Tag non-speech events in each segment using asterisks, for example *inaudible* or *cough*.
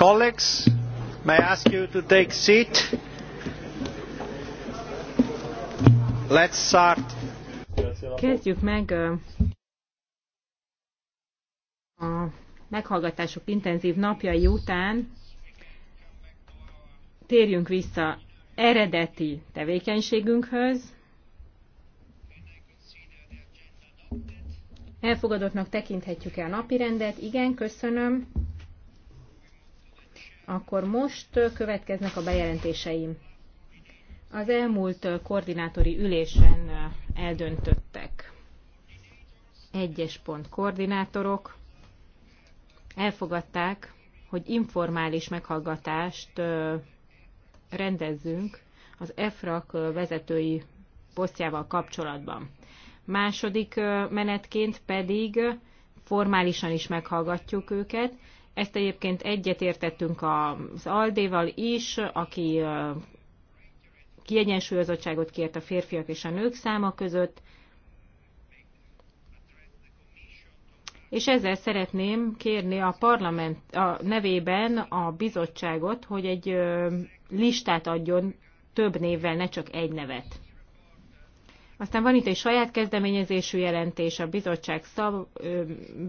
Colleagues, may I ask you to take seat? Let's start. Kezdjük meg a meghallgatások intenzív napjai után. Térjünk vissza eredeti tevékenységünkhöz. Elfogadottnak tekinthetjük el napirendet. Igen, köszönöm. Akkor most következnek a bejelentéseim. Az elmúlt koordinátori ülésen eldöntöttek. Egyes pont koordinátorok elfogadták, hogy informális meghallgatást rendezzünk az EFRAK vezetői posztjával kapcsolatban. Második menetként pedig formálisan is meghallgatjuk őket, ezt egyébként egyetértettünk az Aldéval is, aki kiegyensúlyozottságot kért a férfiak és a nők száma között. És ezzel szeretném kérni a parlament a nevében a bizottságot, hogy egy listát adjon több névvel, ne csak egy nevet. Aztán van itt egy saját kezdeményezésű jelentés a bizottság, szav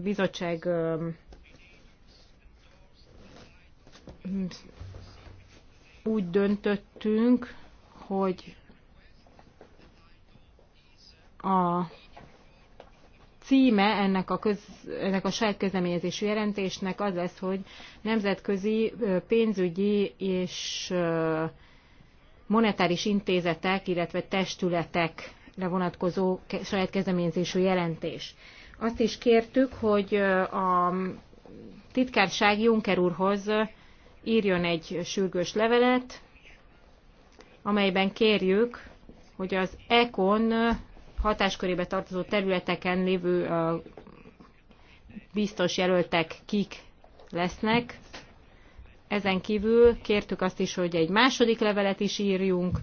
bizottság úgy döntöttünk, hogy a címe ennek a, köz, ennek a saját közleményezésű jelentésnek az lesz, hogy nemzetközi pénzügyi és monetáris intézetek, illetve testületek vonatkozó saját kezdeményezésű jelentés. Azt is kértük, hogy a titkárság Juncker úrhoz írjon egy sürgős levelet, amelyben kérjük, hogy az ECON hatáskörébe tartozó területeken lévő biztos jelöltek kik lesznek. Ezen kívül kértük azt is, hogy egy második levelet is írjunk.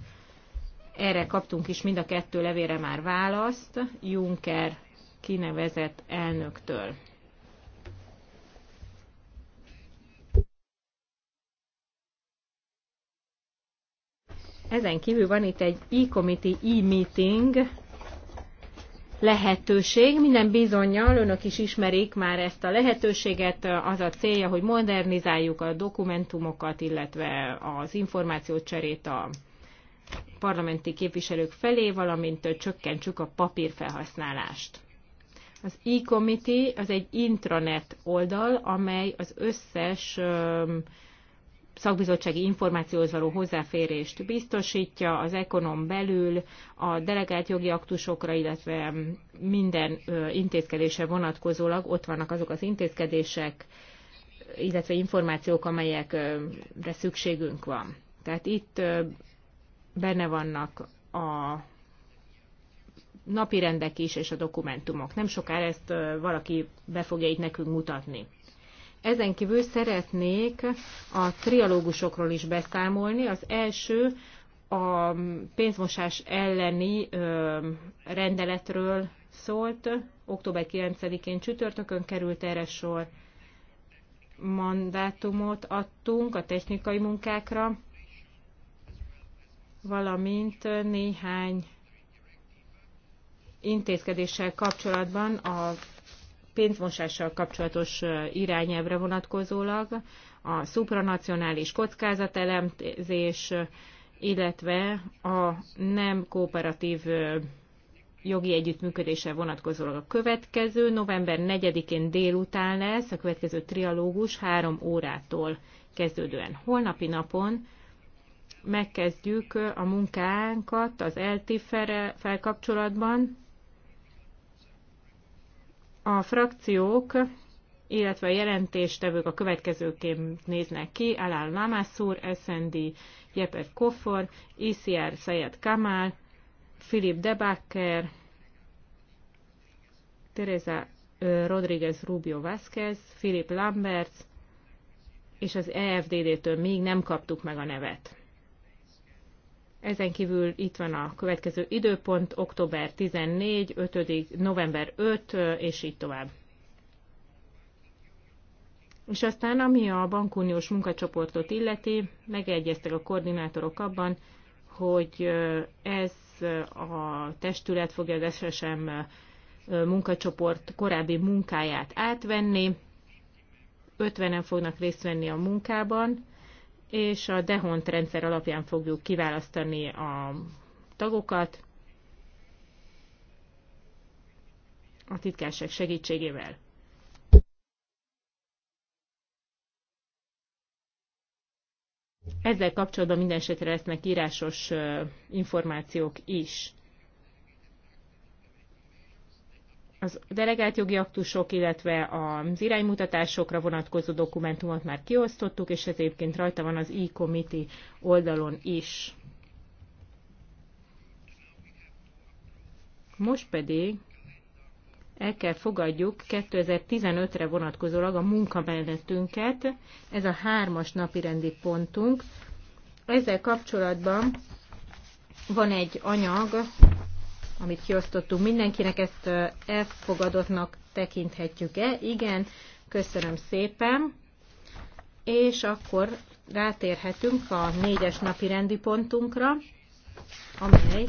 Erre kaptunk is mind a kettő levére már választ Juncker kinevezett elnöktől. Ezen kívül van itt egy e-committee e-meeting lehetőség. Minden bizonyal önök is ismerik már ezt a lehetőséget. Az a célja, hogy modernizáljuk a dokumentumokat, illetve az információcserét a parlamenti képviselők felé, valamint csökkentsük a papírfelhasználást. Az e-committee az egy intranet oldal, amely az összes szakbizottsági információhoz való hozzáférést biztosítja, az ekonom belül a delegált jogi aktusokra, illetve minden intézkedése vonatkozólag ott vannak azok az intézkedések, illetve információk, amelyekre szükségünk van. Tehát itt benne vannak a rendek is és a dokumentumok. Nem sokára ezt valaki be fogja itt nekünk mutatni. Ezen kívül szeretnék a trialógusokról is beszámolni. Az első a pénzmosás elleni rendeletről szólt. Október 9-én csütörtökön került erre sor. Mandátumot adtunk a technikai munkákra, valamint néhány intézkedéssel kapcsolatban a pénzmosással kapcsolatos irányelvre vonatkozólag, a szupranacionális kockázatelemzés, illetve a nem kooperatív jogi együttműködése vonatkozólag a következő, november 4-én délután lesz, a következő trialógus 3 órától kezdődően. Holnapi napon megkezdjük a munkánkat az ltif felkapcsolatban, a frakciók, illetve a jelentéstevők a következőként néznek ki, Alál Lamassur, SND, Jepet Koffor, ICR Sayed Kamal, Filip Debacker, Teresa Rodriguez Rubio Vázquez, Filip Lamberts, és az EFDD-től még nem kaptuk meg a nevet. Ezen kívül itt van a következő időpont, október 14, 5. november 5, és így tovább. És aztán, ami a bankuniós munkacsoportot illeti, megegyeztek a koordinátorok abban, hogy ez a testület fogja az SSM munkacsoport korábbi munkáját átvenni. 50-en fognak részt venni a munkában, és a Dehont rendszer alapján fogjuk kiválasztani a tagokat a titkárság segítségével. Ezzel kapcsolatban minden esetre lesznek írásos információk is. az delegált jogi aktusok, illetve az iránymutatásokra vonatkozó dokumentumot már kiosztottuk, és ez egyébként rajta van az e-committee oldalon is. Most pedig el kell fogadjuk 2015-re vonatkozólag a munkamenetünket, ez a hármas napirendi pontunk. Ezzel kapcsolatban van egy anyag, amit kiosztottunk mindenkinek, ezt elfogadottnak tekinthetjük-e? Igen, köszönöm szépen. És akkor rátérhetünk a négyes napi rendi pontunkra, amely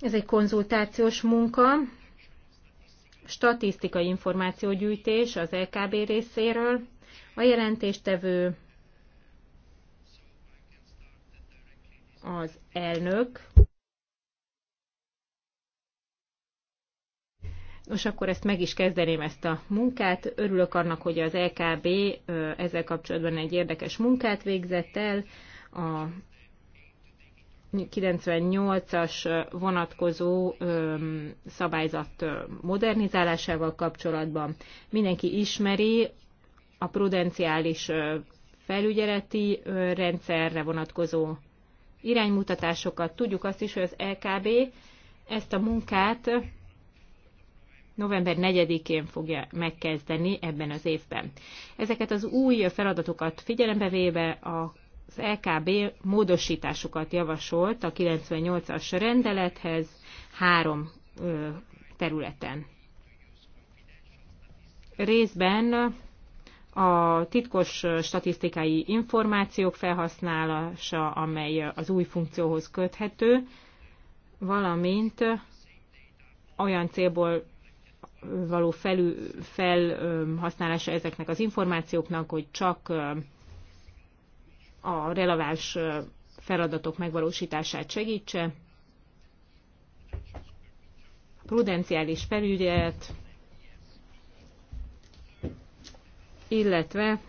ez egy konzultációs munka, statisztikai információgyűjtés az LKB részéről. A jelentéstevő az elnök. Nos, akkor ezt meg is kezdeném ezt a munkát. Örülök annak, hogy az LKB e ezzel kapcsolatban egy érdekes munkát végzett el. A 98-as vonatkozó szabályzat modernizálásával kapcsolatban. Mindenki ismeri a prudenciális felügyeleti rendszerre vonatkozó iránymutatásokat. Tudjuk azt is, hogy az LKB ezt a munkát november 4-én fogja megkezdeni ebben az évben. Ezeket az új feladatokat figyelembe véve az LKB módosításokat javasolt a 98-as rendelethez három területen. Részben a titkos statisztikai információk felhasználása, amely az új funkcióhoz köthető, valamint olyan célból való felhasználása ezeknek az információknak, hogy csak a releváns feladatok megvalósítását segítse, prudenciális felügyelet, illetve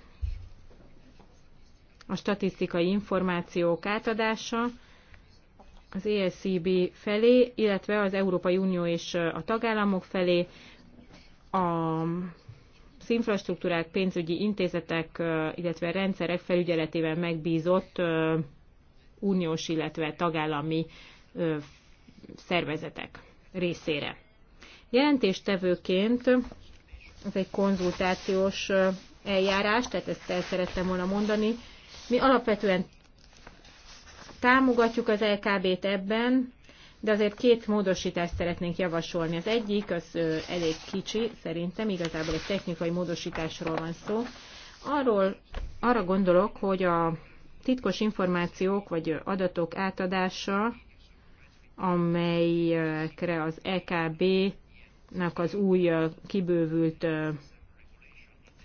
a statisztikai információk átadása az ESCB felé, illetve az Európai Unió és a tagállamok felé, a az infrastruktúrák, pénzügyi intézetek, illetve rendszerek felügyeletében megbízott uniós, illetve tagállami szervezetek részére. Jelentéstevőként ez egy konzultációs eljárás, tehát ezt el szerettem volna mondani. Mi alapvetően támogatjuk az LKB-t ebben, de azért két módosítást szeretnénk javasolni. Az egyik, az elég kicsi, szerintem igazából egy technikai módosításról van szó. Arról, arra gondolok, hogy a titkos információk vagy adatok átadása, amelyekre az EKB-nak az új kibővült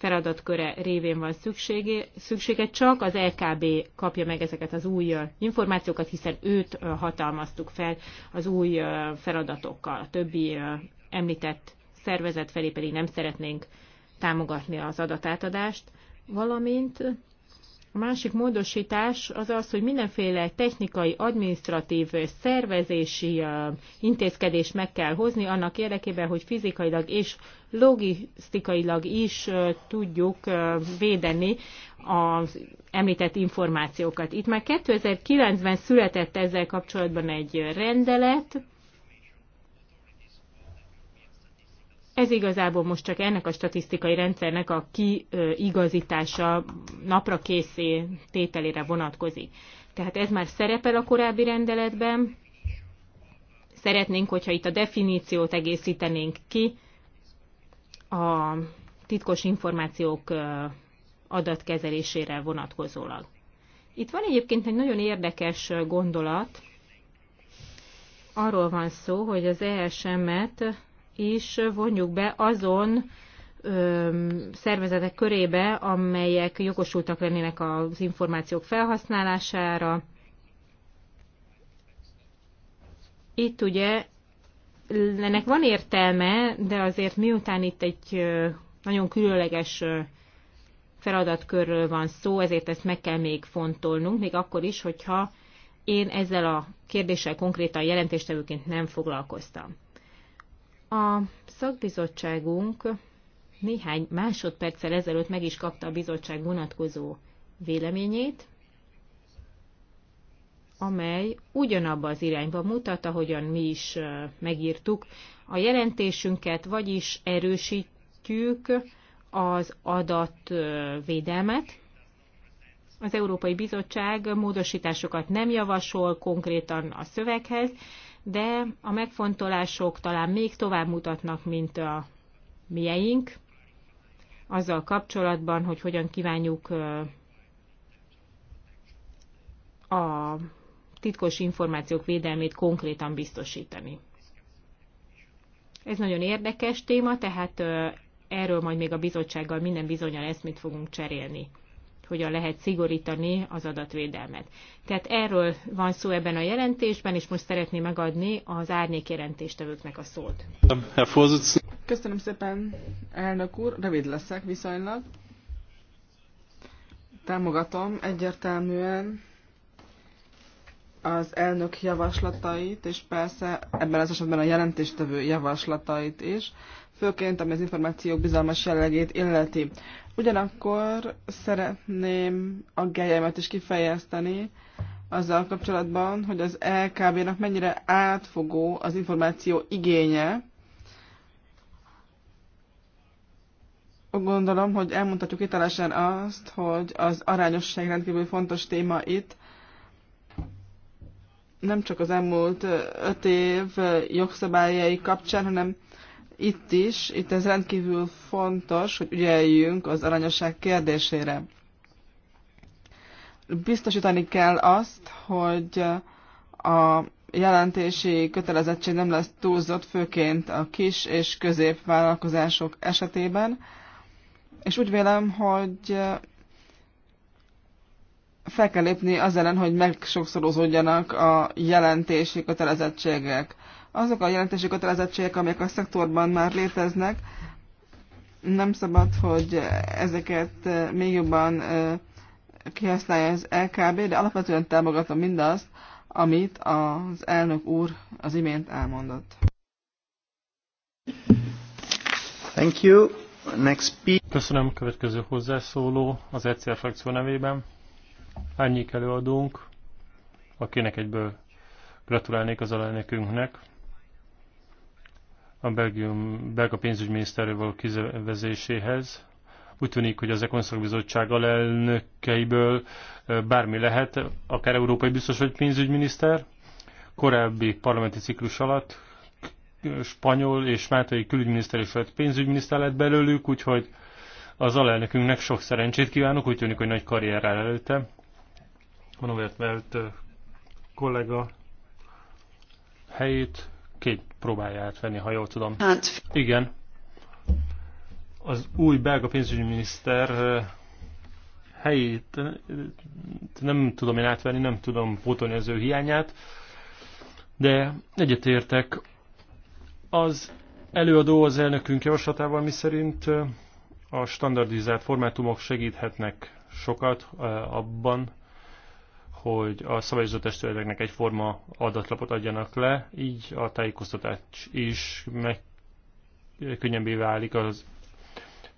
feladatköre révén van szüksége, szüksége, csak az LKB kapja meg ezeket az új információkat, hiszen őt hatalmaztuk fel az új feladatokkal. A többi említett szervezet felé pedig nem szeretnénk támogatni az adatátadást, valamint a másik módosítás az az, hogy mindenféle technikai, adminisztratív, szervezési intézkedés meg kell hozni annak érdekében, hogy fizikailag és logisztikailag is tudjuk védeni az említett információkat. Itt már 2009-ben született ezzel kapcsolatban egy rendelet, Ez igazából most csak ennek a statisztikai rendszernek a kiigazítása napra készé tételére vonatkozik. Tehát ez már szerepel a korábbi rendeletben. Szeretnénk, hogyha itt a definíciót egészítenénk ki a titkos információk adatkezelésére vonatkozólag. Itt van egyébként egy nagyon érdekes gondolat. Arról van szó, hogy az ESM-et is vonjuk be azon szervezetek körébe, amelyek jogosultak lennének az információk felhasználására. Itt ugye ennek van értelme, de azért miután itt egy nagyon különleges feladatkörről van szó, ezért ezt meg kell még fontolnunk, még akkor is, hogyha én ezzel a kérdéssel konkrétan jelentéstevőként nem foglalkoztam. A szakbizottságunk néhány másodperccel ezelőtt meg is kapta a bizottság vonatkozó véleményét, amely ugyanabba az irányba mutat, ahogyan mi is megírtuk a jelentésünket, vagyis erősítjük az adatvédelmet. Az Európai Bizottság módosításokat nem javasol konkrétan a szöveghez, de a megfontolások talán még tovább mutatnak, mint a mieink, azzal kapcsolatban, hogy hogyan kívánjuk a titkos információk védelmét konkrétan biztosítani. Ez nagyon érdekes téma, tehát erről majd még a bizottsággal minden bizonyal eszmét fogunk cserélni hogyan lehet szigorítani az adatvédelmet. Tehát erről van szó ebben a jelentésben, és most szeretném megadni az árnyék jelentéstevőknek a szót. Köszönöm szépen, elnök úr, rövid leszek viszonylag. Támogatom egyértelműen az elnök javaslatait, és persze ebben az esetben a jelentéstevő javaslatait is főként ami az információk bizalmas jellegét illeti. Ugyanakkor szeretném a gejemet is kifejezteni azzal kapcsolatban, hogy az LKB-nak mennyire átfogó az információ igénye. Gondolom, hogy elmondhatjuk hitelesen azt, hogy az arányosság rendkívül fontos téma itt, nem csak az elmúlt öt év jogszabályai kapcsán, hanem itt is, itt ez rendkívül fontos, hogy ügyeljünk az aranyosság kérdésére. Biztosítani kell azt, hogy a jelentési kötelezettség nem lesz túlzott, főként a kis és középvállalkozások esetében, és úgy vélem, hogy fel kell lépni az ellen, hogy megsokszorozódjanak a jelentési kötelezettségek. Azok a jelentési kötelezettségek, amelyek a szektorban már léteznek, nem szabad, hogy ezeket eh, még jobban eh, kihasználja az LKB, de alapvetően támogatom mindazt, amit az elnök úr az imént elmondott. Thank you. Next speak. Köszönöm következő hozzászóló az ECR frakció nevében. Árnyék előadónk, akinek egyből gratulálnék az alelnökünknek, a Belgium, belga pénzügyminiszterről való kizevezéséhez. Úgy tűnik, hogy az Ekonszak Bizottság alelnökeiből bármi lehet, akár európai biztos vagy pénzügyminiszter. Korábbi parlamenti ciklus alatt spanyol és máltai külügyminiszter és pénzügyminiszter lett belőlük, úgyhogy az alelnökünknek sok szerencsét kívánok, úgy tűnik, hogy nagy karrierrel előtte. Manovert Welt kollega helyét két próbálja átvenni, ha jól tudom. Hát. Igen. Az új belga miniszter helyét nem tudom én átvenni, nem tudom pótolni az ő hiányát, de egyetértek az előadó az elnökünk javaslatával, mi szerint a standardizált formátumok segíthetnek sokat abban, hogy a szabályozó testületeknek egyforma adatlapot adjanak le, így a tájékoztatás is meg könnyebbé válik az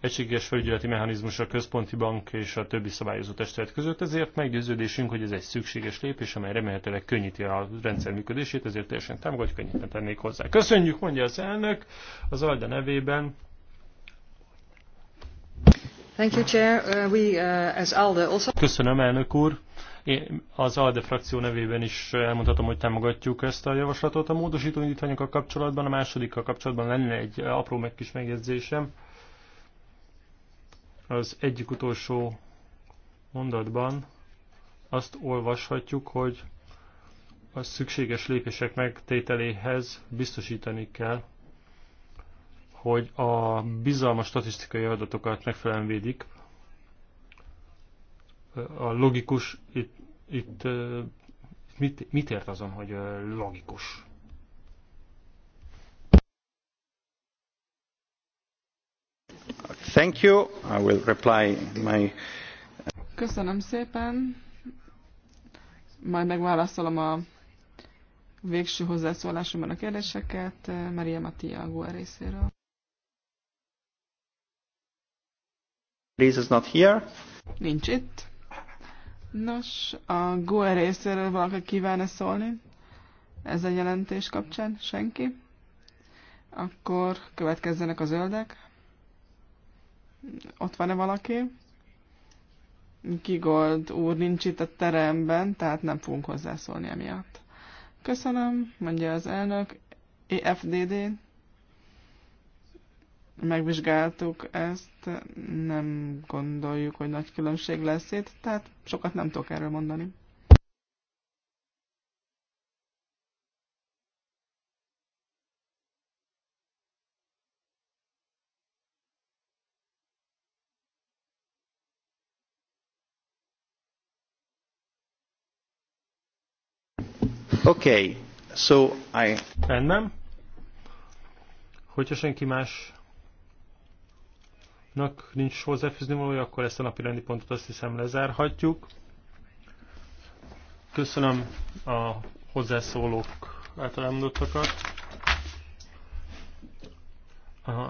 egységes felügyeleti mechanizmus a központi bank és a többi szabályozó testület között, ezért meggyőződésünk, hogy ez egy szükséges lépés, amely remélhetőleg könnyíti a rendszer működését, ezért teljesen támogatjuk, ennyit tennék hozzá. Köszönjük, mondja az elnök, az Alda nevében. Thank you, Chair. Uh, we, uh, as Alda also... Köszönöm, elnök úr. Én az ALDE frakció nevében is elmondhatom, hogy támogatjuk ezt a javaslatot. A módosító indítványokkal kapcsolatban, a másodikkal kapcsolatban lenne egy apró meg kis megjegyzésem. Az egyik utolsó mondatban azt olvashatjuk, hogy a szükséges lépések megtételéhez biztosítani kell, hogy a bizalmas statisztikai adatokat megfelelően védik, a logikus itt, itt mit, mit ért azon, hogy logikus? Thank you. I will reply my... Köszönöm szépen. Majd megválaszolom a végső hozzászólásomban a kérdéseket Maria Mattia Agua e részéről. Liz is not here. Nincs itt. Nos, a GUE részéről valaki kíván-e szólni ez a jelentés kapcsán? Senki? Akkor következzenek a zöldek. Ott van-e valaki? Kigold úr nincs itt a teremben, tehát nem fogunk hozzászólni emiatt. Köszönöm, mondja az elnök. EFDD megvizsgáltuk ezt, nem gondoljuk, hogy nagy különbség lesz itt, tehát sokat nem tudok erről mondani. Okay, so I... Rendben. Hogyha senki más nak nincs hozzáfűzni valója, akkor ezt a napi rendi pontot azt hiszem lezárhatjuk. Köszönöm a hozzászólók által elmondottakat. A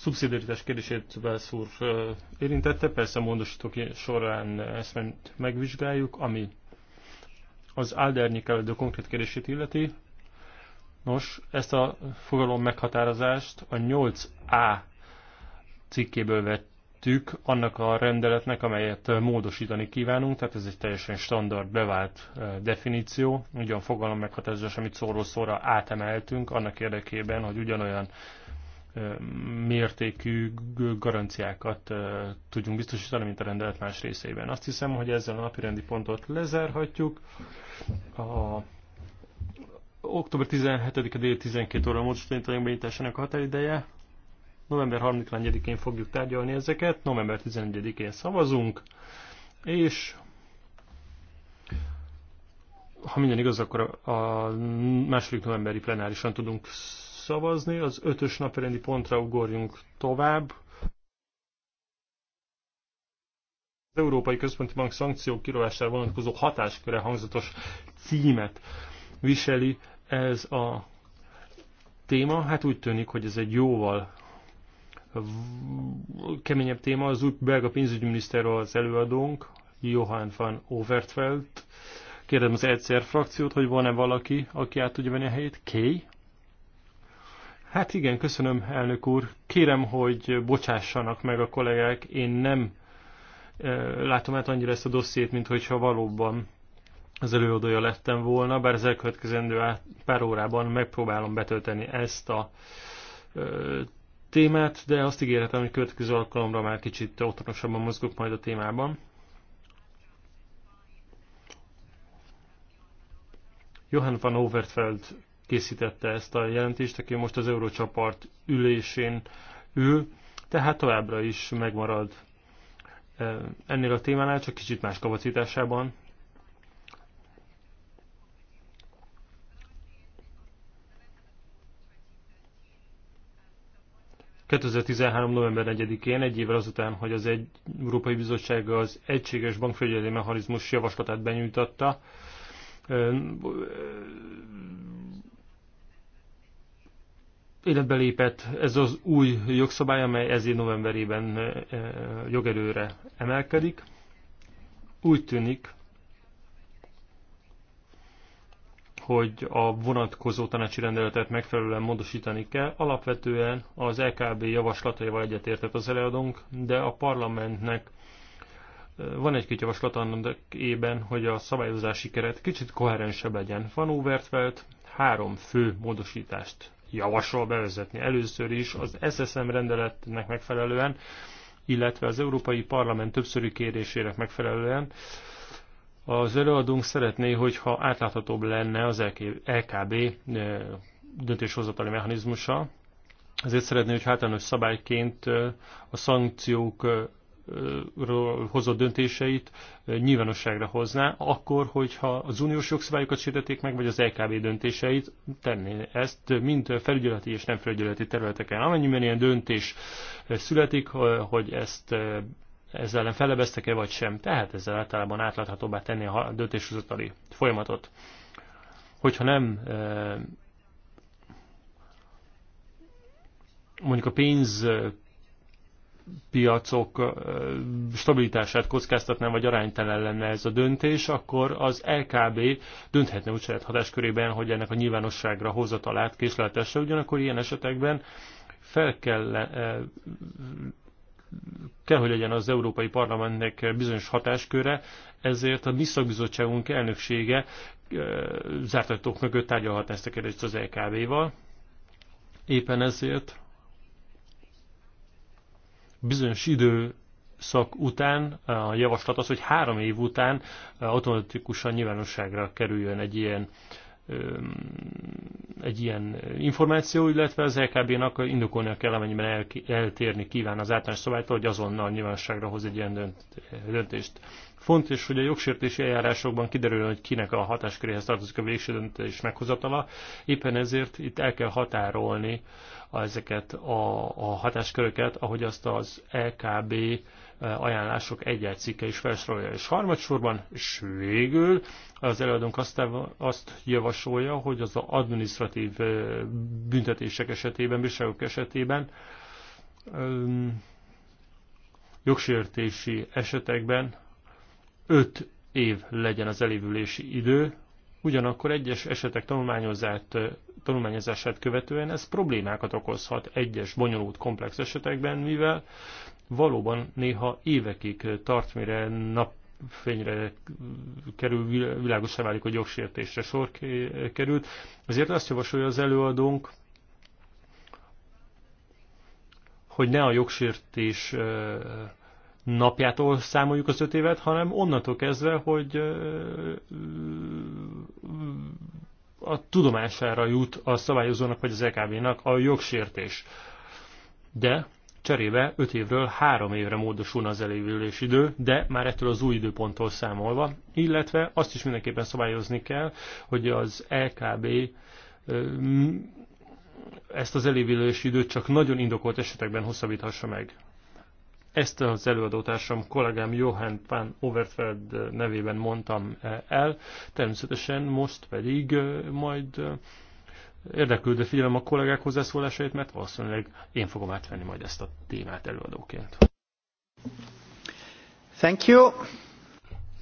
szubszidiaritás kérdését Belszúr érintette, persze a módosítók során ezt megvizsgáljuk, ami az Aldernyi előadó konkrét kérdését illeti, Nos, ezt a fogalom meghatározást a 8A cikkéből vettük, annak a rendeletnek, amelyet módosítani kívánunk, tehát ez egy teljesen standard, bevált definíció, ugyan fogalom meghatározás, amit szóról szóra átemeltünk, annak érdekében, hogy ugyanolyan mértékű garanciákat tudjunk biztosítani, mint a rendelet más részében. Azt hiszem, hogy ezzel a napirendi pontot lezárhatjuk. A október 17-e dél 12 óra módosítanak a határideje. November 31-én fogjuk tárgyalni ezeket, november 11-én szavazunk, és ha minden igaz, akkor a, második novemberi plenárisan tudunk szavazni. Az ötös naperendi pontra ugorjunk tovább. Az Európai Központi Bank szankciók kirovására vonatkozó hatásköre hangzatos címet viseli ez a téma, hát úgy tűnik, hogy ez egy jóval keményebb téma. Az új belga pénzügyminiszter az előadónk, Johan van Overtveld. Kérdem az egyszer frakciót, hogy van-e valaki, aki át tudja venni a helyét. K. Hát igen, köszönöm, elnök úr. Kérem, hogy bocsássanak meg a kollégák. Én nem eh, látom át annyira ezt a dossziét, mint hogyha valóban az előadója lettem volna, bár az elkövetkezendő pár órában megpróbálom betölteni ezt a ö, témát, de azt ígérhetem, hogy következő alkalomra már kicsit otthonosabban mozgok majd a témában. Johan van Overfeld készítette ezt a jelentést, aki most az Eurócsapart ülésén ül, tehát továbbra is megmarad ennél a témánál, csak kicsit más kapacitásában, 2013. november 4-én, egy évvel azután, hogy az egy, Európai Bizottság az egységes bankfelügyeleti mechanizmus javaslatát benyújtatta, életbe lépett ez az új jogszabály, amely ez novemberében jogerőre emelkedik. Úgy tűnik, hogy a vonatkozó tanácsi rendeletet megfelelően módosítani kell. Alapvetően az LKB e javaslataival egyetértett az előadónk, de a parlamentnek van egy-két javaslat annak ében, hogy a szabályozási keret kicsit koherensebb legyen. Van Overtfeld három fő módosítást javasol bevezetni. Először is az SSM rendeletnek megfelelően, illetve az Európai Parlament többszörű kérésének megfelelően az előadónk szeretné, hogyha átláthatóbb lenne az LKB eh, döntéshozatali mechanizmusa, ezért szeretné, hogy általános szabályként eh, a szankciók eh, hozott döntéseit nyilvánosságra hozná, akkor, hogyha az uniós jogszabályokat sértették meg, vagy az LKB döntéseit tenné ezt mind felügyeleti és nem felügyeleti területeken. Amennyiben ilyen döntés születik, hogy ezt ezzel ellen felebeztek-e vagy sem. Tehát ezzel általában átláthatóbbá tenni a döntéshozatali folyamatot. Hogyha nem mondjuk a pénz piacok stabilitását kockáztatná, vagy aránytelen lenne ez a döntés, akkor az LKB dönthetne úgy saját hatáskörében, hogy ennek a nyilvánosságra hozatalát késleltesse. Ugyanakkor ilyen esetekben fel kell kell, hogy legyen az Európai Parlamentnek bizonyos hatásköre, ezért a mi elnöksége zárt ajtók mögött tárgyalhatná ezt a kérdést az lkv val Éppen ezért bizonyos idő szak után a javaslat az, hogy három év után automatikusan nyilvánosságra kerüljön egy ilyen uh, egy ilyen információ, illetve az LKB-nak indokolnia kell, amennyiben el, eltérni kíván az általános szabálytól, hogy azonnal nyilvánosságra hoz egy ilyen dönt, döntést. Fontos, hogy a jogsértési eljárásokban kiderül, hogy kinek a hatásköréhez tartozik a végső döntés meghozatala. Éppen ezért itt el kell határolni ezeket a, a hatásköröket, ahogy azt az LKB ajánlások egy-egy cikke is felsorolja. És harmadsorban, és végül az előadónk azt, azt javasolja, hogy az administratív büntetések esetében, bírságok esetében jogsértési esetekben 5 év legyen az elévülési idő, ugyanakkor egyes esetek tanulmányozát, tanulmányozását követően ez problémákat okozhat egyes bonyolult komplex esetekben, mivel valóban néha évekig tart, mire napfényre kerül, világosan válik, hogy jogsértésre sor került. Ezért azt javasolja az előadónk, hogy ne a jogsértés napjától számoljuk az öt évet, hanem onnantól kezdve, hogy a tudomására jut a szabályozónak vagy az EKB-nak a jogsértés. De Cserébe 5 évről 3 évre módosulna az elévülés idő, de már ettől az új időponttól számolva, illetve azt is mindenképpen szabályozni kell, hogy az LKB ezt az elévülés időt csak nagyon indokolt esetekben hosszabbíthassa meg. Ezt az előadótársam, kollégám Johan van Overfeld nevében mondtam el, természetesen most pedig majd Érdeklődő figyelem a kollégák hozzászólásait, mert valószínűleg én fogom átvenni majd ezt a témát előadóként. Thank you.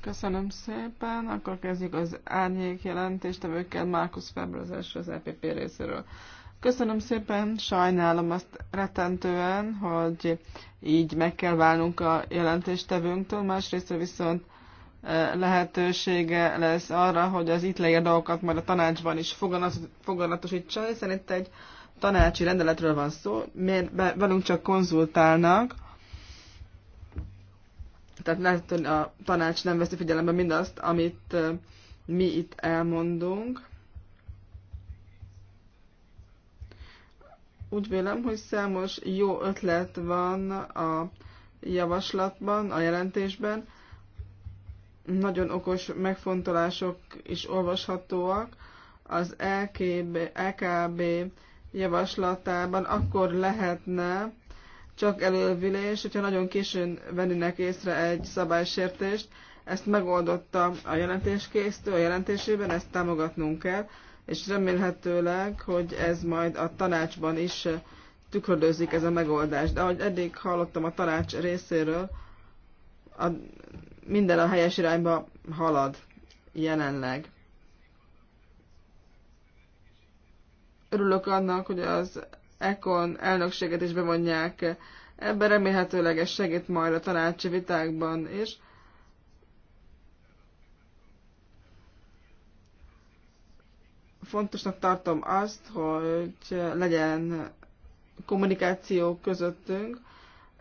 Köszönöm szépen. Akkor kezdjük az árnyék jelentéstevőkkel Márkusz Febbről az első az EPP részéről. Köszönöm szépen, sajnálom azt rettentően, hogy így meg kell válnunk a jelentéstevőnktől, másrészt viszont lehetősége lesz arra, hogy az itt leír dolgokat majd a tanácsban is foganatosítsa, hiszen itt egy tanácsi rendeletről van szó, mert velünk csak konzultálnak, tehát lehet, hogy a tanács nem veszi figyelembe mindazt, amit mi itt elmondunk. Úgy vélem, hogy számos jó ötlet van a javaslatban, a jelentésben, nagyon okos megfontolások is olvashatóak. Az LKB, LKB javaslatában akkor lehetne csak elővilés, hogyha nagyon későn vennének észre egy szabálysértést. Ezt megoldotta a jelentéskészítő a jelentésében, ezt támogatnunk kell, és remélhetőleg, hogy ez majd a tanácsban is tükrödőzik ez a megoldás. De ahogy eddig hallottam a tanács részéről, a minden a helyes irányba halad jelenleg. Örülök annak, hogy az Econ elnökséget is bevonják ebben remélhetőleg ez segít majd a tanácsi vitákban is. Fontosnak tartom azt, hogy legyen kommunikáció közöttünk,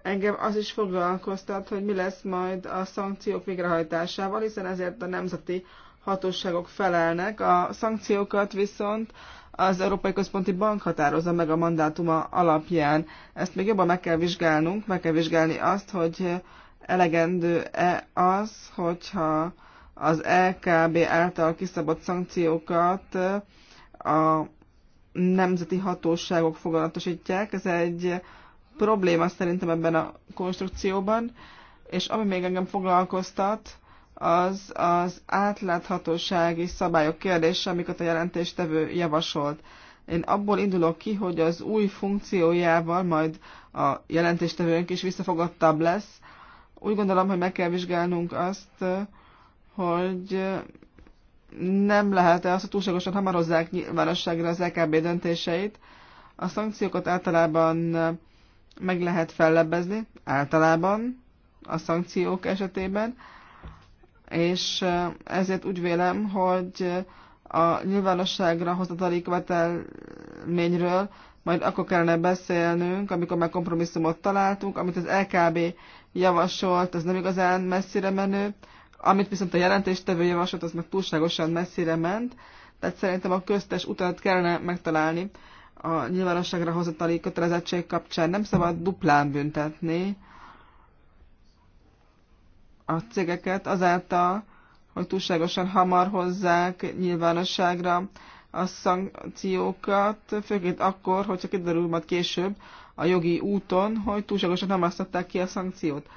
engem az is foglalkoztat, hogy mi lesz majd a szankciók végrehajtásával, hiszen ezért a nemzeti hatóságok felelnek. A szankciókat viszont az Európai Központi Bank határozza meg a mandátuma alapján. Ezt még jobban meg kell vizsgálnunk, meg kell vizsgálni azt, hogy elegendő-e az, hogyha az LKB által kiszabott szankciókat a nemzeti hatóságok fogalatosítják. Ez egy probléma szerintem ebben a konstrukcióban, és ami még engem foglalkoztat, az az átláthatósági szabályok kérdése, amiket a jelentéstevő javasolt. Én abból indulok ki, hogy az új funkciójával majd a jelentéstevőnk is visszafogottabb lesz. Úgy gondolom, hogy meg kell vizsgálnunk azt, hogy nem lehet-e azt, hogy túlságosan hamarozzák nyilvánosságra az LKB e döntéseit. A szankciókat általában meg lehet fellebbezni általában a szankciók esetében, és eh, ezért úgy vélem, hogy a nyilvánosságra hozatali követelményről majd akkor kellene beszélnünk, amikor már kompromisszumot találtunk, amit az LKB javasolt, az nem igazán messzire menő, amit viszont a jelentéstevő javasolt, az meg túlságosan messzire ment, tehát szerintem a köztes utat kellene megtalálni a nyilvánosságra hozatali kötelezettség kapcsán nem szabad duplán büntetni a cégeket azáltal, hogy túlságosan hamar hozzák nyilvánosságra a szankciókat, főként akkor, hogyha kiderül majd később a jogi úton, hogy túlságosan nem használták ki a szankciót.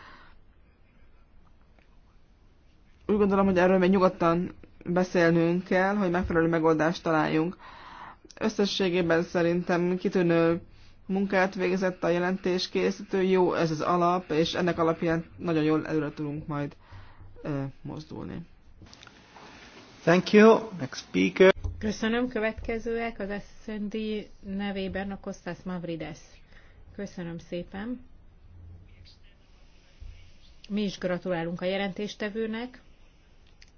Úgy gondolom, hogy erről még nyugodtan beszélnünk kell, hogy megfelelő megoldást találjunk. Összességében szerintem kitűnő munkát végzett a jelentés készítő, jó ez az alap, és ennek alapján nagyon jól előre tudunk majd ö, mozdulni. Thank you. Next speaker. Köszönöm. Következőek az SND nevében a Kostas Mavrides. Köszönöm szépen. Mi is gratulálunk a jelentéstevőnek,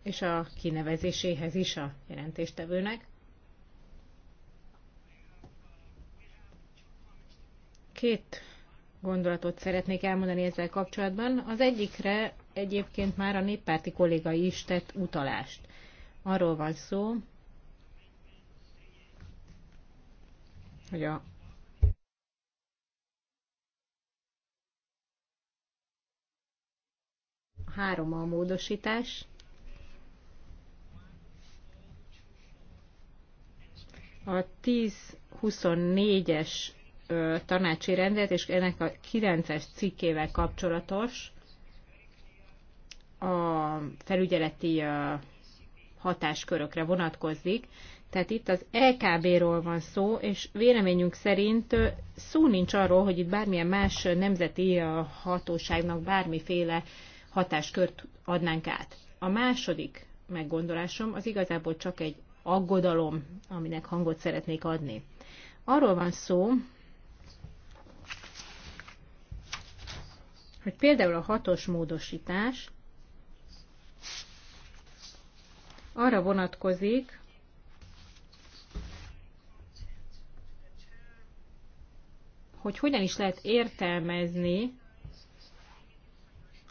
és a kinevezéséhez is a jelentéstevőnek. Két gondolatot szeretnék elmondani ezzel kapcsolatban. Az egyikre egyébként már a néppárti kolléga is tett utalást. Arról van szó, hogy a három a módosítás. A 10-24-es tanácsi rendet, és ennek a 9-es cikkével kapcsolatos a felügyeleti hatáskörökre vonatkozik. Tehát itt az LKB-ról van szó, és véleményünk szerint szó nincs arról, hogy itt bármilyen más nemzeti hatóságnak bármiféle hatáskört adnánk át. A második meggondolásom az igazából csak egy aggodalom, aminek hangot szeretnék adni. Arról van szó, hogy például a hatos módosítás arra vonatkozik, hogy hogyan is lehet értelmezni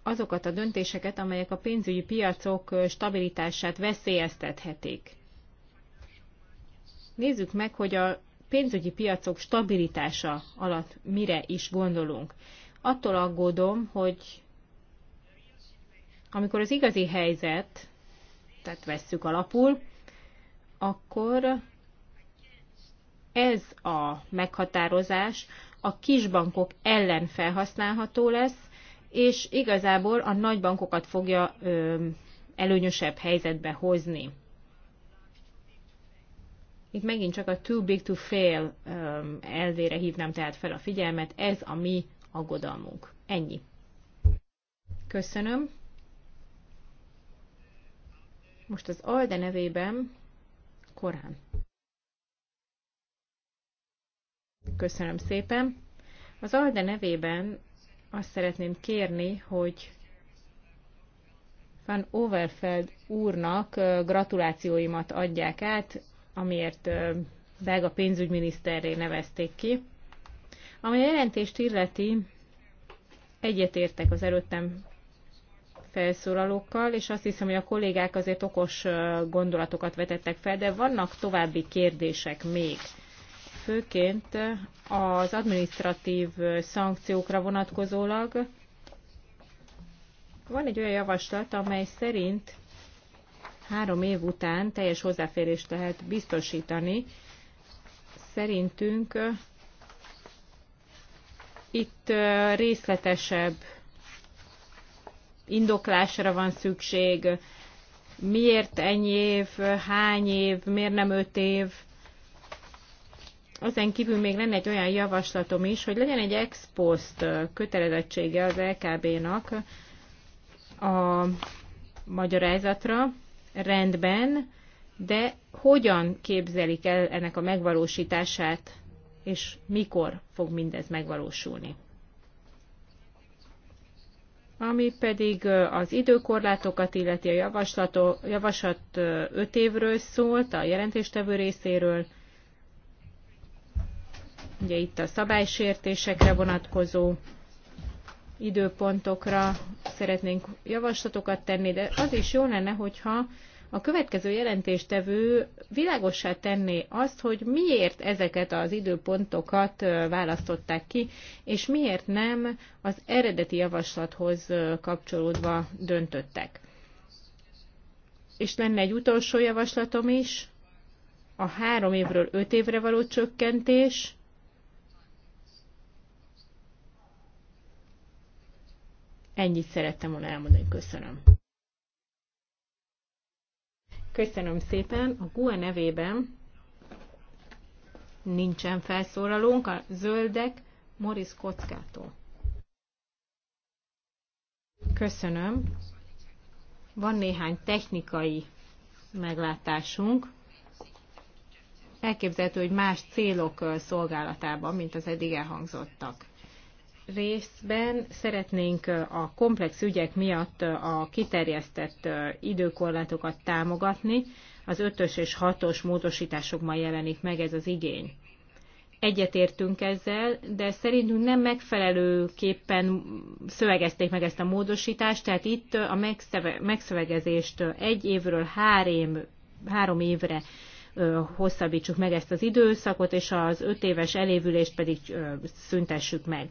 azokat a döntéseket, amelyek a pénzügyi piacok stabilitását veszélyeztethetik. Nézzük meg, hogy a pénzügyi piacok stabilitása alatt mire is gondolunk attól aggódom, hogy amikor az igazi helyzet, tehát vesszük alapul, akkor ez a meghatározás a kisbankok ellen felhasználható lesz, és igazából a nagybankokat fogja ö, előnyösebb helyzetbe hozni. Itt megint csak a too big to fail elvére hívnám tehát fel a figyelmet, ez a mi aggodalmunk. Ennyi. Köszönöm. Most az Alde nevében Korán. Köszönöm szépen. Az Alde nevében azt szeretném kérni, hogy Van Overfeld úrnak gratulációimat adják át, amiért belga pénzügyminiszterré nevezték ki. Ami a jelentést illeti, egyetértek az előttem felszólalókkal, és azt hiszem, hogy a kollégák azért okos gondolatokat vetettek fel, de vannak további kérdések még. Főként az administratív szankciókra vonatkozólag van egy olyan javaslat, amely szerint három év után teljes hozzáférést lehet biztosítani. Szerintünk itt részletesebb indoklásra van szükség, miért ennyi év, hány év, miért nem öt év. Azen kívül még lenne egy olyan javaslatom is, hogy legyen egy ex post kötelezettsége az LKB-nak a magyarázatra, rendben, de hogyan képzelik el ennek a megvalósítását és mikor fog mindez megvalósulni. Ami pedig az időkorlátokat illeti a javaslat 5 évről szólt, a jelentéstevő részéről, ugye itt a szabálysértésekre vonatkozó időpontokra szeretnénk javaslatokat tenni, de az is jó lenne, hogyha a következő jelentéstevő világossá tenné azt, hogy miért ezeket az időpontokat választották ki, és miért nem az eredeti javaslathoz kapcsolódva döntöttek. És lenne egy utolsó javaslatom is, a három évről öt évre való csökkentés, Ennyit szerettem volna elmondani. Köszönöm. Köszönöm szépen. A GUE nevében nincsen felszólalónk, a zöldek Moris Kockától. Köszönöm. Van néhány technikai meglátásunk. Elképzelhető, hogy más célok szolgálatában, mint az eddig elhangzottak részben szeretnénk a komplex ügyek miatt a kiterjesztett időkorlátokat támogatni. Az ötös és hatos módosításokban jelenik meg ez az igény. Egyetértünk ezzel, de szerintünk nem megfelelőképpen szövegezték meg ezt a módosítást, tehát itt a megszövegezést egy évről három, három évre hosszabbítsuk meg ezt az időszakot, és az öt éves elévülést pedig szüntessük meg.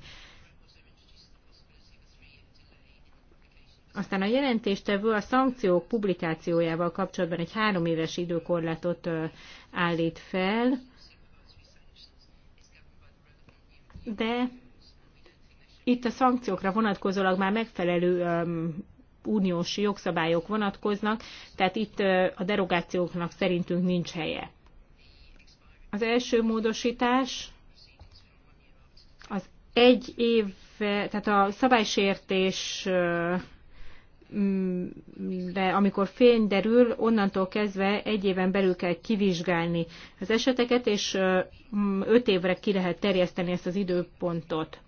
Aztán a jelentéstevő a szankciók publikációjával kapcsolatban egy három éves időkorlátot állít fel, de itt a szankciókra vonatkozólag már megfelelő uniós jogszabályok vonatkoznak, tehát itt a derogációknak szerintünk nincs helye. Az első módosítás az egy év, tehát a szabálysértés Mm, de amikor fény derül, onnantól kezdve egy éven belül kell kivizsgálni az eseteket, és mm, öt évre ki lehet terjeszteni ezt az időpontot,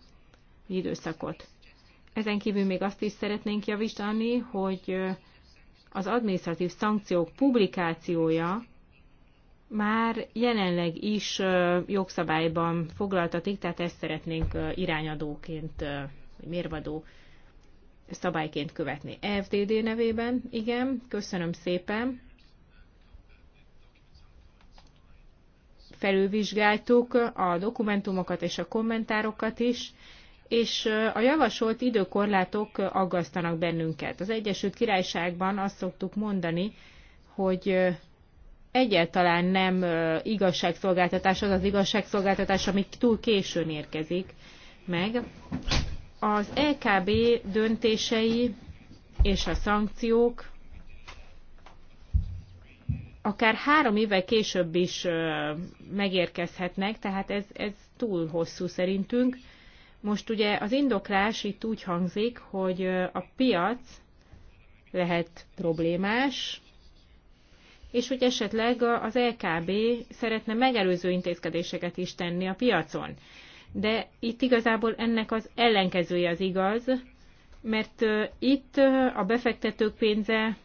időszakot. Ezen kívül még azt is szeretnénk javítani, hogy az adminisztratív szankciók publikációja már jelenleg is jogszabályban foglaltatik, tehát ezt szeretnénk irányadóként, mérvadó szabályként követni. E FDD nevében, igen, köszönöm szépen. Felülvizsgáltuk a dokumentumokat és a kommentárokat is, és a javasolt időkorlátok aggasztanak bennünket. Az Egyesült Királyságban azt szoktuk mondani, hogy egyáltalán nem igazságszolgáltatás az az igazságszolgáltatás, amit túl későn érkezik meg. Az EKB döntései és a szankciók akár három éve később is megérkezhetnek, tehát ez, ez túl hosszú szerintünk. Most ugye az indoklás itt úgy hangzik, hogy a piac lehet problémás, és hogy esetleg az LKB e szeretne megelőző intézkedéseket is tenni a piacon de itt igazából ennek az ellenkezője az igaz, mert itt a befektetők pénze,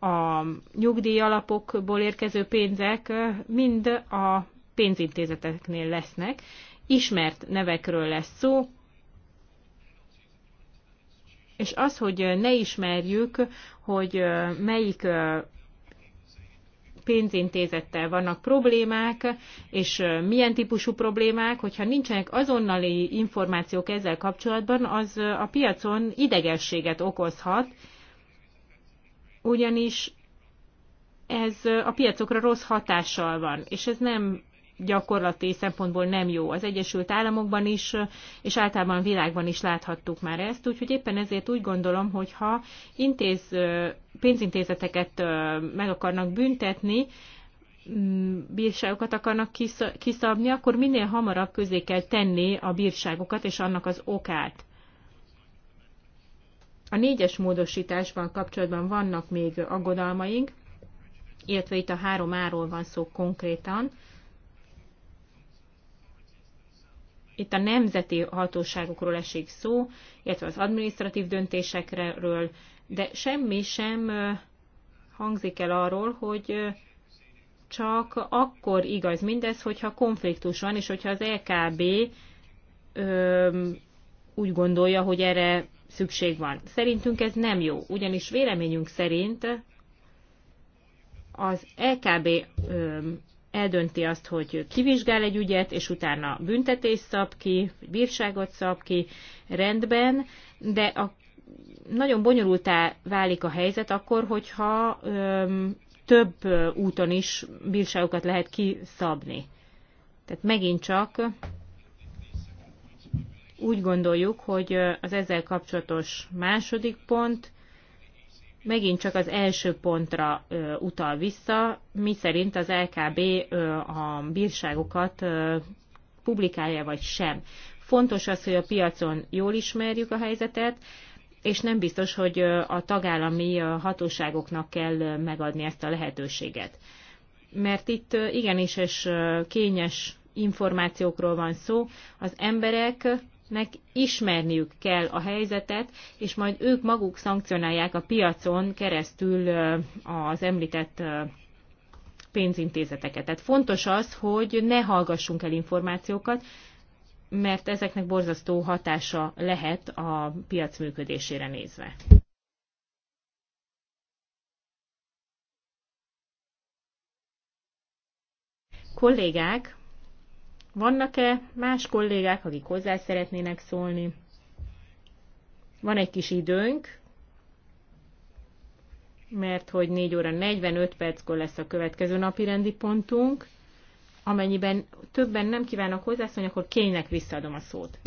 a nyugdíj alapokból érkező pénzek mind a pénzintézeteknél lesznek, ismert nevekről lesz szó, és az, hogy ne ismerjük, hogy melyik pénzintézettel vannak problémák, és milyen típusú problémák, hogyha nincsenek azonnali információk ezzel kapcsolatban, az a piacon idegességet okozhat, ugyanis ez a piacokra rossz hatással van, és ez nem gyakorlati szempontból nem jó. Az Egyesült Államokban is, és általában a világban is láthattuk már ezt, úgyhogy éppen ezért úgy gondolom, hogy ha intéz, pénzintézeteket meg akarnak büntetni, mm, bírságokat akarnak kiszabni, akkor minél hamarabb közé kell tenni a bírságokat és annak az okát. A négyes módosításban kapcsolatban vannak még aggodalmaink, illetve itt a három áról van szó konkrétan. Itt a nemzeti hatóságokról esik szó, illetve az administratív döntésekről, de semmi sem hangzik el arról, hogy csak akkor igaz mindez, hogyha konfliktus van, és hogyha az LKB e ö, úgy gondolja, hogy erre szükség van. Szerintünk ez nem jó, ugyanis véleményünk szerint az LKB e ö, eldönti azt, hogy kivizsgál egy ügyet, és utána büntetést szab ki, bírságot szab ki, rendben, de a, nagyon bonyolultá válik a helyzet akkor, hogyha öm, több úton is bírságokat lehet kiszabni. Tehát megint csak úgy gondoljuk, hogy az ezzel kapcsolatos második pont megint csak az első pontra ö, utal vissza, mi szerint az LKB ö, a bírságokat ö, publikálja vagy sem. Fontos az, hogy a piacon jól ismerjük a helyzetet, és nem biztos, hogy a tagállami hatóságoknak kell megadni ezt a lehetőséget. Mert itt igenis és kényes információkról van szó, az emberek cégeknek ismerniük kell a helyzetet, és majd ők maguk szankcionálják a piacon keresztül az említett pénzintézeteket. Tehát fontos az, hogy ne hallgassunk el információkat, mert ezeknek borzasztó hatása lehet a piac működésére nézve. Kollégák, vannak-e más kollégák, akik hozzá szeretnének szólni? Van egy kis időnk, mert hogy 4 óra 45 perckor lesz a következő napi rendi pontunk. Amennyiben többen nem kívánok hozzászólni, akkor kénynek visszaadom a szót.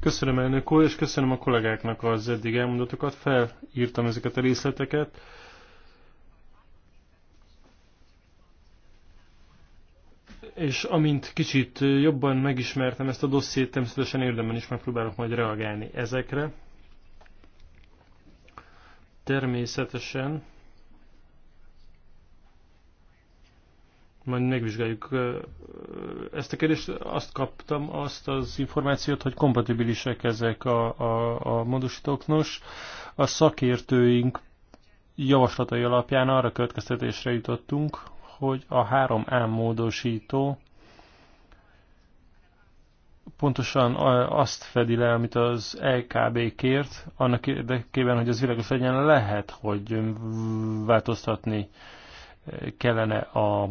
Köszönöm elnök úr, és köszönöm a kollégáknak az eddig elmondatokat. Felírtam ezeket a részleteket. és amint kicsit jobban megismertem ezt a dossziét, természetesen érdemben is megpróbálok majd reagálni ezekre. Természetesen majd megvizsgáljuk ezt a kérdést. Azt kaptam azt az információt, hogy kompatibilisek ezek a, a, a módosítók. Nos, a szakértőink javaslatai alapján arra következtetésre jutottunk, hogy a 3A módosító pontosan azt fedi le, amit az LKB kért, annak érdekében, hogy az világos legyen, lehet, hogy változtatni kellene a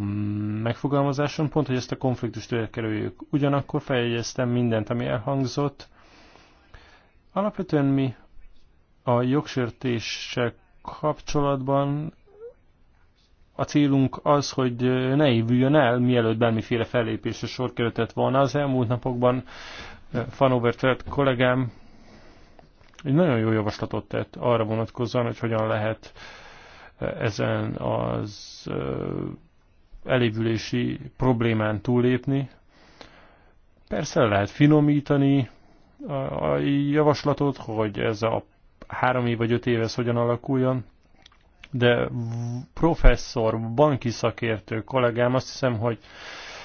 megfogalmazáson, pont, hogy ezt a konfliktust elkerüljük. Ugyanakkor feljegyeztem mindent, ami elhangzott. Alapvetően mi a jogsértéssel kapcsolatban a célunk az, hogy ne évüljön el, mielőtt bármiféle fellépésre sor kerültett volna. Az elmúlt napokban Fanover eh, Tret kollégám egy nagyon jó javaslatot tett arra vonatkozóan, hogy hogyan lehet eh, ezen az eh, elévülési problémán túllépni. Persze lehet finomítani a javaslatot, hogy ez a három év vagy öt év ez hogyan alakuljon de professzor, banki szakértő kollégám azt hiszem, hogy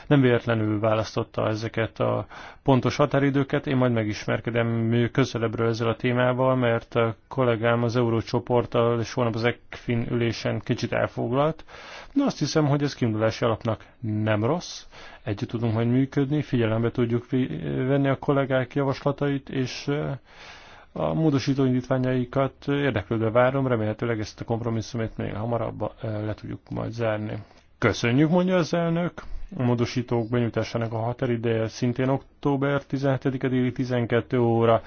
nem véletlenül választotta ezeket a pontos határidőket. Én majd megismerkedem közelebbről ezzel a témával, mert a kollégám az Eurócsoporttal és holnap az ECFIN ülésen kicsit elfoglalt. De azt hiszem, hogy ez kiindulási alapnak nem rossz. Együtt tudunk majd működni, figyelembe tudjuk venni a kollégák javaslatait, és a módosító indítványaikat érdeklődve várom, remélhetőleg ezt a kompromisszumét még hamarabb eh, le tudjuk majd zárni. Köszönjük, mondja az elnök. A módosítók benyújtásának a határideje szintén október 17-e déli 12 óra.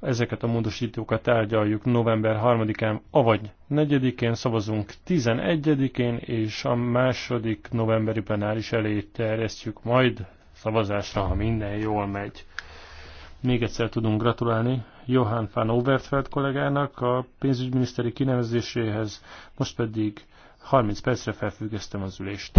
Ezeket a módosítókat tárgyaljuk november 3-án, avagy 4-én, szavazunk 11-én, és a második novemberi plenáris elé terjesztjük majd szavazásra, ha minden jól megy. Még egyszer tudunk gratulálni Johann van Overfeld kollégának a pénzügyminiszteri kinevezéséhez, most pedig 30 percre felfüggesztem az ülést.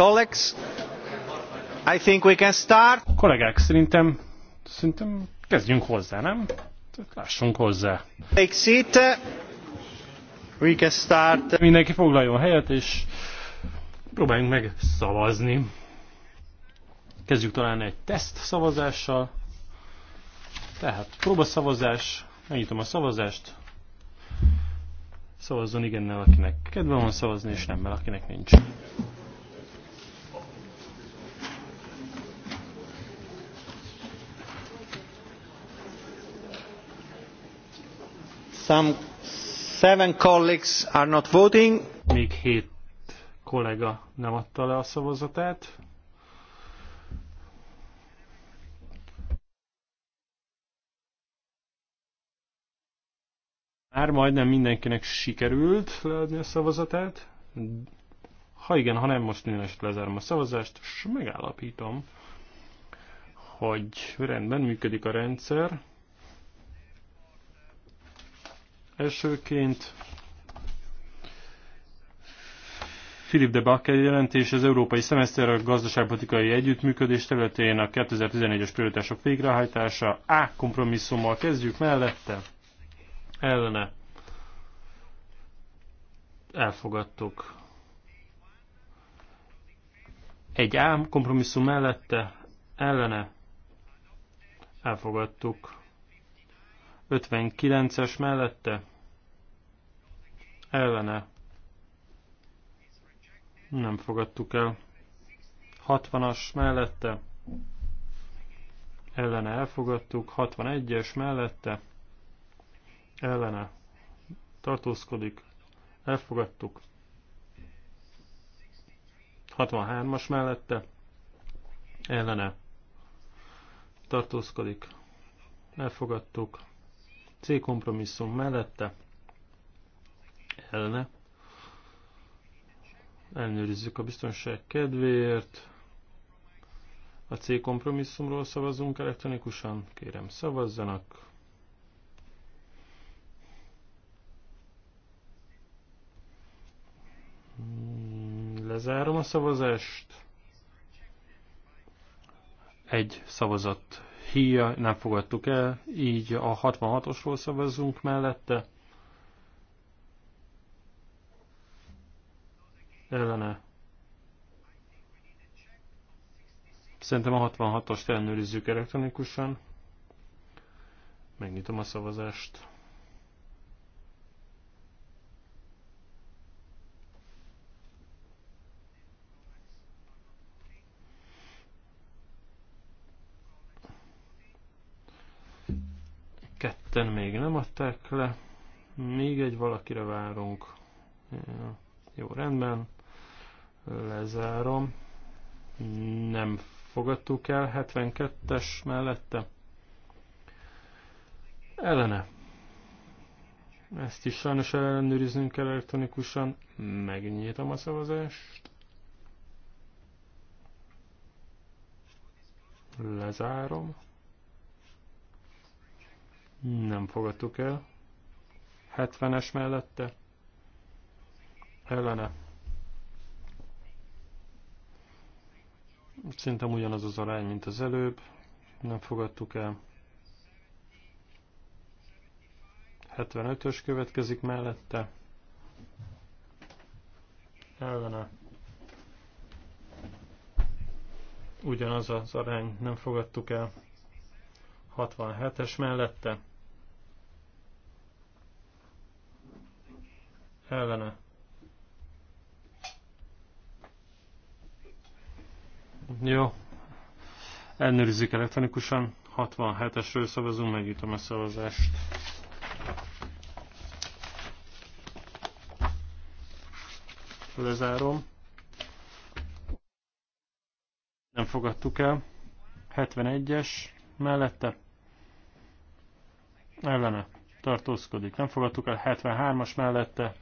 Colleagues, I think we can start. Kollégák, szerintem, szerintem kezdjünk hozzá, nem? Lássunk hozzá. Take seat. We can start. Mindenki foglaljon helyet, és próbáljunk meg szavazni. Kezdjük talán egy teszt szavazással. Tehát próbaszavazás, megnyitom a szavazást, szavazzon igennel, akinek kedve van szavazni, és nemmel, akinek nincs. Some seven colleagues are not voting. Még hét kollega nem adta le a szavazatát. Már majdnem mindenkinek sikerült leadni a szavazatát. Ha igen, ha nem, most én lezárom a szavazást, és megállapítom, hogy rendben működik a rendszer. Elsőként Philip de Bakker jelentés az Európai Szemeszter a gazdaságpolitikai együttműködés területén a 2011-es prioritások végrehajtása. A kompromisszummal kezdjük mellette. Ellene. Elfogadtuk. Egy A kompromisszum mellette. Ellene. Elfogadtuk. 59-es mellette ellene nem fogadtuk el. 60-as mellette ellene elfogadtuk, 61-es mellette ellene tartózkodik, elfogadtuk. 63-as mellette ellene tartózkodik, elfogadtuk. C kompromisszum mellette Elne, Elnőrizzük a biztonság kedvéért. A C kompromisszumról szavazunk elektronikusan. Kérem szavazzanak. Lezárom a szavazást. Egy szavazat híja, nem fogadtuk el, így a 66-osról szavazzunk mellette. ellene. Szerintem a 66-ost ellenőrizzük elektronikusan. Megnyitom a szavazást. Ketten még nem adták le. Még egy valakire várunk. Jó, rendben. Lezárom. Nem fogadtuk el. 72-es mellette. Ellene. Ezt is sajnos ellenőriznünk kell elektronikusan. Megnyitom a szavazást. Lezárom. Nem fogadtuk el. 70-es mellette. Ellene. Szerintem ugyanaz az arány, mint az előbb. Nem fogadtuk el. 75-ös következik mellette. Ellene. Ugyanaz az arány, nem fogadtuk el. 67-es mellette. Ellene. Jó. Ellenőrizzük elektronikusan. 67-esről szavazunk, megnyitom a szavazást. Lezárom. Nem fogadtuk el. 71-es mellette. Ellene. Tartózkodik. Nem fogadtuk el. 73-as mellette.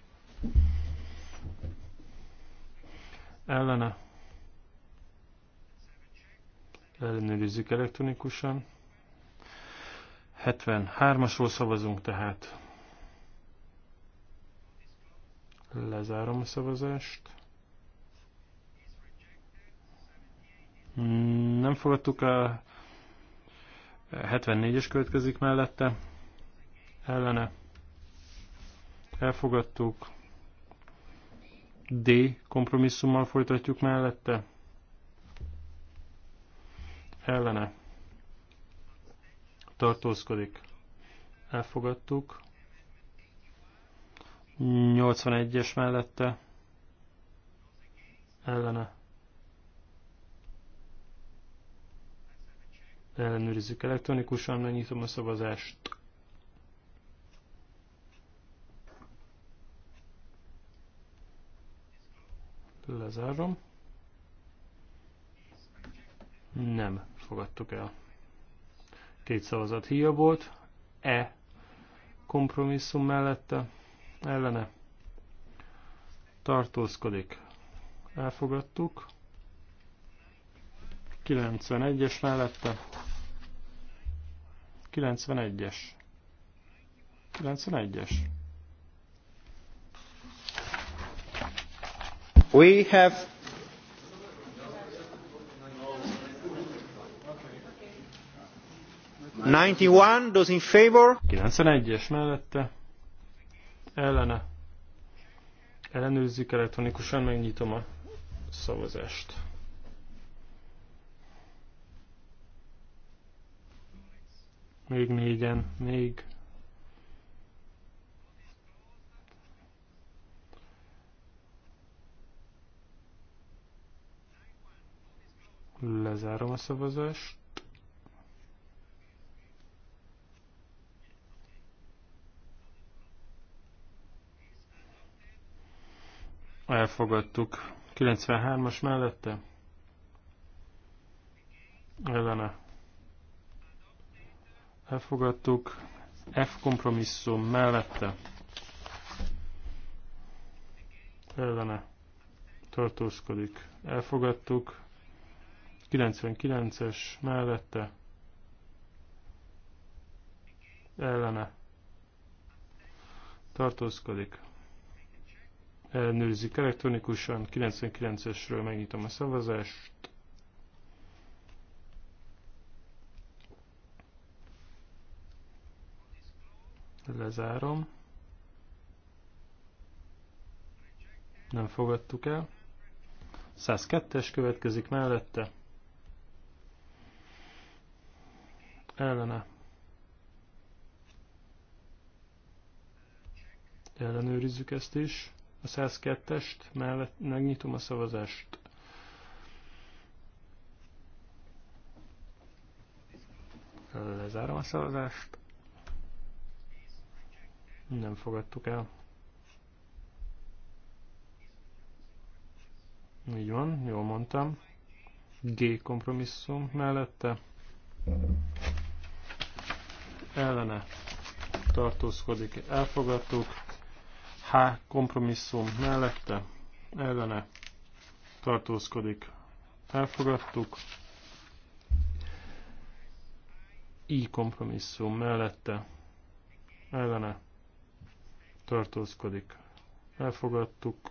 Ellene ellenőrizzük elektronikusan. 73-asról szavazunk tehát. Lezárom a szavazást. Nem fogadtuk a 74-es következik mellette. Ellene. Elfogadtuk. D kompromisszummal folytatjuk mellette ellene tartózkodik. Elfogadtuk. 81-es mellette ellene ellenőrizzük elektronikusan, megnyitom a szavazást. Lezárom. Nem fogadtuk el. Két szavazat híja volt, E kompromisszum mellette, ellene tartózkodik. Elfogadtuk. 91-es mellette. 91-es. 91-es. We have 91, those in favor. 91-es mellette. Ellene. Ellenőrzzük elektronikusan, megnyitom a szavazást. Még négyen, még. Lezárom a szavazást. Elfogadtuk. 93-as mellette. Ellene. Elfogadtuk. F kompromisszum mellette. Ellene. Tartózkodik. Elfogadtuk. 99-es mellette. Ellene. Tartózkodik ellenőrzik elektronikusan. 99-esről megnyitom a szavazást. Lezárom. Nem fogadtuk el. 102-es következik mellette. Ellene. Ellenőrizzük ezt is a 102-est, mellett megnyitom a szavazást. Lezárom a szavazást. Nem fogadtuk el. Így van, jól mondtam. G kompromisszum mellette. Ellene tartózkodik, elfogadtuk. H kompromisszum mellette ellene tartózkodik. Elfogadtuk. I kompromisszum mellette ellene tartózkodik. Elfogadtuk.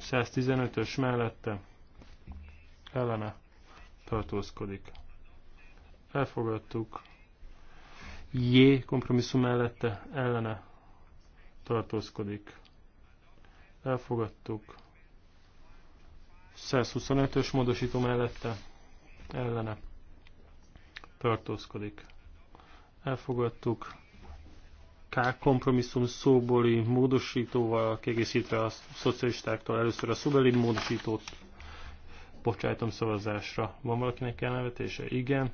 115-ös mellette ellene tartózkodik. Elfogadtuk. J kompromisszum mellette ellene tartózkodik. Elfogadtuk. 125-ös módosító mellette ellene tartózkodik. Elfogadtuk. K kompromisszum szóbóli módosítóval kiegészítve a szocialistáktól először a szóbeli módosítót bocsájtom szavazásra. Van valakinek elnevetése? Igen.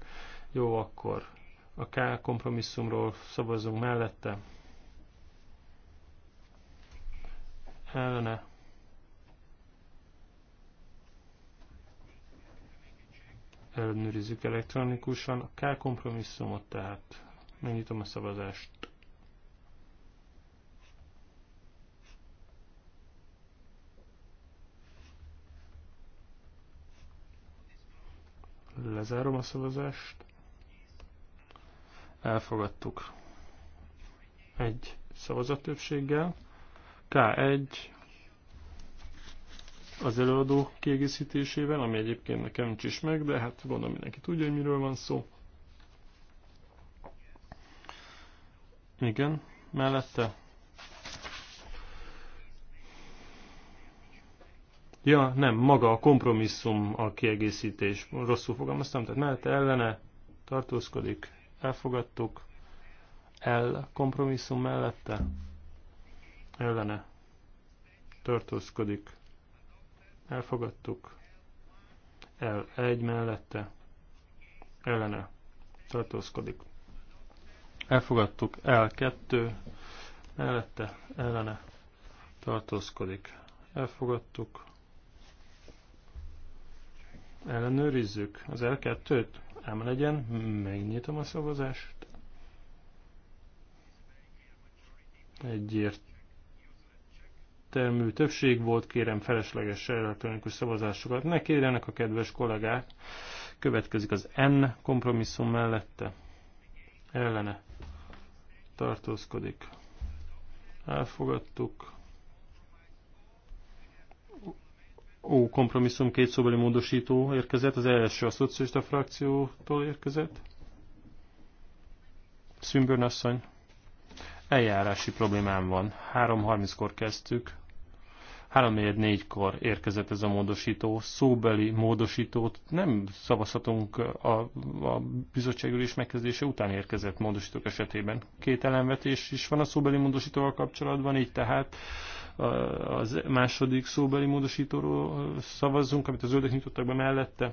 Jó, akkor a K kompromisszumról szavazunk mellette. ellene ellenőrizzük elektronikusan a K kompromisszumot, tehát megnyitom a szavazást. Lezárom a szavazást. Elfogadtuk egy szavazat többséggel. K1 az előadó kiegészítésével, ami egyébként nekem nincs is meg, de hát gondolom mindenki tudja, hogy miről van szó. Igen, mellette. Ja, nem, maga a kompromisszum a kiegészítés. Rosszul fogalmaztam, tehát mellette ellene tartózkodik, elfogadtuk, el kompromisszum mellette ellene tartózkodik, elfogadtuk, el egy mellette, ellene tartózkodik, elfogadtuk, el kettő mellette, ellene tartózkodik, elfogadtuk, ellenőrizzük az L2-t, ám legyen, megnyitom a szavazást, egyért egyértelmű többség volt, kérem felesleges elektronikus szavazásokat ne kérjenek a kedves kollégák. Következik az N kompromisszum mellette. Ellene tartózkodik. Elfogadtuk. Ó, kompromisszum két szóbeli módosító érkezett, az első a szocialista frakciótól érkezett. Szümbörnasszony. Eljárási problémám van. 3.30-kor kezdtük. 3-4-kor érkezett ez a módosító, szóbeli módosítót nem szavazhatunk a, a bizottságülés megkezdése után érkezett módosítók esetében. Két elemvetés is van a szóbeli módosítóval kapcsolatban, így tehát az második szóbeli módosítóról szavazzunk, amit az zöldek nyitottak be mellette.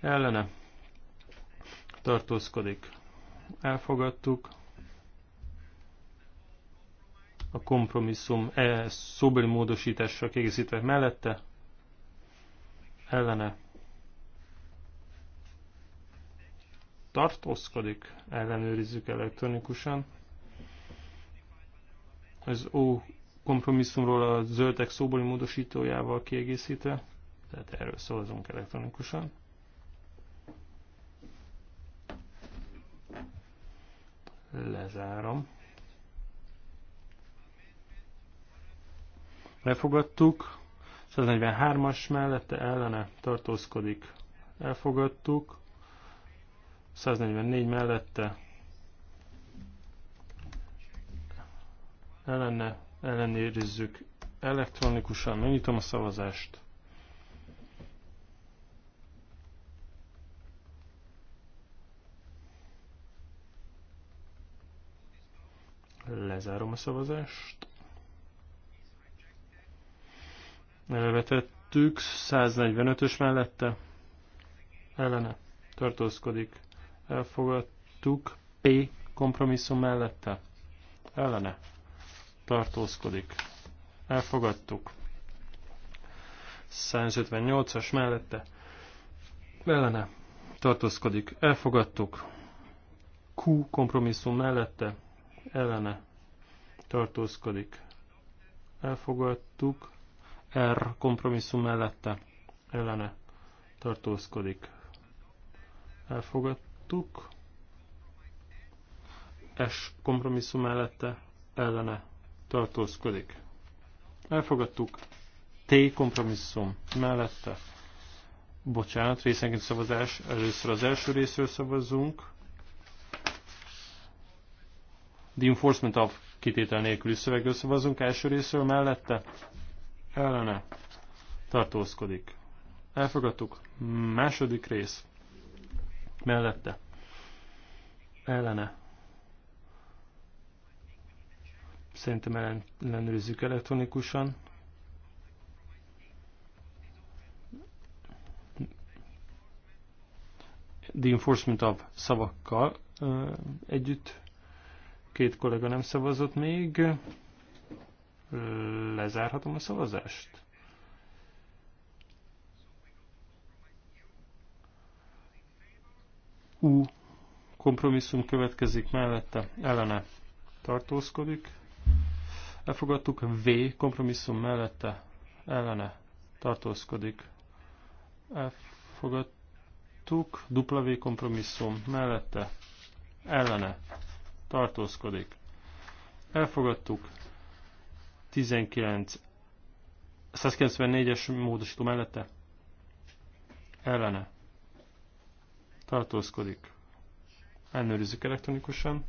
Ellene tartózkodik. Elfogadtuk a kompromisszum e szóbeli módosításra kiegészítve mellette, ellene tartózkodik, ellenőrizzük elektronikusan. Az O kompromisszumról a zöldek szóbeli módosítójával kiegészítve, tehát erről szavazunk elektronikusan. Lezárom. Lefogadtuk. 143-as mellette ellene tartózkodik. Elfogadtuk. 144 mellette ellene ellenőrizzük elektronikusan. Megnyitom a szavazást. Lezárom a szavazást. elvetettük, 145-ös mellette ellene tartózkodik, elfogadtuk, P kompromisszum mellette ellene tartózkodik, elfogadtuk, 158-as mellette ellene tartózkodik, elfogadtuk, Q kompromisszum mellette ellene tartózkodik, elfogadtuk, R kompromisszum mellette ellene tartózkodik. Elfogadtuk. S kompromisszum mellette ellene tartózkodik. Elfogadtuk. T kompromisszum mellette. Bocsánat, részenként szavazás. Először az első részről szavazzunk. The enforcement of kitétel nélküli szövegről szavazzunk. első részről mellette ellene tartózkodik. Elfogadtuk. Második rész mellette ellene. Szerintem ellenőrizzük elektronikusan. The enforcement of szavakkal együtt két kollega nem szavazott még. Lezárhatom a szavazást? U kompromisszum következik mellette, ellene tartózkodik. Elfogadtuk V kompromisszum mellette, ellene tartózkodik. Elfogadtuk W kompromisszum mellette, ellene tartózkodik. Elfogadtuk 19 194-es módosító mellette ellene tartózkodik. Ellenőrizzük elektronikusan.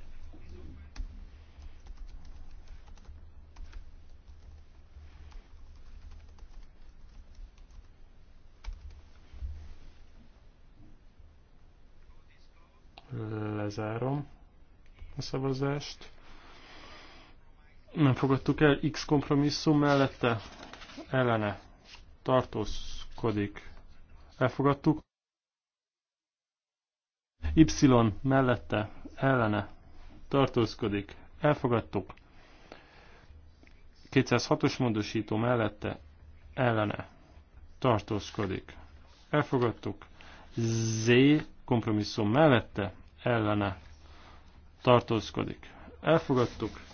Lezárom a szavazást nem fogadtuk el, X kompromisszum mellette ellene tartózkodik, elfogadtuk, Y mellette ellene tartózkodik, elfogadtuk, 206-os módosító mellette ellene tartózkodik, elfogadtuk, Z kompromisszum mellette ellene tartózkodik, elfogadtuk,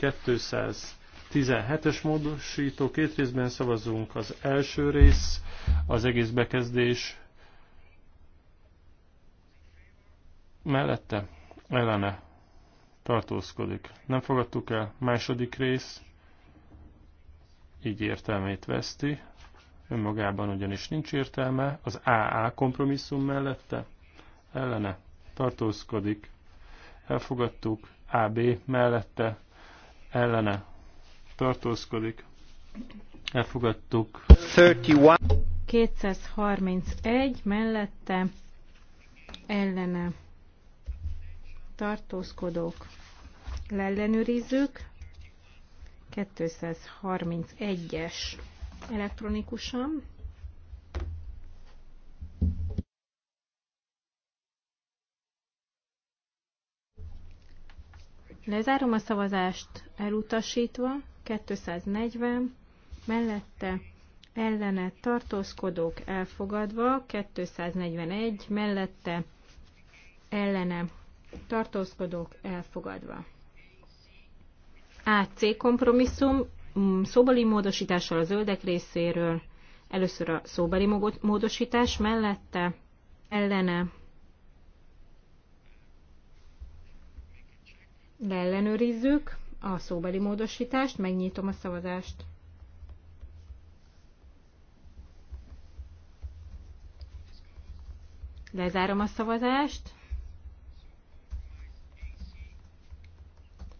217-es módosító két részben szavazunk. Az első rész, az egész bekezdés mellette ellene tartózkodik. Nem fogadtuk el. Második rész így értelmét veszti. Önmagában ugyanis nincs értelme. Az AA kompromisszum mellette ellene tartózkodik. Elfogadtuk. AB mellette ellene tartózkodik. Elfogadtuk. 231 mellette ellene tartózkodók. Leellenőrizzük. 231-es elektronikusan. Lezárom a szavazást elutasítva, 240 mellette ellene tartózkodók elfogadva, 241 mellette ellene tartózkodók elfogadva. AC kompromisszum mm, szóbeli módosítással a zöldek részéről, először a szóbeli módosítás mellette ellene leellenőrizzük a szóbeli módosítást, megnyitom a szavazást. Lezárom a szavazást.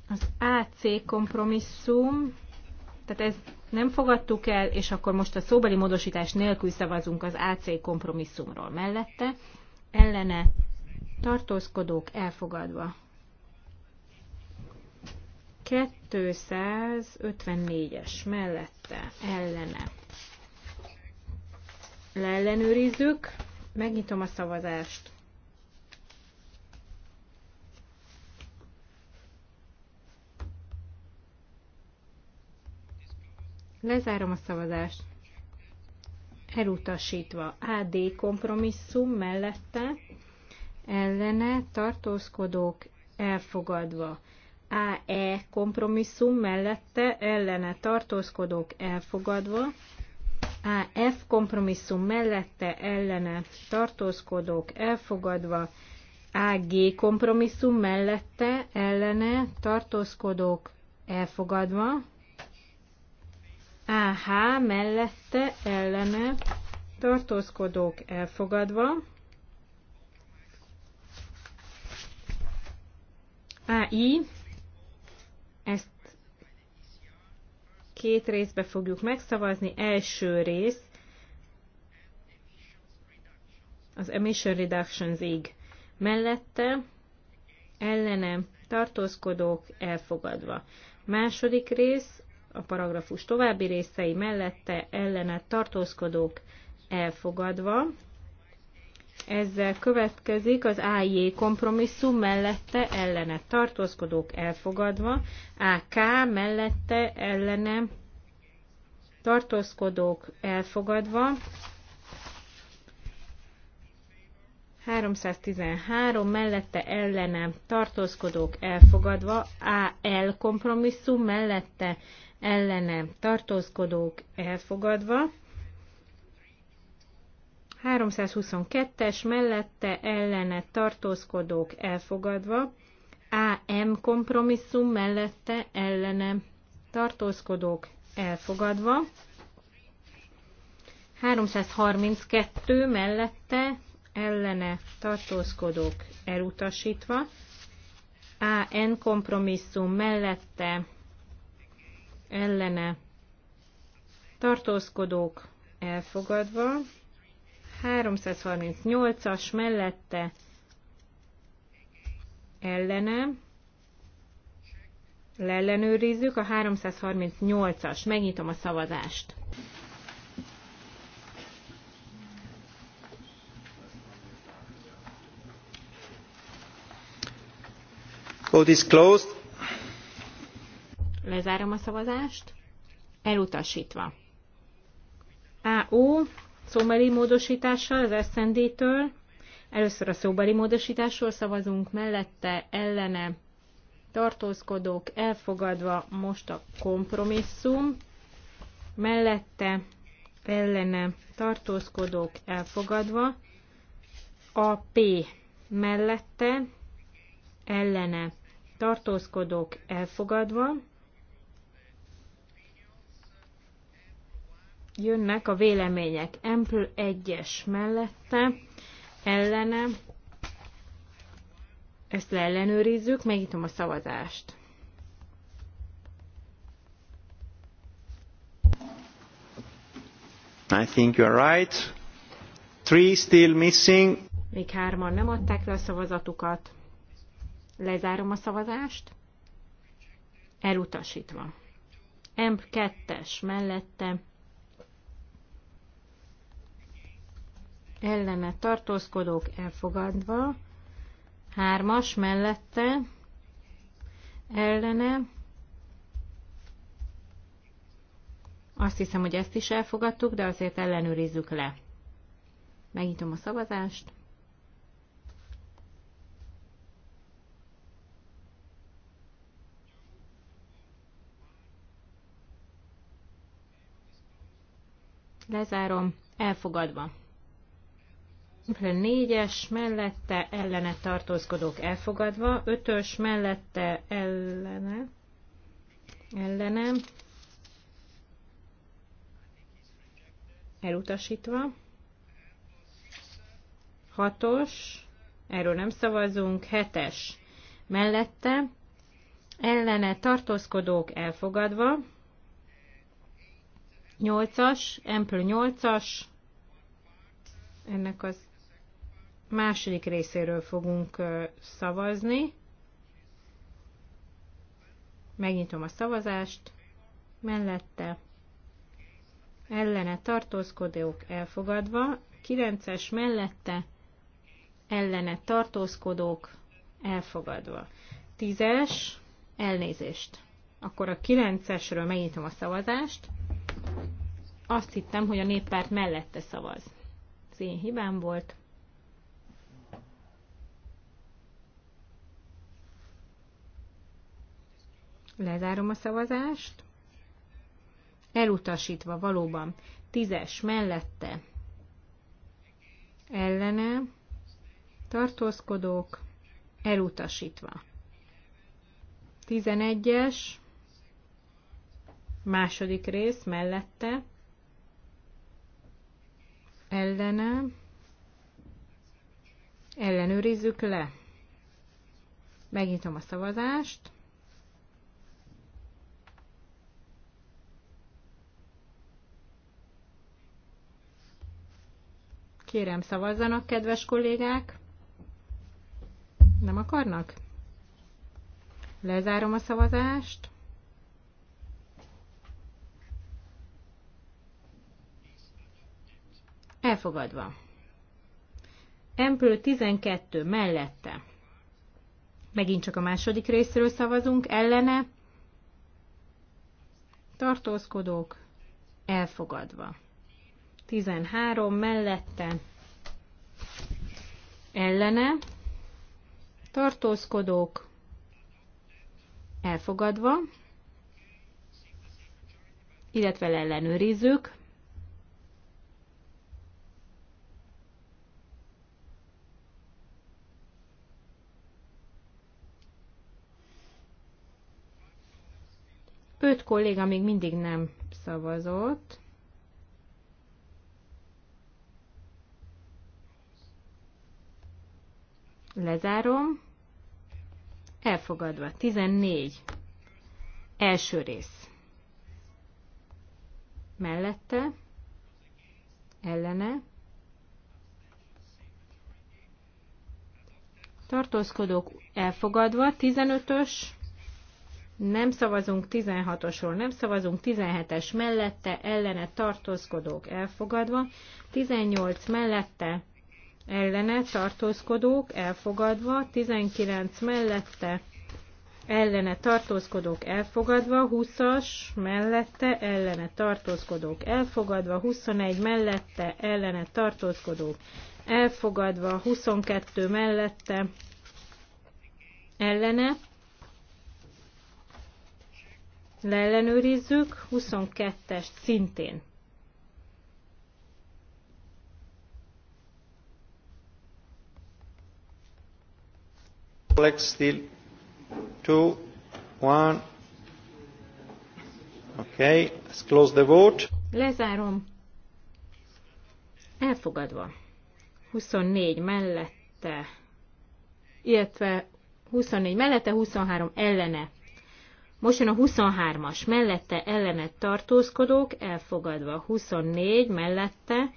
Az AC kompromisszum, tehát ez nem fogadtuk el, és akkor most a szóbeli módosítás nélkül szavazunk az AC kompromisszumról mellette, ellene tartózkodók elfogadva. 254-es mellette ellene. Leellenőrizzük, megnyitom a szavazást. Lezárom a szavazást. Elutasítva AD kompromisszum mellette ellene tartózkodók elfogadva. AE kompromisszum mellette ellene tartózkodók elfogadva, AF kompromisszum mellette ellene tartózkodók elfogadva, AG kompromisszum mellette ellene tartózkodók elfogadva, AH mellette ellene tartózkodók elfogadva, AI ezt két részbe fogjuk megszavazni. Első rész az Emission Reductions-ig mellette, ellene tartózkodók elfogadva. Második rész a paragrafus további részei mellette ellene tartózkodók elfogadva. Ezzel következik az AJ e kompromisszum mellette ellene tartózkodók elfogadva, AK mellette ellene tartózkodók elfogadva, 313 mellette ellene tartózkodók elfogadva, AL kompromisszum mellette ellene tartózkodók elfogadva, 322-es mellette ellene tartózkodók elfogadva, AM kompromisszum mellette ellene tartózkodók elfogadva, 332 mellette ellene tartózkodók elutasítva, AN kompromisszum mellette ellene tartózkodók elfogadva, 338-as mellette ellene leellenőrizzük a 338-as. Megnyitom a szavazást. Vote is closed. Lezárom a szavazást. Elutasítva. AU szóbeli módosítással az sznd től Először a szóbeli módosításról szavazunk, mellette ellene tartózkodók elfogadva most a kompromisszum, mellette ellene tartózkodók elfogadva, a P mellette ellene tartózkodók elfogadva, jönnek a vélemények. Empl 1-es mellette, ellene, ezt leellenőrizzük, megítom a szavazást. I think you are right. Three still missing. Még hárman nem adták le a szavazatukat. Lezárom a szavazást. Elutasítva. Emp 2-es mellette ellene tartózkodók elfogadva, hármas mellette, ellene, azt hiszem, hogy ezt is elfogadtuk, de azért ellenőrizzük le. Megnyitom a szavazást. Lezárom, elfogadva négyes mellette ellene tartózkodók elfogadva, ötös mellette ellene, ellene elutasítva, hatos erről nem szavazunk, hetes mellette ellene tartózkodók elfogadva, nyolcas as nyolcas ennek az második részéről fogunk szavazni. Megnyitom a szavazást. Mellette ellene tartózkodók elfogadva, 9-es mellette ellene tartózkodók elfogadva. 10-es elnézést. Akkor a 9-esről megnyitom a szavazást. Azt hittem, hogy a néppárt mellette szavaz. Az én hibám volt. Lezárom a szavazást. Elutasítva valóban. Tízes mellette. Ellene. Tartózkodók. Elutasítva. Tizenegyes. Második rész mellette. Ellene. Ellenőrizzük le. Megnyitom a szavazást. Kérem, szavazzanak, kedves kollégák! Nem akarnak? Lezárom a szavazást. Elfogadva. Emplő 12 mellette. Megint csak a második részről szavazunk, ellene. Tartózkodók. Elfogadva. 13 mellette ellene tartózkodók elfogadva, illetve ellenőrizzük. Öt kolléga még mindig nem szavazott. Lezárom. Elfogadva. 14. Első rész. Mellette. Ellene. Tartózkodók elfogadva. 15-ös. Nem szavazunk 16-osról, nem szavazunk 17-es mellette, ellene tartózkodók elfogadva, 18 mellette, ellene tartózkodók elfogadva, 19 mellette ellene tartózkodók elfogadva, 20-as mellette ellene tartózkodók elfogadva, 21 mellette ellene tartózkodók elfogadva, 22 mellette ellene, leellenőrizzük, 22-est szintén Alex still two, one. Okay, let's close the vote. Lezárom. Elfogadva. 24 mellette, illetve 24 mellette, 23 ellene. Most jön a 23-as, mellette ellene tartózkodók, elfogadva. 24 mellette,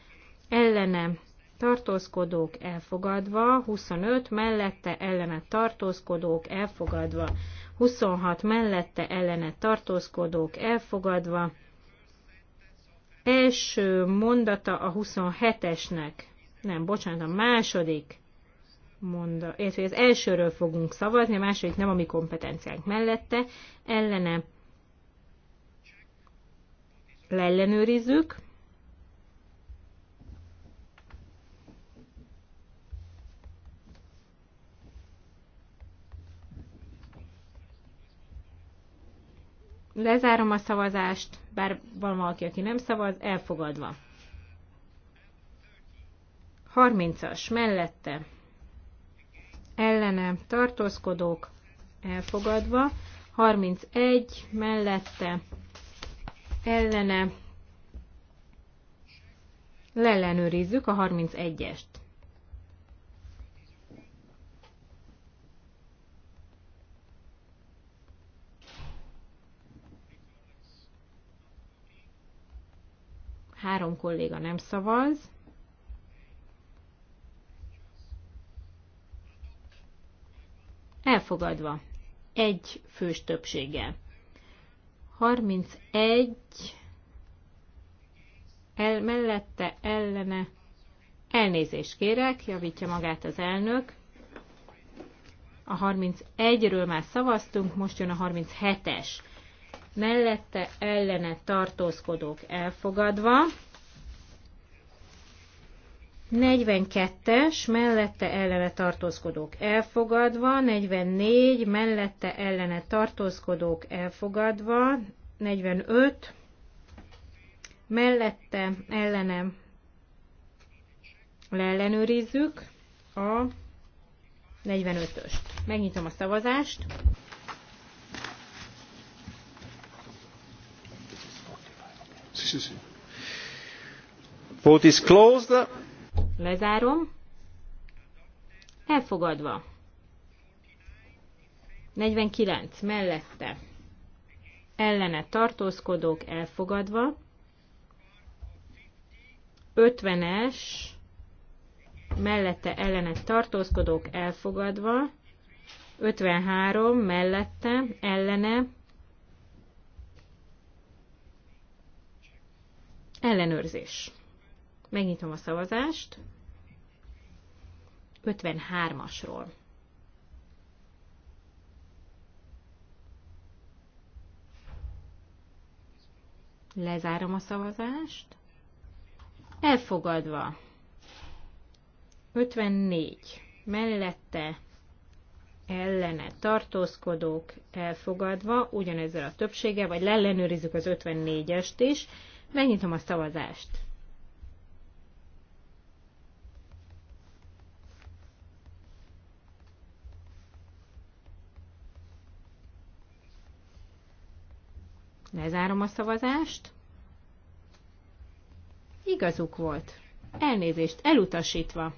ellene tartózkodók elfogadva, 25 mellette ellene tartózkodók elfogadva, 26 mellette ellene tartózkodók elfogadva. Első mondata a 27-esnek, nem, bocsánat, a második monda, illetve az elsőről fogunk szavazni, a második nem a mi kompetenciánk mellette, ellene leellenőrizzük, Lezárom a szavazást, bár van valaki, aki nem szavaz, elfogadva. 30-as, mellette, ellene, tartózkodók, elfogadva. 31, mellette, ellene, leellenőrizzük a 31-est. Három kolléga nem szavaz. Elfogadva. Egy fős többsége. 31 el, mellette ellene elnézést kérek, javítja magát az elnök. A 31-ről már szavaztunk, most jön a 37-es mellette ellene tartózkodók elfogadva, 42-es, mellette ellene tartózkodók elfogadva, 44, mellette ellene tartózkodók elfogadva, 45, mellette ellene leellenőrizzük a 45-öst. Megnyitom a szavazást. Excuse Vote is closed. Lezárom. Elfogadva. 49 mellette. Ellene tartózkodók elfogadva. 50-es mellette ellene tartózkodók elfogadva. 53 mellette ellene Ellenőrzés. Megnyitom a szavazást. 53-asról. Lezárom a szavazást. Elfogadva. 54. Mellette ellene tartózkodók elfogadva, ugyanezzel a többsége, vagy ellenőrizzük az 54-est is. Megnyitom a szavazást. Lezárom a szavazást. Igazuk volt. Elnézést, elutasítva.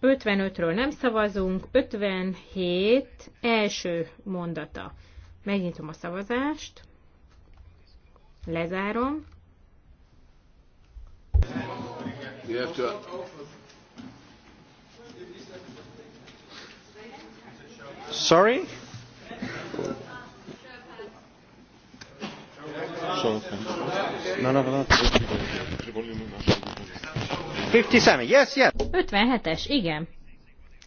55-ről nem szavazunk, 57 első mondata. Megnyitom a szavazást. Lezárom. Sorry? 57, yes, yes. 57-es, igen.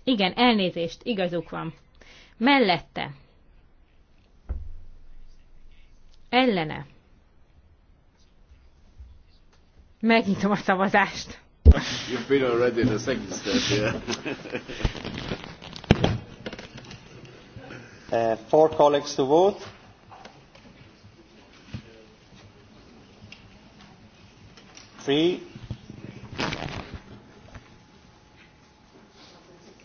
Igen, elnézést, igazuk van. Mellette. Ellene. Megnyitom a szavazást. You've been already the second step, yeah. uh, four colleagues to vote. Three.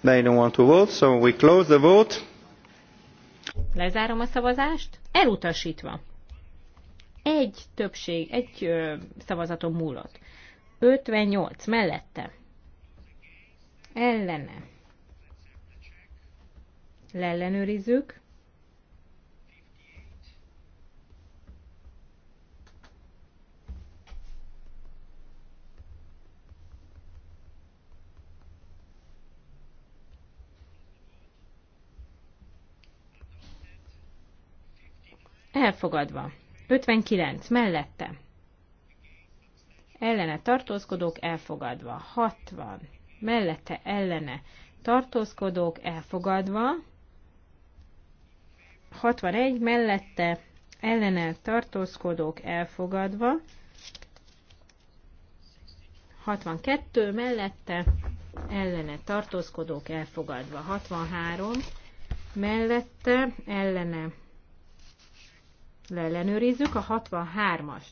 They don't want to vote, so we close the vote. Lezárom a szavazást. Elutasítva egy többség, egy ö, szavazaton múlott. 58 mellette. Ellene. Leellenőrizzük. Elfogadva. 59 mellette. Ellene tartózkodók elfogadva. 60 mellette ellene tartózkodók elfogadva. 61 mellette ellene tartózkodók elfogadva. 62 mellette ellene tartózkodók elfogadva. 63 mellette ellene leellenőrizzük a 63-ast.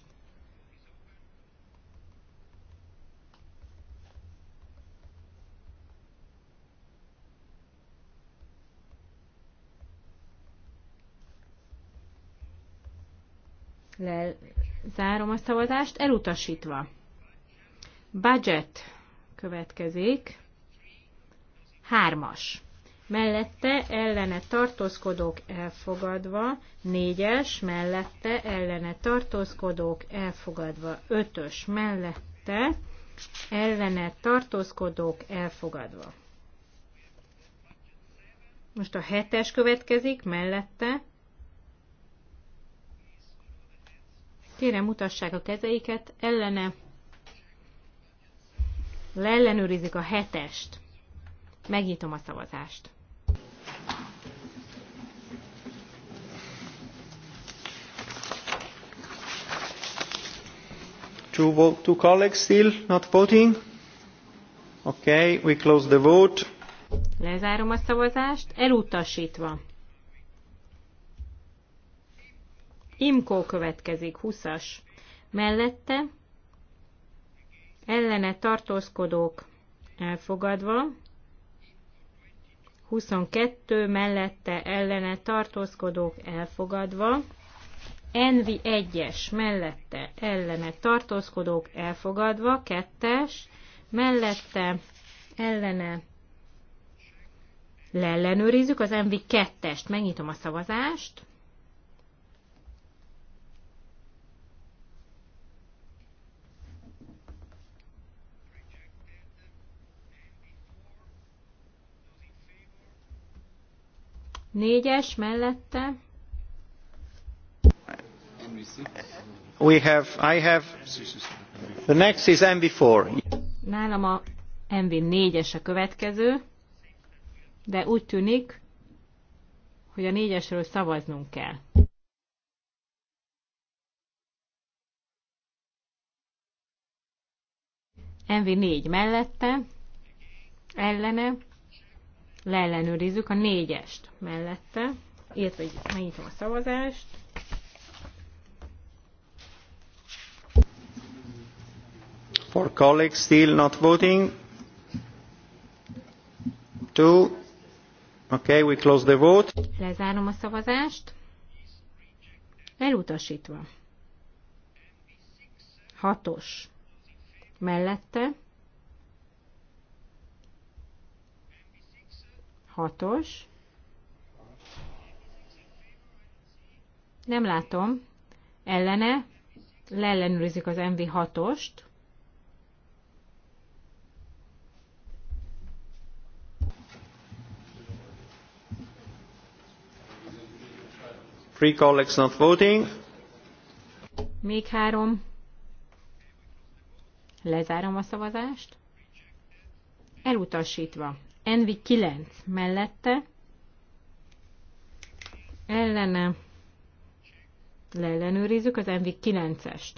Lezárom a szavazást, elutasítva. Budget következik. Hármas mellette ellene tartózkodók elfogadva, négyes mellette ellene tartózkodók elfogadva, ötös mellette ellene tartózkodók elfogadva. Most a hetes következik, mellette. Kérem, mutassák a kezeiket, ellene. Leellenőrizik a hetest. Megnyitom a szavazást. Two, vote, two colleagues still not voting. Okay, we close the vote. Lezárom a szavazást, elutasítva. Imkó következik, 20-as. Mellette ellene tartózkodók elfogadva, 22 mellette ellene tartózkodók elfogadva, Envi 1-es mellette ellene tartózkodók elfogadva, 2-es mellette ellene leellenőrizzük az Envi 2-est, megnyitom a szavazást, Négyes mellette. We have, I have, the next is MV4. Nálam a MV4-es a következő, de úgy tűnik, hogy a négyesről szavaznunk kell. MV4 mellette, ellene, leellenőrizzük a négyest mellette, illetve megnyitom a szavazást. For colleagues still not voting. Two. Okay, we close the vote. Lezárom a szavazást. Elutasítva. Hatos. Mellette. 6-os. Nem látom. Ellene leellenőrizik az MV6-ost. Three not voting. Még három. Lezárom a szavazást. Elutasítva. Envi 9 mellette, ellene leellenőrizzük az Envi 9-est.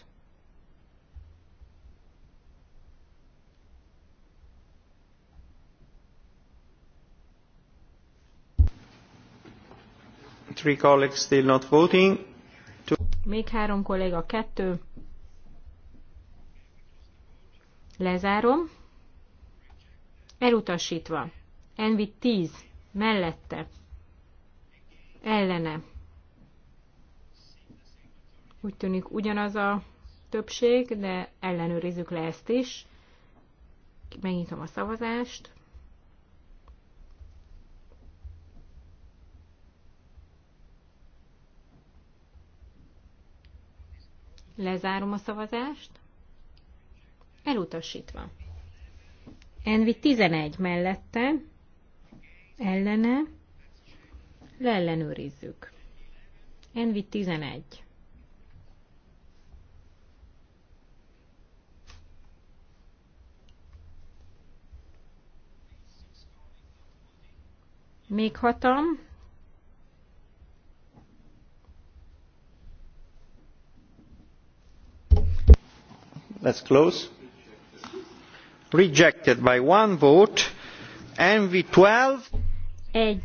Three colleagues still not voting. Two. Még három kolléga, kettő. Lezárom. Elutasítva. Envi 10 mellette ellene. Úgy tűnik ugyanaz a többség, de ellenőrizzük le ezt is. Megnyitom a szavazást. Lezárom a szavazást. Elutasítva. Envi 11 mellette ellene, leellenőrizzük. Envi 11. Még hatam. Let's close. Rejected by one vote. NV 12 egy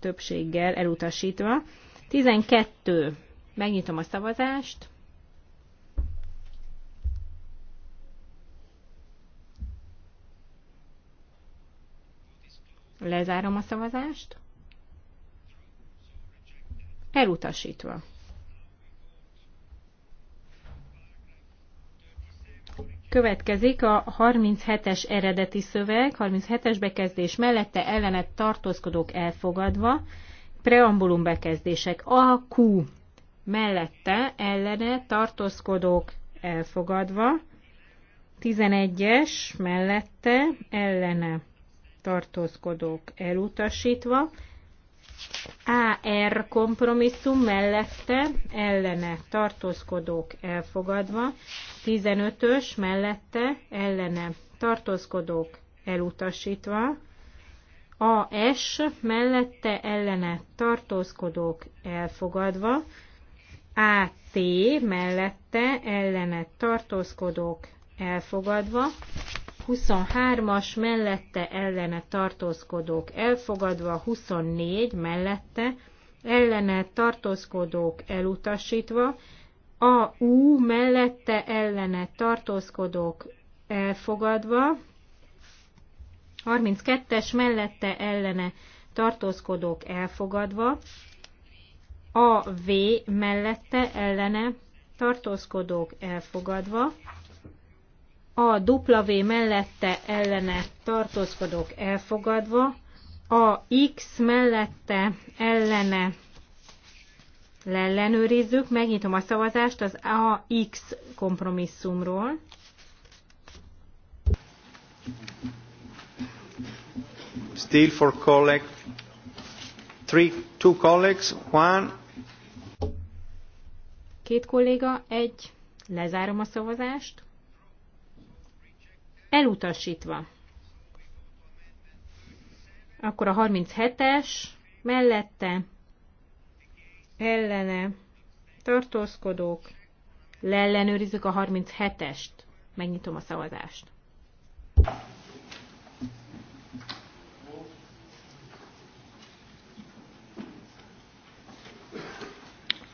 többséggel elutasítva. 12. Megnyitom a szavazást. Lezárom a szavazást. Elutasítva. Következik a 37-es eredeti szöveg, 37-es bekezdés mellette ellenet tartózkodók elfogadva, preambulum bekezdések AQ mellette ellene tartózkodók elfogadva, 11-es mellette ellene tartózkodók elutasítva, AR kompromisszum mellette ellene tartózkodók elfogadva, 15-ös mellette ellene tartózkodók elutasítva, AS mellette ellene tartózkodók elfogadva, AT mellette ellene tartózkodók elfogadva, 23-as mellette ellene tartózkodók elfogadva, 24 mellette ellene tartózkodók elutasítva, a U mellette ellene tartózkodók elfogadva, 32-es mellette ellene tartózkodók elfogadva, a V mellette ellene tartózkodók elfogadva, a W mellette ellene tartózkodók elfogadva, a X mellette ellene leellenőrizzük, megnyitom a szavazást az AX kompromisszumról. Still for colleague, three, two colleagues, one. Két kolléga, egy, lezárom a szavazást elutasítva. Akkor a 37-es mellette ellene tartózkodók, leellenőrizzük a 37-est. Megnyitom a szavazást.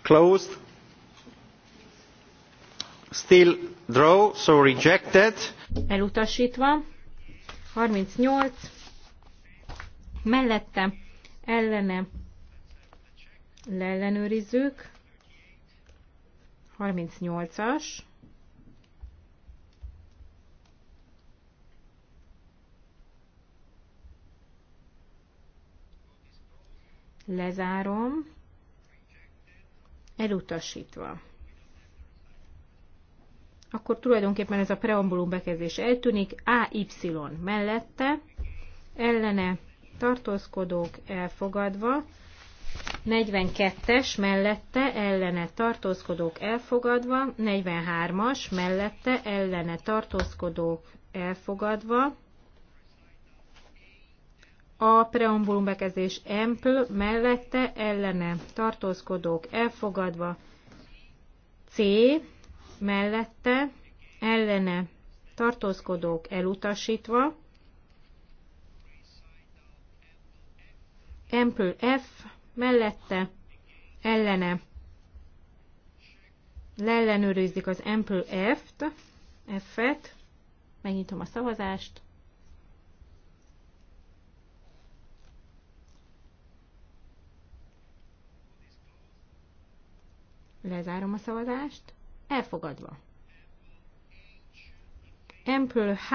Closed. Still draw, so rejected elutasítva, 38 mellette ellene leellenőrizzük, 38-as, lezárom, elutasítva akkor tulajdonképpen ez a preambulum bekezdés eltűnik, AY mellette, ellene tartózkodók elfogadva, 42-es mellette ellene tartózkodók elfogadva, 43-as mellette ellene tartózkodók elfogadva, a preambulum bekezdés empl mellette ellene tartózkodók elfogadva, C mellette ellene tartózkodók elutasítva, Ample F mellette ellene leellenőrizzük az Ample F-t, F-et, megnyitom a szavazást, lezárom a szavazást, elfogadva. Empől H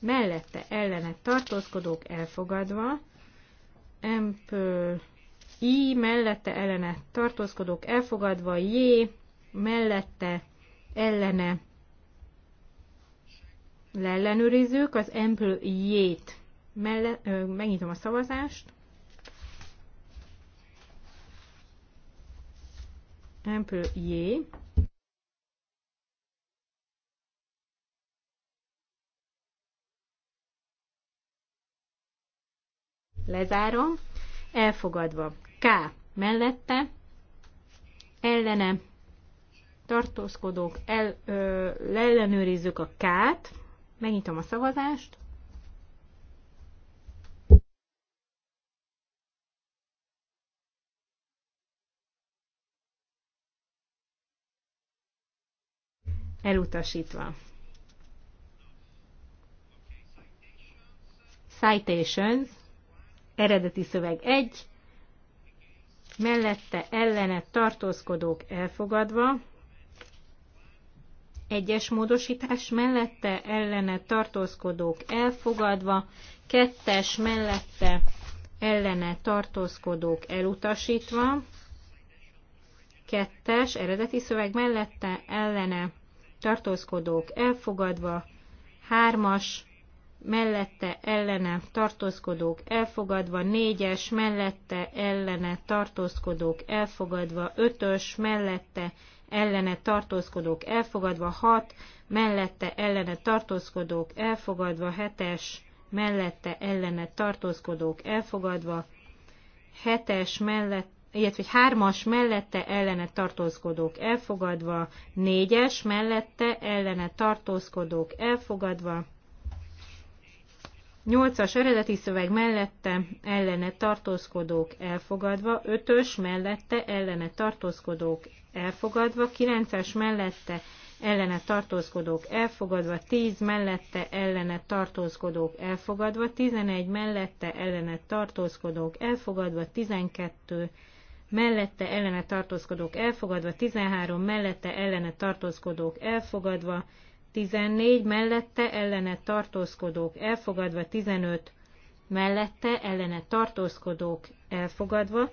mellette ellene tartózkodók elfogadva, Empől I mellette ellene tartózkodók elfogadva, J mellette ellene leellenőrizzük az Empől J-t. megnyitom a szavazást. Empől J. lezárom, elfogadva K mellette, ellene tartózkodók, el, ö, ellenőrizzük a K-t, megnyitom a szavazást, elutasítva. Citations eredeti szöveg 1, mellette ellene tartózkodók elfogadva, egyes módosítás mellette ellene tartózkodók elfogadva, kettes mellette ellene tartózkodók elutasítva, kettes eredeti szöveg mellette ellene tartózkodók elfogadva, hármas mellette ellene tartózkodók elfogadva, négyes mellette ellene tartózkodók elfogadva, ötös mellette ellene tartózkodók elfogadva, hat mellette ellene tartózkodók elfogadva, hetes mellette ellene tartózkodók elfogadva, hetes mellette illetve egy hármas mellette ellene tartózkodók elfogadva, négyes mellette ellene tartózkodók elfogadva, 8-as eredeti szöveg mellette ellene tartózkodók elfogadva, 5-ös mellette ellene tartózkodók elfogadva, 9-es mellette ellene tartózkodók elfogadva, 10 mellette ellene tartózkodók elfogadva, 11 mellette ellene tartózkodók elfogadva, 12 mellette ellene tartózkodók elfogadva, 13 mellette ellene tartózkodók elfogadva, 14 mellette ellene tartózkodók elfogadva, 15 mellette ellene tartózkodók elfogadva,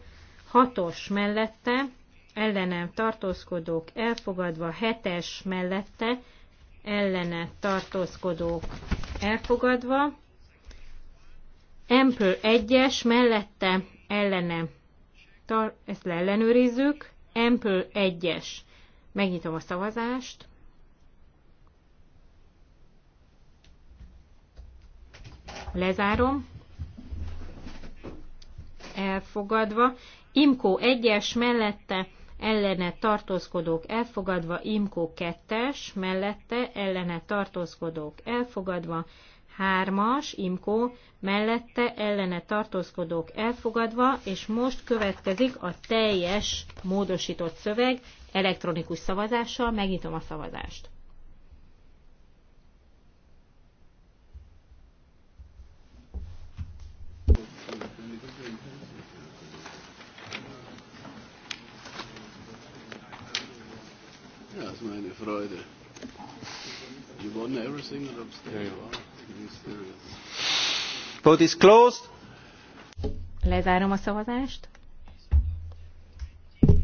6-os mellette ellene tartózkodók elfogadva, 7-es mellette ellene tartózkodók elfogadva, empl 1-es mellette ellene, tar- ezt leellenőrizzük, empl 1-es. Megnyitom a szavazást. Lezárom. Elfogadva. Imkó 1-es mellette ellene tartózkodók elfogadva, Imkó 2-es mellette ellene tartózkodók elfogadva, 3-as Imkó mellette ellene tartózkodók elfogadva, és most következik a teljes módosított szöveg elektronikus szavazással, megnyitom a szavazást. meine Freude. You won everything and upstairs. Vote is closed. Lezárom a szavazást.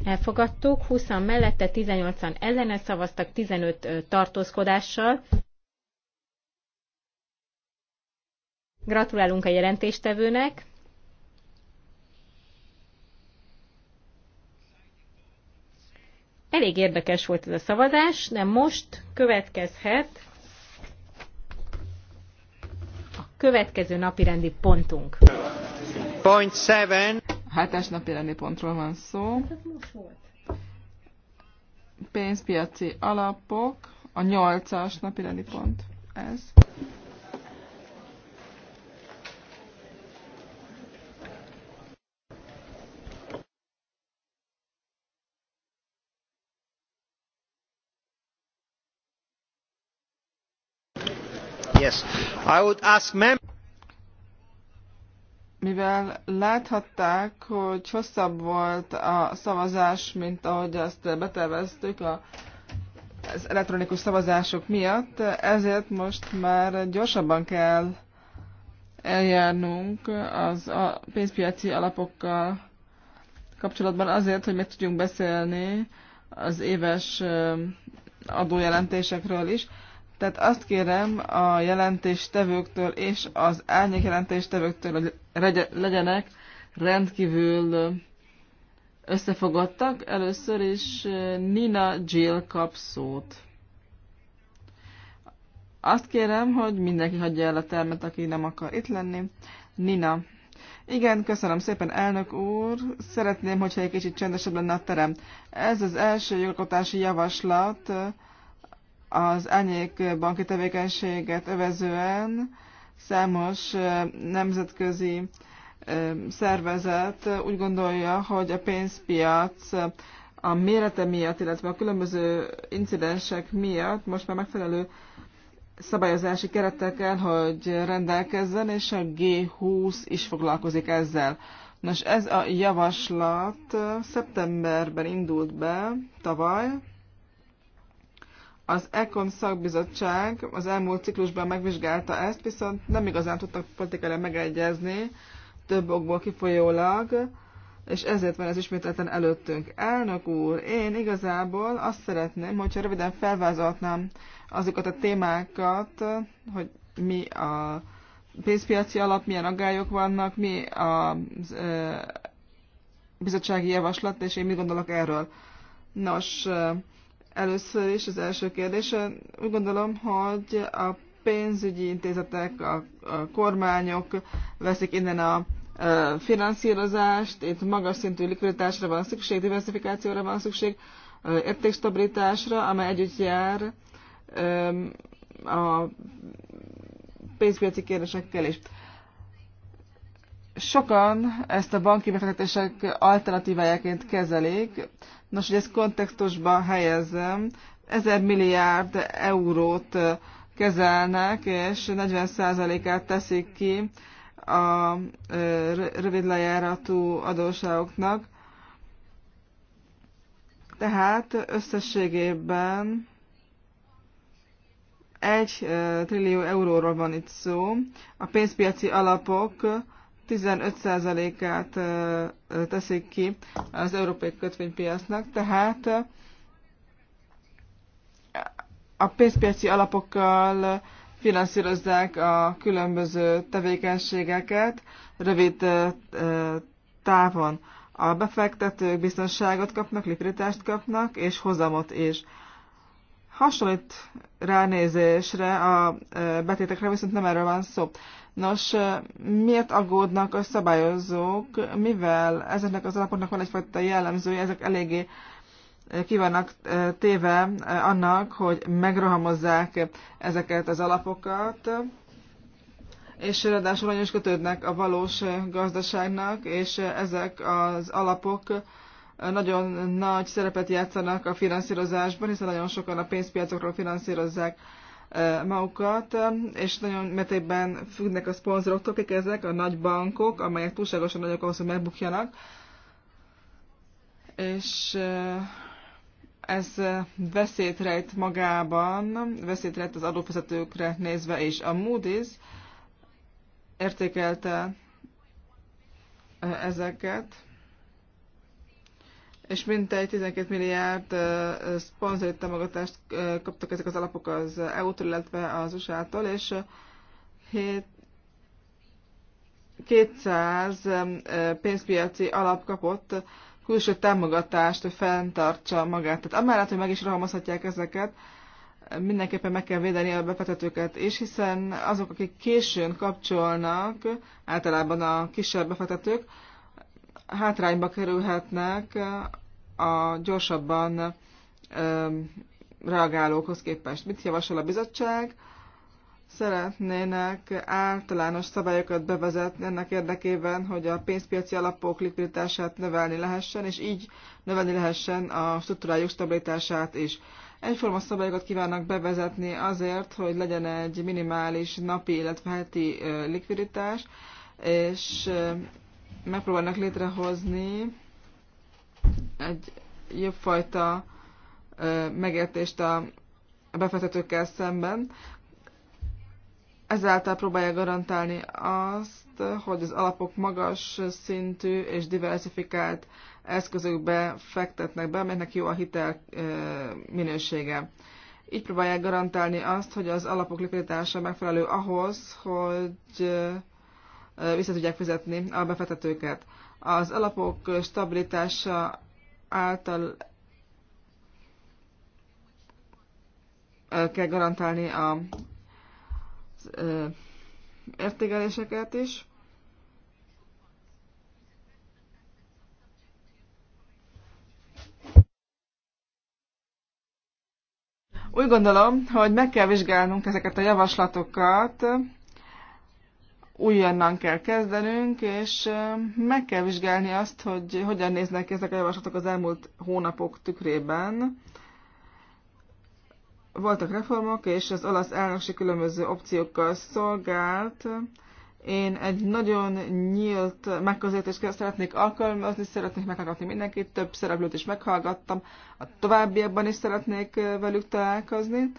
Elfogadtuk, 20 mellette, 18-an ellene szavaztak, 15 tartózkodással. Gratulálunk a jelentéstevőnek. Elég érdekes volt ez a szavazás, de most következhet a következő napirendi pontunk. Point seven. Hetes rendi pontról van szó. Hát Pénzpiaci alapok, a nyolcas rendi pont ez. mivel láthatták, hogy hosszabb volt a szavazás, mint ahogy azt beterveztük a, az elektronikus szavazások miatt, ezért most már gyorsabban kell eljárnunk az a pénzpiaci alapokkal kapcsolatban azért, hogy meg tudjunk beszélni az éves adójelentésekről is. Tehát azt kérem a jelentéstevőktől és az árnyék jelentéstevőktől, hogy legyenek rendkívül összefogottak. Először is Nina Jill kap szót. Azt kérem, hogy mindenki hagyja el a termet, aki nem akar itt lenni. Nina. Igen, köszönöm szépen, elnök úr. Szeretném, hogyha egy kicsit csendesebb lenne a terem. Ez az első jogalkotási javaslat, az árnyék banki tevékenységet övezően számos nemzetközi szervezet úgy gondolja, hogy a pénzpiac a mérete miatt, illetve a különböző incidensek miatt most már megfelelő szabályozási el, hogy rendelkezzen, és a G20 is foglalkozik ezzel. Nos, ez a javaslat szeptemberben indult be, tavaly, az ECOM szakbizottság az elmúlt ciklusban megvizsgálta ezt, viszont nem igazán tudtak politikára megegyezni, több okból kifolyólag, és ezért van ez ismételten előttünk. Elnök úr, én igazából azt szeretném, hogyha röviden felvázolhatnám azokat a témákat, hogy mi a pénzpiaci alap, milyen aggályok vannak, mi a bizottsági javaslat, és én mit gondolok erről. Nos, Először is az első kérdés. Úgy gondolom, hogy a pénzügyi intézetek, a, a kormányok veszik innen a finanszírozást, itt magas szintű likviditásra van szükség, diversifikációra van szükség, értékstabilitásra, amely együtt jár a pénzpiaci kérdésekkel is. Sokan ezt a banki befektetések alternatívájaként kezelik. Nos, hogy ezt kontextusba helyezzem, 1000 milliárd eurót kezelnek, és 40%-át teszik ki a rövid lejáratú adóságoknak. Tehát összességében 1 trillió euróról van itt szó. A pénzpiaci alapok 15%-át teszik ki az európai kötvénypiacnak, tehát a pénzpiaci alapokkal finanszírozzák a különböző tevékenységeket rövid távon. A befektetők biztonságot kapnak, likviditást kapnak, és hozamot is. Hasonlít ránézésre a betétekre, viszont nem erről van szó. Nos, miért aggódnak a szabályozók, mivel ezeknek az alapoknak van egyfajta jellemzője, ezek eléggé ki vannak téve annak, hogy megrohamozzák ezeket az alapokat, és ráadásul nagyon is kötődnek a valós gazdaságnak, és ezek az alapok nagyon nagy szerepet játszanak a finanszírozásban, hiszen nagyon sokan a pénzpiacokról finanszírozzák magukat, és nagyon metében függnek a szponzoroktól, akik ezek a nagy bankok, amelyek túlságosan nagyok ahhoz, hogy megbukjanak. És ez veszélyt rejt magában, veszélyt rejt az adófizetőkre nézve és A Moody's értékelte ezeket, és mintegy 12 milliárd szponzori támogatást kaptak ezek az alapok az EU-tól, illetve az USA-tól, és 7, 200 pénzpiaci alap kapott külső támogatást, hogy fenntartsa magát. Tehát amellett, hogy meg is rohamozhatják ezeket, mindenképpen meg kell védeni a befektetőket is, hiszen azok, akik későn kapcsolnak, általában a kisebb befektetők, hátrányba kerülhetnek a gyorsabban reagálókhoz képest. Mit javasol a bizottság? Szeretnének általános szabályokat bevezetni ennek érdekében, hogy a pénzpiaci alapok likviditását növelni lehessen, és így növelni lehessen a struktúrájuk stabilitását is. Egyforma szabályokat kívánnak bevezetni azért, hogy legyen egy minimális napi, illetve heti likviditás, és megpróbálnak létrehozni egy jobb fajta megértést a befektetőkkel szemben. Ezáltal próbálja garantálni azt, hogy az alapok magas szintű és diversifikált eszközökbe fektetnek be, amelynek jó a hitel minősége. Így próbálják garantálni azt, hogy az alapok likviditása megfelelő ahhoz, hogy vissza tudják fizetni a befektetőket. Az alapok stabilitása által kell garantálni a értékeléseket is. Úgy gondolom, hogy meg kell vizsgálnunk ezeket a javaslatokat, újonnan kell kezdenünk, és meg kell vizsgálni azt, hogy hogyan néznek ezek a javaslatok az elmúlt hónapok tükrében. Voltak reformok, és az olasz elnökség különböző opciókkal szolgált. Én egy nagyon nyílt megközelítést szeretnék alkalmazni, szeretnék meghallgatni mindenkit, több szereplőt is meghallgattam, a továbbiakban is szeretnék velük találkozni,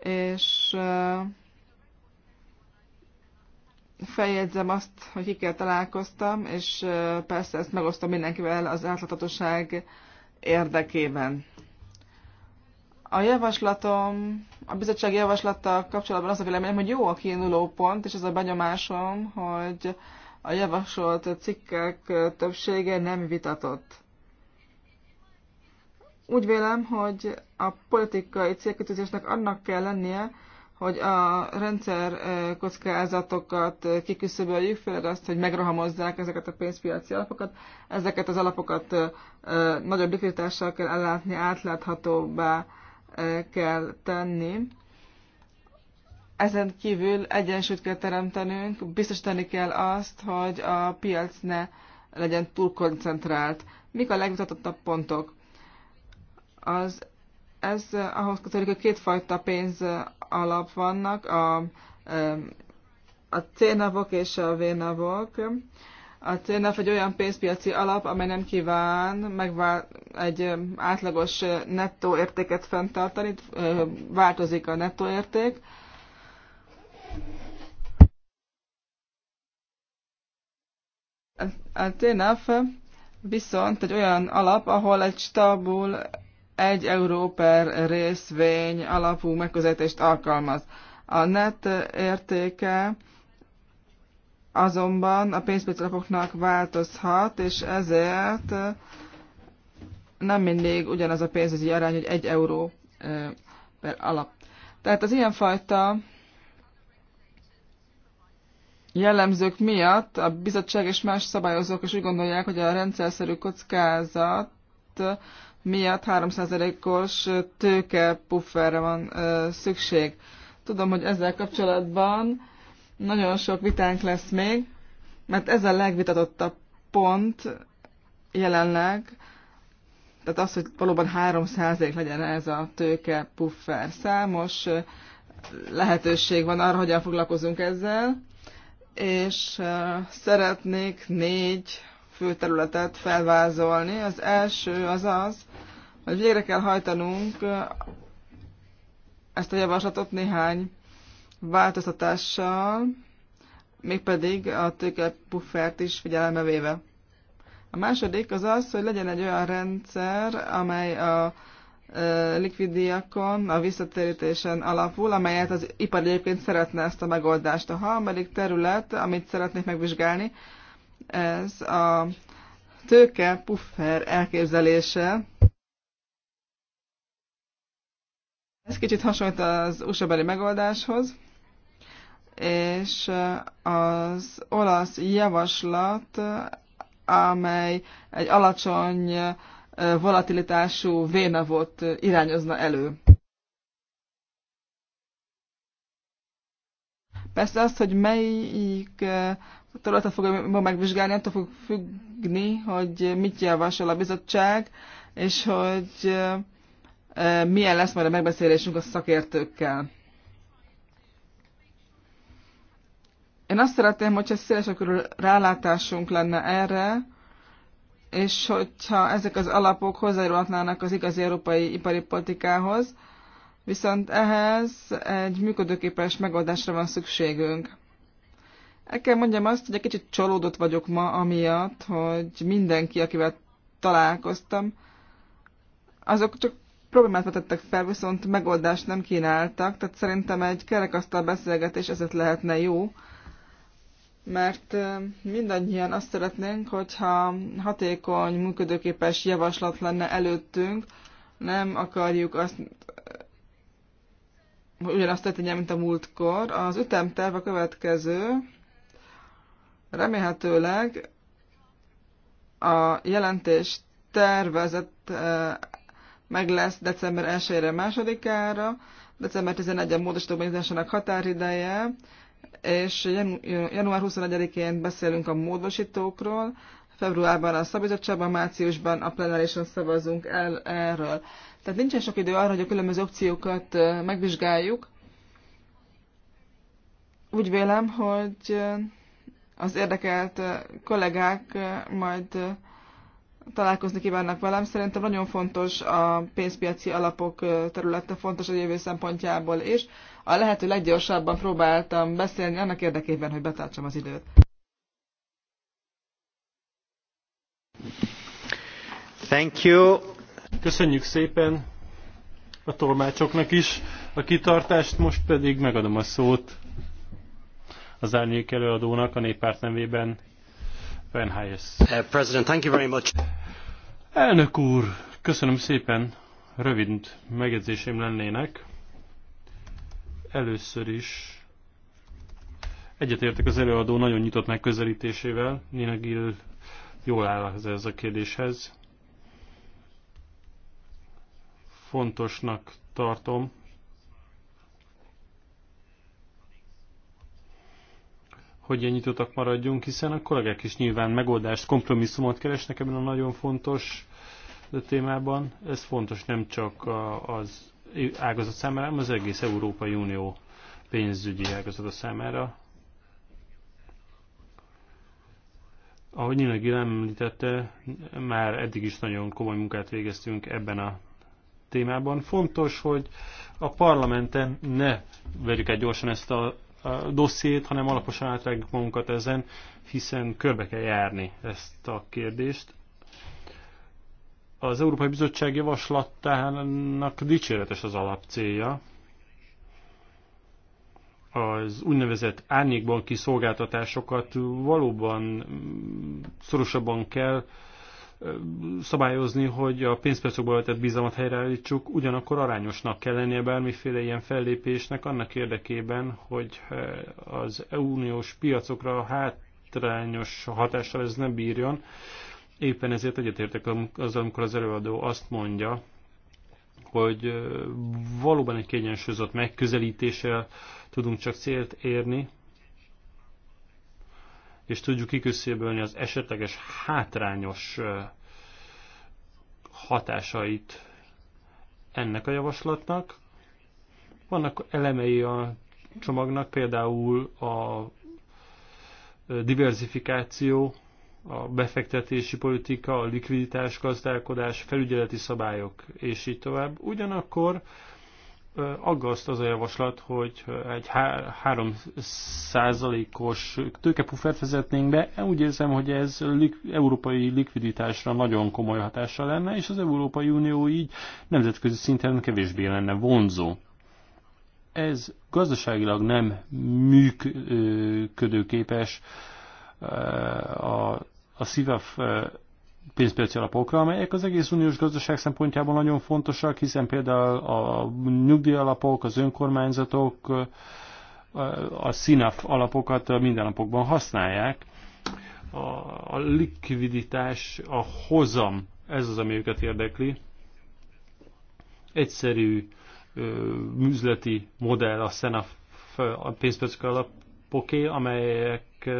és feljegyzem azt, hogy kikkel találkoztam, és persze ezt megosztom mindenkivel az átláthatóság érdekében. A javaslatom, a bizottság javaslata kapcsolatban az a véleményem, hogy jó a kiinduló pont, és ez a benyomásom, hogy a javasolt cikkek többsége nem vitatott. Úgy vélem, hogy a politikai célkötőzésnek annak kell lennie, hogy a rendszer kockázatokat kiküszöböljük, főleg azt, hogy megrohamozzák ezeket a pénzpiaci alapokat. Ezeket az alapokat nagyobb likviditással kell ellátni, átláthatóbbá kell tenni. Ezen kívül egyensúlyt kell teremtenünk, biztosítani kell azt, hogy a piac ne legyen túl koncentrált. Mik a legvitatottabb pontok? Az ez ahhoz kötődik, hogy kétfajta pénz alap vannak, a, a C-navok és a V-navok. A CNF egy olyan pénzpiaci alap, amely nem kíván megvál egy átlagos nettó értéket fenntartani, változik a nettó érték. A CNF viszont egy olyan alap, ahol egy stabil egy euró per részvény alapú megközelítést alkalmaz. A net értéke azonban a pénzpiaci alapoknak változhat, és ezért nem mindig ugyanaz a pénzügyi arány, hogy egy euró per alap. Tehát az ilyenfajta jellemzők miatt a bizottság és más szabályozók is úgy gondolják, hogy a rendszerszerű kockázat miatt 3%-os tőke pufferre van szükség. Tudom, hogy ezzel kapcsolatban nagyon sok vitánk lesz még, mert ez a legvitatottabb pont jelenleg, tehát az, hogy valóban 3 legyen ez a tőke puffer. Számos lehetőség van arra, hogyan foglalkozunk ezzel, és szeretnék négy fő területet felvázolni. Az első az az, hogy végre kell hajtanunk eh, ezt a javaslatot néhány változtatással, mégpedig a tőkepuffert is figyelembe véve. A második az az, hogy legyen egy olyan rendszer, amely a eh, likvidiakon, a visszatérítésen alapul, amelyet az ipar egyébként szeretne ezt a megoldást. A harmadik terület, amit szeretnék megvizsgálni, ez a tőke puffer elképzelése. Ez kicsit hasonlít az usa megoldáshoz, és az olasz javaslat, amely egy alacsony volatilitású vénavot irányozna elő. Persze azt, hogy melyik területet fogom ma megvizsgálni, attól fog függni, hogy mit javasol a bizottság, és hogy milyen lesz majd a megbeszélésünk a szakértőkkel. Én azt szeretném, hogyha a körül rálátásunk lenne erre, és hogyha ezek az alapok hozzájárulhatnának az igazi európai ipari politikához, viszont ehhez egy működőképes megoldásra van szükségünk. El kell mondjam azt, hogy egy kicsit csalódott vagyok ma amiatt, hogy mindenki, akivel találkoztam, azok csak problémát vetettek fel, viszont megoldást nem kínáltak, tehát szerintem egy kerekasztal beszélgetés ezért lehetne jó, mert mindannyian azt szeretnénk, hogyha hatékony, működőképes javaslat lenne előttünk, nem akarjuk azt, hogy ugyanazt tegyen mint a múltkor. Az ütemterv a következő, remélhetőleg a jelentés tervezett meg lesz december 1 2-ára, december 11 en módosító benyújtásának határideje, és január 21-én beszélünk a módosítókról, februárban a szabizottságban, márciusban a plenárison szavazunk el erről. Tehát nincsen sok idő arra, hogy a különböző opciókat megvizsgáljuk. Úgy vélem, hogy az érdekelt kollégák majd találkozni kívánnak velem. Szerintem nagyon fontos a pénzpiaci alapok területe, fontos a jövő szempontjából is. A lehető leggyorsabban próbáltam beszélni annak érdekében, hogy betartsam az időt. Thank you. Köszönjük szépen a tolmácsoknak is a kitartást, most pedig megadom a szót az árnyék előadónak a néppárt nevében Elnök úr, köszönöm szépen. Rövid megjegyzéseim lennének. Először is egyetértek az előadó nagyon nyitott megközelítésével. Nina Gill jól áll ez a kérdéshez. Fontosnak tartom, hogy ilyen nyitottak maradjunk, hiszen a kollégák is nyilván megoldást, kompromisszumot keresnek ebben a nagyon fontos témában. Ez fontos nem csak az ágazat számára, hanem az egész Európai Unió pénzügyi ágazata számára. Ahogy Nina Gill említette, már eddig is nagyon komoly munkát végeztünk ebben a témában. Fontos, hogy a parlamenten ne verjük el gyorsan ezt a dossziét, hanem alaposan átrágjuk magunkat ezen, hiszen körbe kell járni ezt a kérdést. Az Európai Bizottság javaslatának dicséretes az alapcélja. Az úgynevezett árnyékbanki szolgáltatásokat, valóban mm, szorosabban kell szabályozni, hogy a pénzpercokból vetett bizalmat helyreállítsuk, ugyanakkor arányosnak kell lennie bármiféle ilyen fellépésnek annak érdekében, hogy eh, az uniós piacokra hátrányos hatással ez nem bírjon. Éppen ezért egyetértek azzal, amikor az előadó azt mondja, hogy eh, valóban egy kiegyensúlyozott megközelítéssel tudunk csak célt érni, és tudjuk kiküszöbölni az esetleges hátrányos hatásait ennek a javaslatnak. Vannak elemei a csomagnak, például a diversifikáció, a befektetési politika, a likviditás gazdálkodás, felügyeleti szabályok, és így tovább. Ugyanakkor aggaszt az a javaslat, hogy egy 3%-os tőkepuffert vezetnénk be. Úgy érzem, hogy ez lik, európai likviditásra nagyon komoly hatással lenne, és az Európai Unió így nemzetközi szinten kevésbé lenne vonzó. Ez gazdaságilag nem működőképes a, a szívaf pénzpiaci alapokra, amelyek az egész uniós gazdaság szempontjából nagyon fontosak, hiszen például a nyugdíjalapok, az önkormányzatok, a SINAF alapokat minden napokban használják. A, likviditás, a hozam, ez az, ami őket érdekli. Egyszerű műzleti modell a SINAF pénzpiaci alapoké, amelyek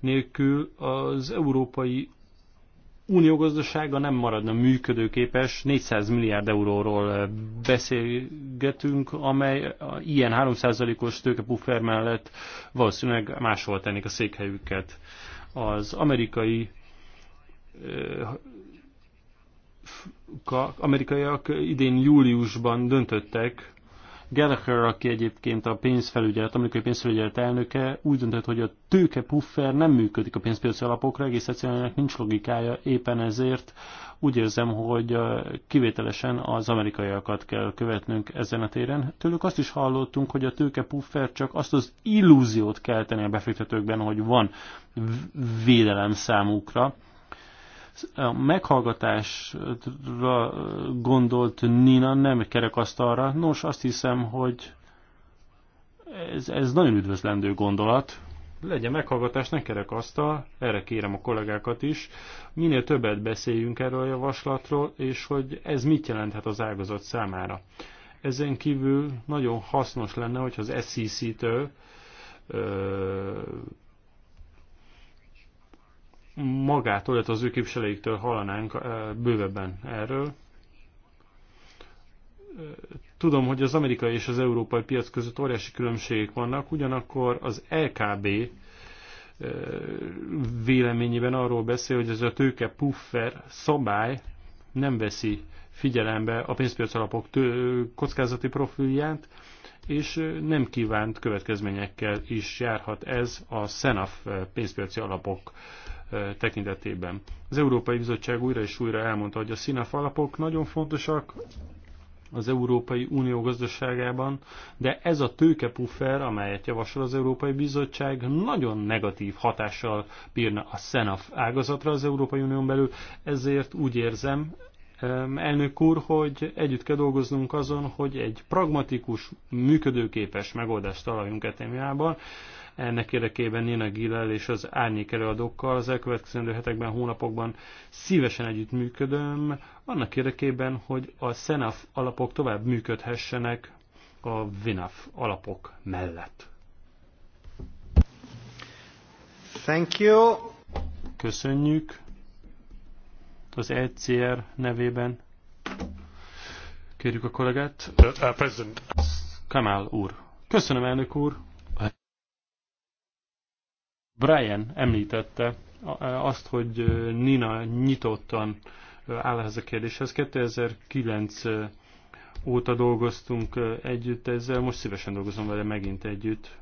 nélkül az Európai unió gazdasága nem maradna működőképes, 400 milliárd euróról eh, beszélgetünk, amely ilyen 3%-os tőkepuffer mellett valószínűleg máshol tennék a székhelyüket. Az amerikai eh, amerikaiak idén júliusban döntöttek Gallagher, aki egyébként a pénzfelügyelet, amerikai pénzfelügyelet elnöke, úgy döntött, hogy a tőke puffer nem működik a pénzpiaci alapokra, egész egyszerűen ennek nincs logikája, éppen ezért úgy érzem, hogy kivételesen az amerikaiakat kell követnünk ezen a téren. Tőlük azt is hallottunk, hogy a tőke puffer csak azt az illúziót kelteni a befektetőkben, hogy van védelem számukra, a meghallgatásra gondolt Nina nem kerekasztalra. Nos, azt hiszem, hogy ez, ez nagyon üdvözlendő gondolat. Legyen meghallgatás, ne kerekasztal, erre kérem a kollégákat is. Minél többet beszéljünk erről a javaslatról, és hogy ez mit jelenthet az ágazat számára. Ezen kívül nagyon hasznos lenne, hogyha az SEC-től magától, illetve az ő képviselőiktől hallanánk bővebben erről. Tudom, hogy az amerikai és az európai piac között óriási különbségek vannak, ugyanakkor az LKB véleményében arról beszél, hogy ez a tőke puffer szabály nem veszi figyelembe a pénzpiac alapok kockázati profilját, és nem kívánt következményekkel is járhat ez a SENAF pénzpiaci alapok tekintetében. Az Európai Bizottság újra és újra elmondta, hogy a színaf alapok nagyon fontosak az Európai Unió gazdaságában, de ez a tőkepuffer, amelyet javasol az Európai Bizottság, nagyon negatív hatással bírna a SENAF ágazatra az Európai Unión belül, ezért úgy érzem, elnök úr, hogy együtt kell dolgoznunk azon, hogy egy pragmatikus, működőképes megoldást találjunk etémiában. Ennek érdekében Nina Gillel és az árnyék előadókkal az elkövetkező hetekben, hónapokban szívesen együttműködöm, annak érdekében, hogy a SENAF alapok tovább működhessenek a VINAF alapok mellett. Thank you. Köszönjük az ECR nevében. Kérjük a kollégát. Uh, uh, President. Kamál úr. Köszönöm, elnök úr. Brian említette e, azt, hogy e, Nina nyitottan e, áll ez a kérdéshez. 2009 óta dolgoztunk együtt ezzel, most szívesen dolgozom vele megint együtt.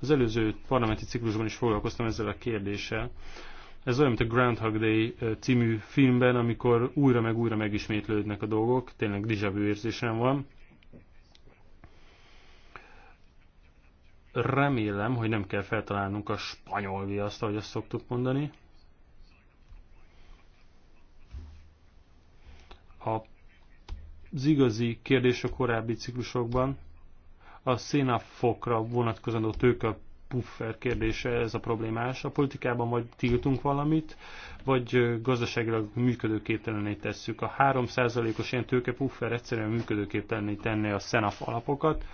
Az előző parlamenti ciklusban is foglalkoztam ezzel a kérdéssel. Ez olyan, mint a Groundhog Day című filmben, amikor újra meg újra megismétlődnek a dolgok, tényleg déjà érzésem van. Remélem, hogy nem kell feltalálnunk a spanyol viaszt, ahogy azt szoktuk mondani. A az igazi kérdés a korábbi ciklusokban a szénafokra vonatkozandó tőke puffer kérdése, ez a problémás. A politikában vagy tiltunk valamit, vagy gazdaságilag működőképtelené tesszük. A 3%-os ilyen tőke puffer egyszerűen működőképtelené tenni a szenaf alapokat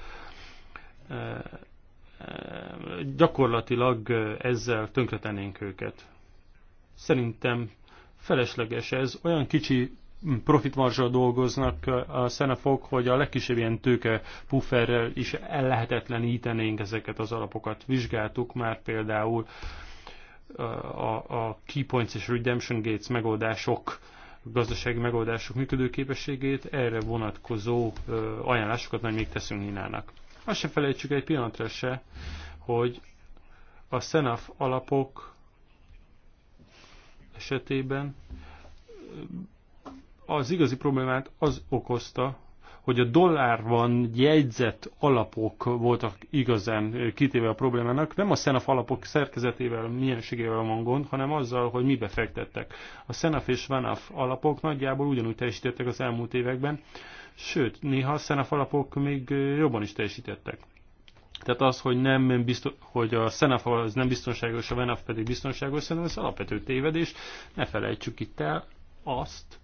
gyakorlatilag ezzel tönkretenénk őket. Szerintem felesleges ez. Olyan kicsi profitmarzsal dolgoznak a szenefok, hogy a legkisebb ilyen tőke pufferrel is ellehetetlenítenénk ezeket az alapokat. Vizsgáltuk már például a, a Key Points és Redemption Gates megoldások gazdasági megoldások működőképességét, erre vonatkozó ajánlásokat majd még teszünk Kínának. Azt se felejtsük egy pillanatra se, hogy a SENAF alapok esetében az igazi problémát az okozta, hogy a dollárban jegyzett alapok voltak igazán kitéve a problémának. Nem a szenaf alapok szerkezetével, milyenségével van gond, hanem azzal, hogy mibe befektettek. A szenaf és vanaf alapok nagyjából ugyanúgy teljesítettek az elmúlt években, sőt, néha a szenaf alapok még jobban is teljesítettek. Tehát az, hogy, nem biztos, hogy a Szenaf az nem biztonságos, a Vanaf pedig biztonságos, szerintem ez alapvető tévedés. Ne felejtsük itt el azt,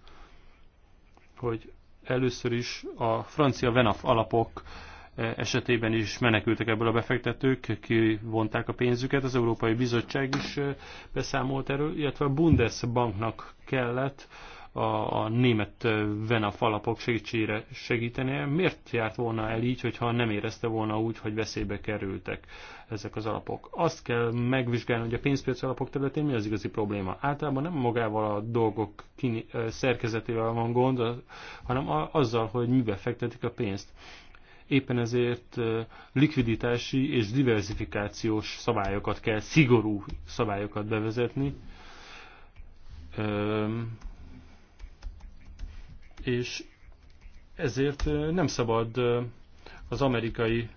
hogy Először is a francia Venaf alapok e, esetében is menekültek ebből a befektetők, kivonták a pénzüket, az Európai Bizottság is e, beszámolt erről, illetve a Bundesbanknak kellett a, a német Venaf alapok segítségére segítenie. Miért járt volna el így, hogyha nem érezte volna úgy, hogy veszélybe kerültek ezek az alapok? Azt kell megvizsgálni, hogy a pénzpiaci alapok területén mi az igazi probléma. Általában nem magával a dolgok kini, szerkezetével van gond, hanem azzal, hogy mibe fektetik a pénzt. Éppen ezért likviditási és diversifikációs szabályokat kell, szigorú szabályokat bevezetni és ezért nem szabad az amerikai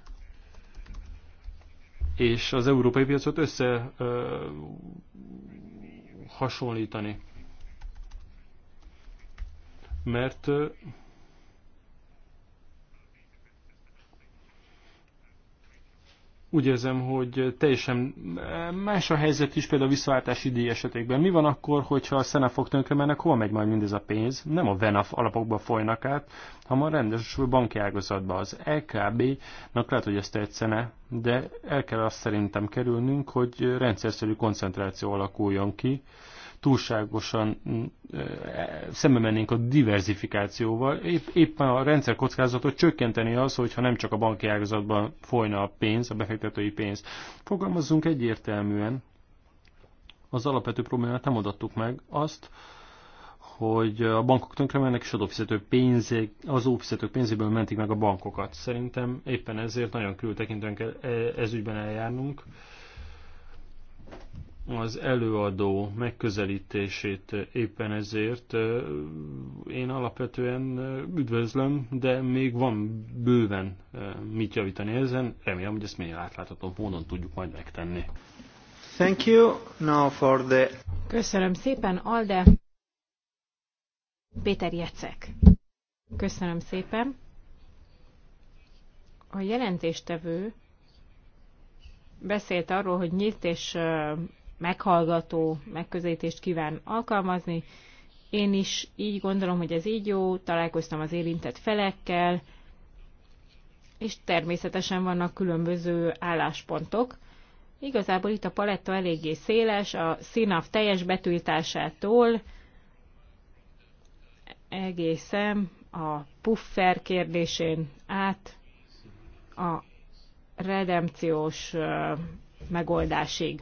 és az európai piacot össze hasonlítani. Mert úgy érzem, hogy teljesen más a helyzet is, például a visszaváltási díj esetekben. Mi van akkor, hogyha a Szenafok tönkre mennek, hol megy majd mindez a pénz? Nem a Venaf alapokba folynak át, hanem a rendes banki ágazatba. Az LKB-nak e lehet, hogy ezt tetszene, de el kell azt szerintem kerülnünk, hogy rendszerszerű koncentráció alakuljon ki, túlságosan mm, e, szembe mennénk a diversifikációval. Épp, éppen a rendszer kockázatot csökkenteni az, hogyha nem csak a banki ágazatban folyna a pénz, a befektetői pénz. Fogalmazzunk egyértelműen, az alapvető problémát nem adattuk meg, azt, hogy a bankok tönkre mennek, és adófizetők pénzé, az adófizetők pénzéből mentik meg a bankokat. Szerintem éppen ezért nagyon kültekintően kell e, ez ügyben eljárnunk az előadó megközelítését éppen ezért én alapvetően üdvözlöm, de még van bőven mit javítani ezen. Remélem, hogy ezt még átlátható módon tudjuk majd megtenni. Thank you. Now for the... Köszönöm szépen, Alde. Péter Jecek. Köszönöm szépen. A jelentéstevő beszélt arról, hogy nyílt és meghallgató megközelítést kíván alkalmazni. Én is így gondolom, hogy ez így jó, találkoztam az érintett felekkel, és természetesen vannak különböző álláspontok. Igazából itt a paletta eléggé széles, a színav teljes betűjtásától egészen a puffer kérdésén át a redemciós megoldásig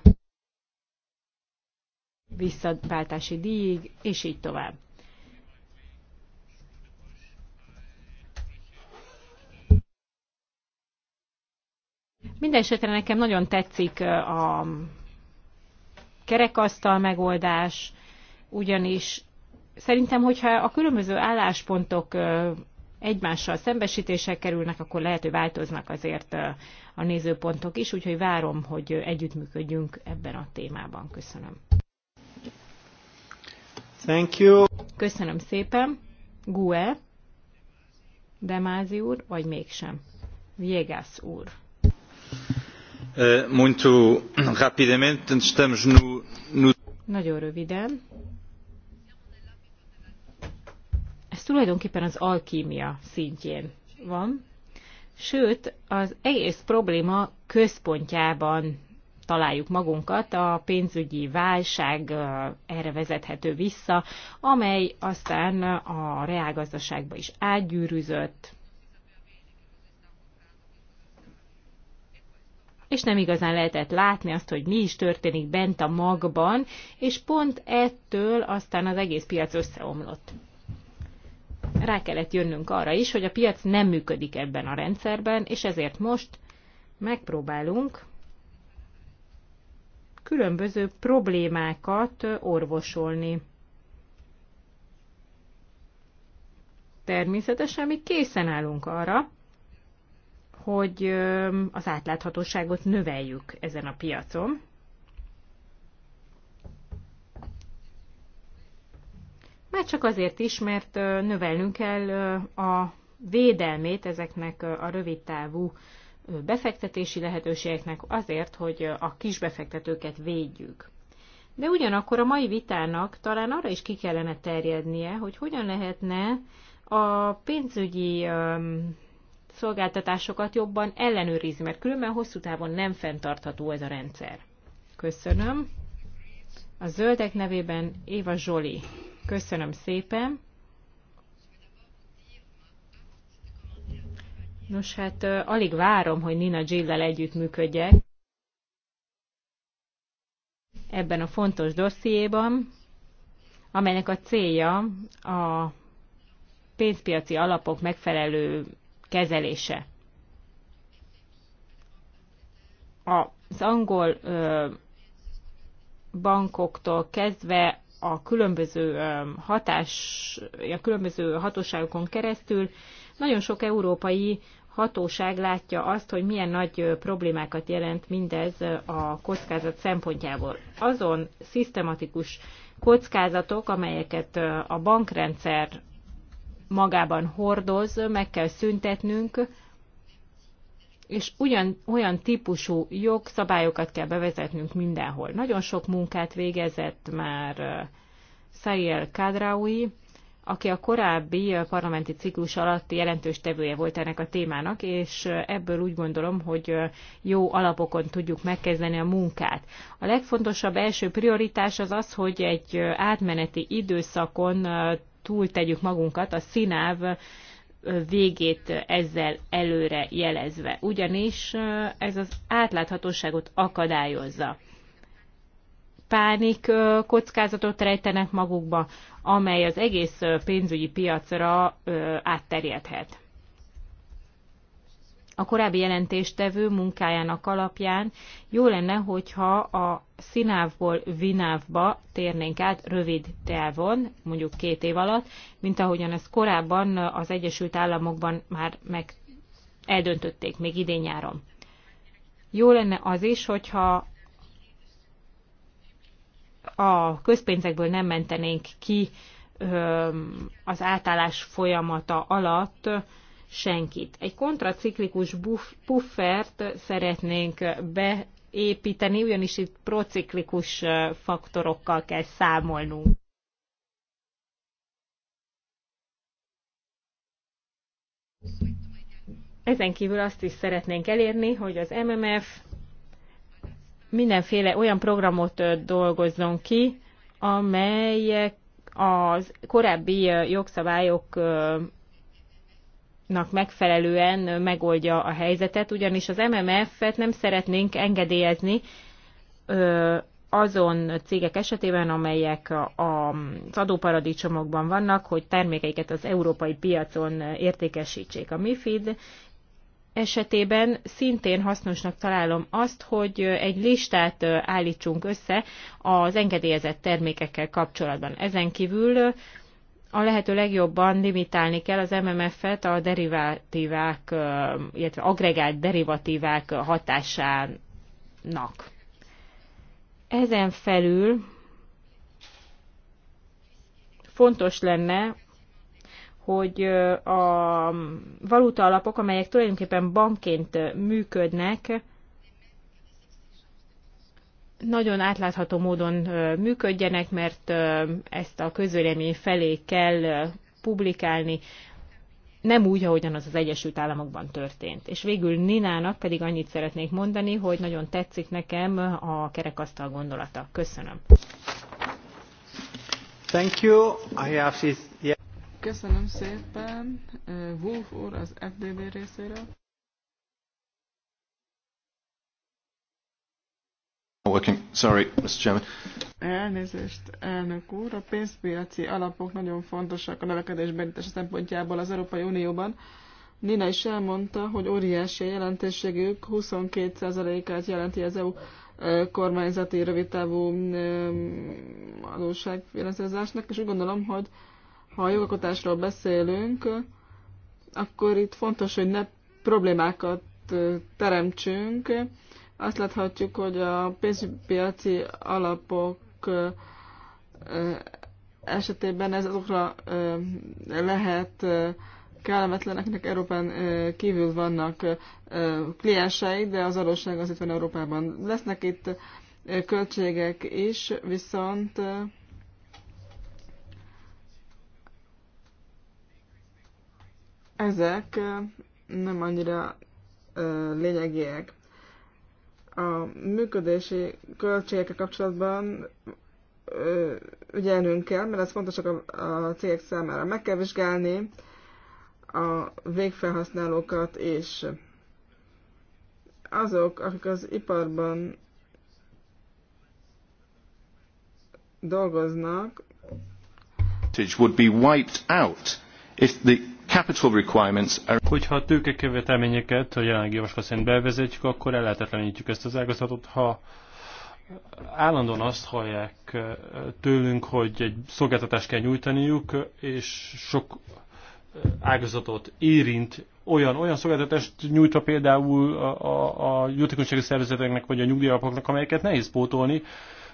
visszaváltási díjig, és így tovább. Mindenesetre nekem nagyon tetszik a kerekasztal megoldás, ugyanis szerintem, hogyha a különböző álláspontok egymással szembesítések kerülnek, akkor lehet, hogy változnak azért a nézőpontok is, úgyhogy várom, hogy együttműködjünk ebben a témában. Köszönöm. Thank you. Köszönöm szépen. Gue, Demázi úr, vagy mégsem? Viegas úr. Eh, muito rapidamente, estamos no, no... Nagyon röviden. Ez tulajdonképpen az alkímia szintjén van, sőt az egész probléma központjában találjuk magunkat a pénzügyi válság erre vezethető vissza, amely aztán a reálgazdaságba is átgyűrűzött, és nem igazán lehetett látni azt, hogy mi is történik bent a magban, és pont ettől aztán az egész piac összeomlott. Rá kellett jönnünk arra is, hogy a piac nem működik ebben a rendszerben, és ezért most megpróbálunk különböző problémákat orvosolni. Természetesen mi készen állunk arra, hogy az átláthatóságot növeljük ezen a piacon. Már csak azért is, mert növelnünk kell a védelmét ezeknek a rövidtávú befektetési lehetőségeknek azért, hogy a kisbefektetőket védjük. De ugyanakkor a mai vitának talán arra is ki kellene terjednie, hogy hogyan lehetne a pénzügyi szolgáltatásokat jobban ellenőrizni, mert különben hosszú távon nem fenntartható ez a rendszer. Köszönöm. A zöldek nevében Éva Zsoli. Köszönöm szépen. Nos, hát alig várom, hogy Nina Gill-lel együttműködjek ebben a fontos dossziéban, amelynek a célja a pénzpiaci alapok megfelelő kezelése. Az angol bankoktól kezdve a különböző hatás, a különböző hatóságokon keresztül nagyon sok európai hatóság látja azt, hogy milyen nagy problémákat jelent mindez a kockázat szempontjából. Azon szisztematikus kockázatok, amelyeket a bankrendszer magában hordoz, meg kell szüntetnünk, és ugyan, olyan típusú jogszabályokat kell bevezetnünk mindenhol. Nagyon sok munkát végezett már Szeriel Kadraui, aki a korábbi parlamenti ciklus alatt jelentős tevője volt ennek a témának, és ebből úgy gondolom, hogy jó alapokon tudjuk megkezdeni a munkát. A legfontosabb első prioritás az az, hogy egy átmeneti időszakon túl tegyük magunkat a színáv végét ezzel előre jelezve, ugyanis ez az átláthatóságot akadályozza pánik kockázatot rejtenek magukba, amely az egész pénzügyi piacra átterjedhet. A korábbi jelentéstevő munkájának alapján jó lenne, hogyha a színávból vinávba térnénk át rövid távon, mondjuk két év alatt, mint ahogyan ezt korábban az Egyesült Államokban már meg eldöntötték, még idén nyáron. Jó lenne az is, hogyha a közpénzekből nem mentenénk ki az átállás folyamata alatt senkit. Egy kontraciklikus puffert szeretnénk beépíteni, ugyanis itt prociklikus faktorokkal kell számolnunk. Ezen kívül azt is szeretnénk elérni, hogy az MMF mindenféle olyan programot dolgozzon ki, amelyek az korábbi jogszabályoknak megfelelően megoldja a helyzetet, ugyanis az MMF-et nem szeretnénk engedélyezni azon cégek esetében, amelyek az adóparadicsomokban vannak, hogy termékeiket az európai piacon értékesítsék. A MIFID esetében szintén hasznosnak találom azt, hogy egy listát állítsunk össze az engedélyezett termékekkel kapcsolatban. Ezen kívül a lehető legjobban limitálni kell az MMF-et a derivatívák, illetve agregált derivatívák hatásának. Ezen felül fontos lenne hogy a valuta alapok, amelyek tulajdonképpen bankként működnek, nagyon átlátható módon működjenek, mert ezt a közvélemény felé kell publikálni, nem úgy, ahogyan az az Egyesült Államokban történt. És végül Ninának pedig annyit szeretnék mondani, hogy nagyon tetszik nekem a kerekasztal gondolata. Köszönöm. Thank you. I have yeah. Köszönöm szépen. Wolf úr az FDD részéről. Working. Sorry, Mr. Chairman. Elnézést, elnök úr. A pénzpiaci alapok nagyon fontosak a növekedés beindítása szempontjából az Európai Unióban. Nina is elmondta, hogy óriási a jelentőségük, 22%-át jelenti az EU kormányzati rövidtávú adósságfinanszírozásnak, és úgy gondolom, hogy ha jogalkotásról beszélünk, akkor itt fontos, hogy ne problémákat teremtsünk. Azt láthatjuk, hogy a pénzpiaci alapok esetében ez azokra lehet kellemetleneknek Európán kívül vannak kliensei, de az adósság az itt van Európában. Lesznek itt költségek is, viszont ezek nem annyira lényegiek. A működési költségekkel kapcsolatban ügyelnünk kell, mert ez fontosak a, a cégek számára. Meg kell vizsgálni a végfelhasználókat és azok, akik az iparban dolgoznak, would be wiped out if the Hogyha a tőkekövetelményeket a jelenlegi javaslat szerint bevezetjük, akkor ellehetetlenítjük ezt az ágazatot. Ha állandóan azt hallják tőlünk, hogy egy szolgáltatást kell nyújtaniuk, és sok ágazatot érint, olyan, olyan szolgáltatást nyújtva például a, a, a jótékonysági szervezeteknek vagy a nyugdíjalapoknak, amelyeket nehéz pótolni,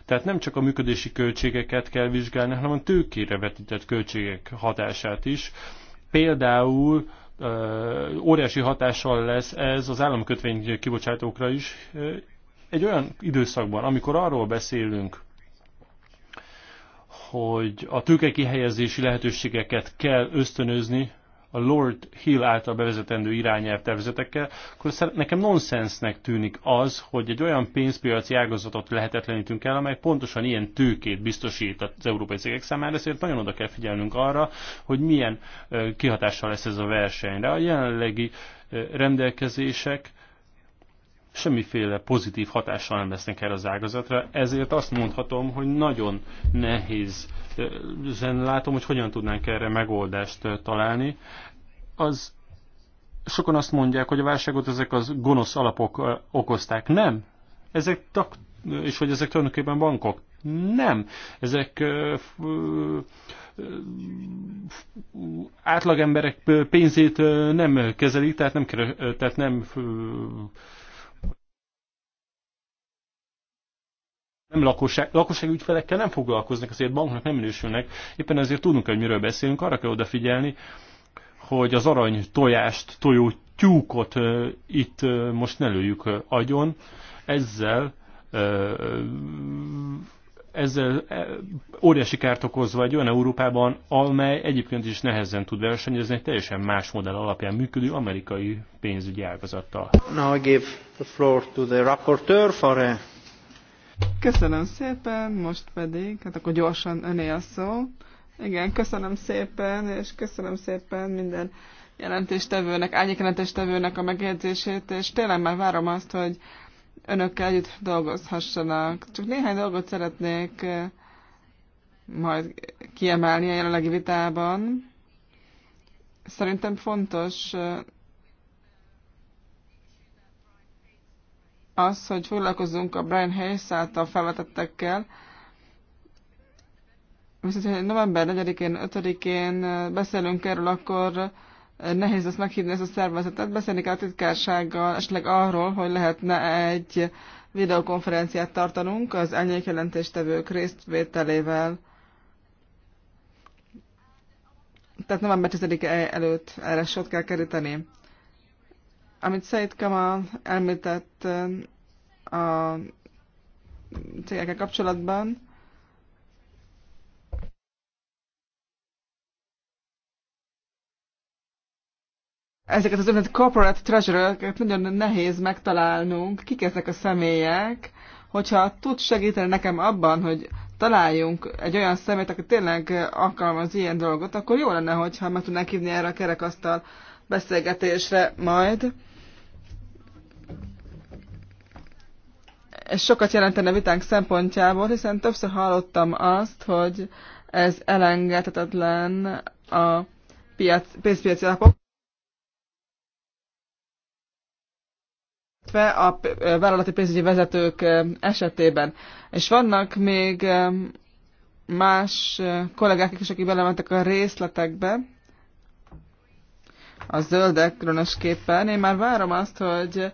tehát nem csak a működési költségeket kell vizsgálni, hanem a tőkére vetített költségek hatását is. Például óriási hatással lesz ez az államkötvény kibocsátókra is egy olyan időszakban, amikor arról beszélünk, hogy a tőke kihelyezési lehetőségeket kell ösztönözni, a Lord Hill által bevezetendő irányelv tervezetekkel, akkor nekem nonsensnek tűnik az, hogy egy olyan pénzpiaci ágazatot lehetetlenítünk el, amely pontosan ilyen tőkét biztosít az európai cégek számára, ezért nagyon oda kell figyelnünk arra, hogy milyen kihatással lesz ez a versenyre. A jelenlegi rendelkezések semmiféle pozitív hatással nem lesznek erre az ágazatra, ezért azt mondhatom, hogy nagyon nehéz ezen látom, hogy hogyan tudnánk erre megoldást találni. Az sokan azt mondják, hogy a válságot ezek az gonosz alapok okozták. Nem. Ezek és hogy ezek tulajdonképpen bankok. Nem. Ezek átlagemberek pénzét nem kezelik, tehát nem, tehát nem nem lakosság, lakossági ügyfelekkel nem foglalkoznak, azért banknak nem minősülnek. Éppen ezért tudunk, hogy miről beszélünk, arra kell odafigyelni, hogy az arany tojást, tojó tyúkot uh, itt uh, most ne lőjük uh, agyon, ezzel ezzel óriási kárt okozva egy olyan Európában, amely egyébként is nehezen tud versenyezni egy teljesen más modell alapján működő amerikai pénzügyi ágazattal. Now I give the floor to the rapporteur for a Köszönöm szépen, most pedig, hát akkor gyorsan öné a szó. Igen, köszönöm szépen, és köszönöm szépen minden jelentéstevőnek, árnyék jelentéstevőnek a megjegyzését, és tényleg már várom azt, hogy önökkel együtt dolgozhassanak. Csak néhány dolgot szeretnék eh, majd kiemelni a jelenlegi vitában. Szerintem fontos eh, az, hogy foglalkozzunk a Brian Hayes által felvetettekkel, viszont hogy november 4-én, 5-én beszélünk erről, akkor nehéz lesz meghívni ezt a szervezetet. Beszélni kell a titkársággal esetleg arról, hogy lehetne egy videokonferenciát tartanunk az elnyékjelentéstevők résztvételével. Tehát november 10 -e előtt erre sot kell keríteni. Amit Said Kamal elmített a cégekkel kapcsolatban, ezeket az úgynevezett corporate treasurer nagyon nehéz megtalálnunk, kik ezek a személyek, hogyha tud segíteni nekem abban, hogy találjunk egy olyan szemét, aki tényleg alkalmaz ilyen dolgot, akkor jó lenne, hogyha meg tudnánk hívni erre a kerekasztal beszélgetésre majd. Ez sokat jelentene vitánk szempontjából, hiszen többször hallottam azt, hogy ez elengedhetetlen a piac, pénzpiaci alapok. a vállalati pénzügyi vezetők esetében. És vannak még más kollégák is, akik belementek a részletekbe, a zöldek különösképpen. Én már várom azt, hogy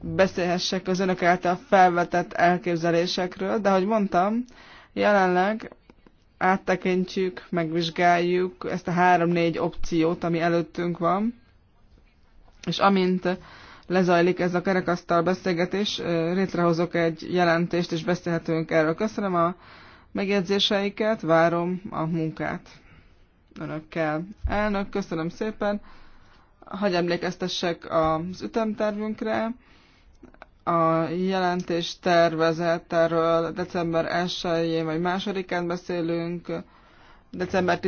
beszélhessek az önök által felvetett elképzelésekről, de ahogy mondtam, jelenleg áttekintjük, megvizsgáljuk ezt a három-négy opciót, ami előttünk van, és amint lezajlik ez a kerekasztal beszélgetés, létrehozok egy jelentést, és beszélhetünk erről. Köszönöm a megjegyzéseiket, várom a munkát önökkel. Elnök, köszönöm szépen. Hagy emlékeztessek az ütemtervünkre a jelentés erről december 1-én vagy másodikán beszélünk, december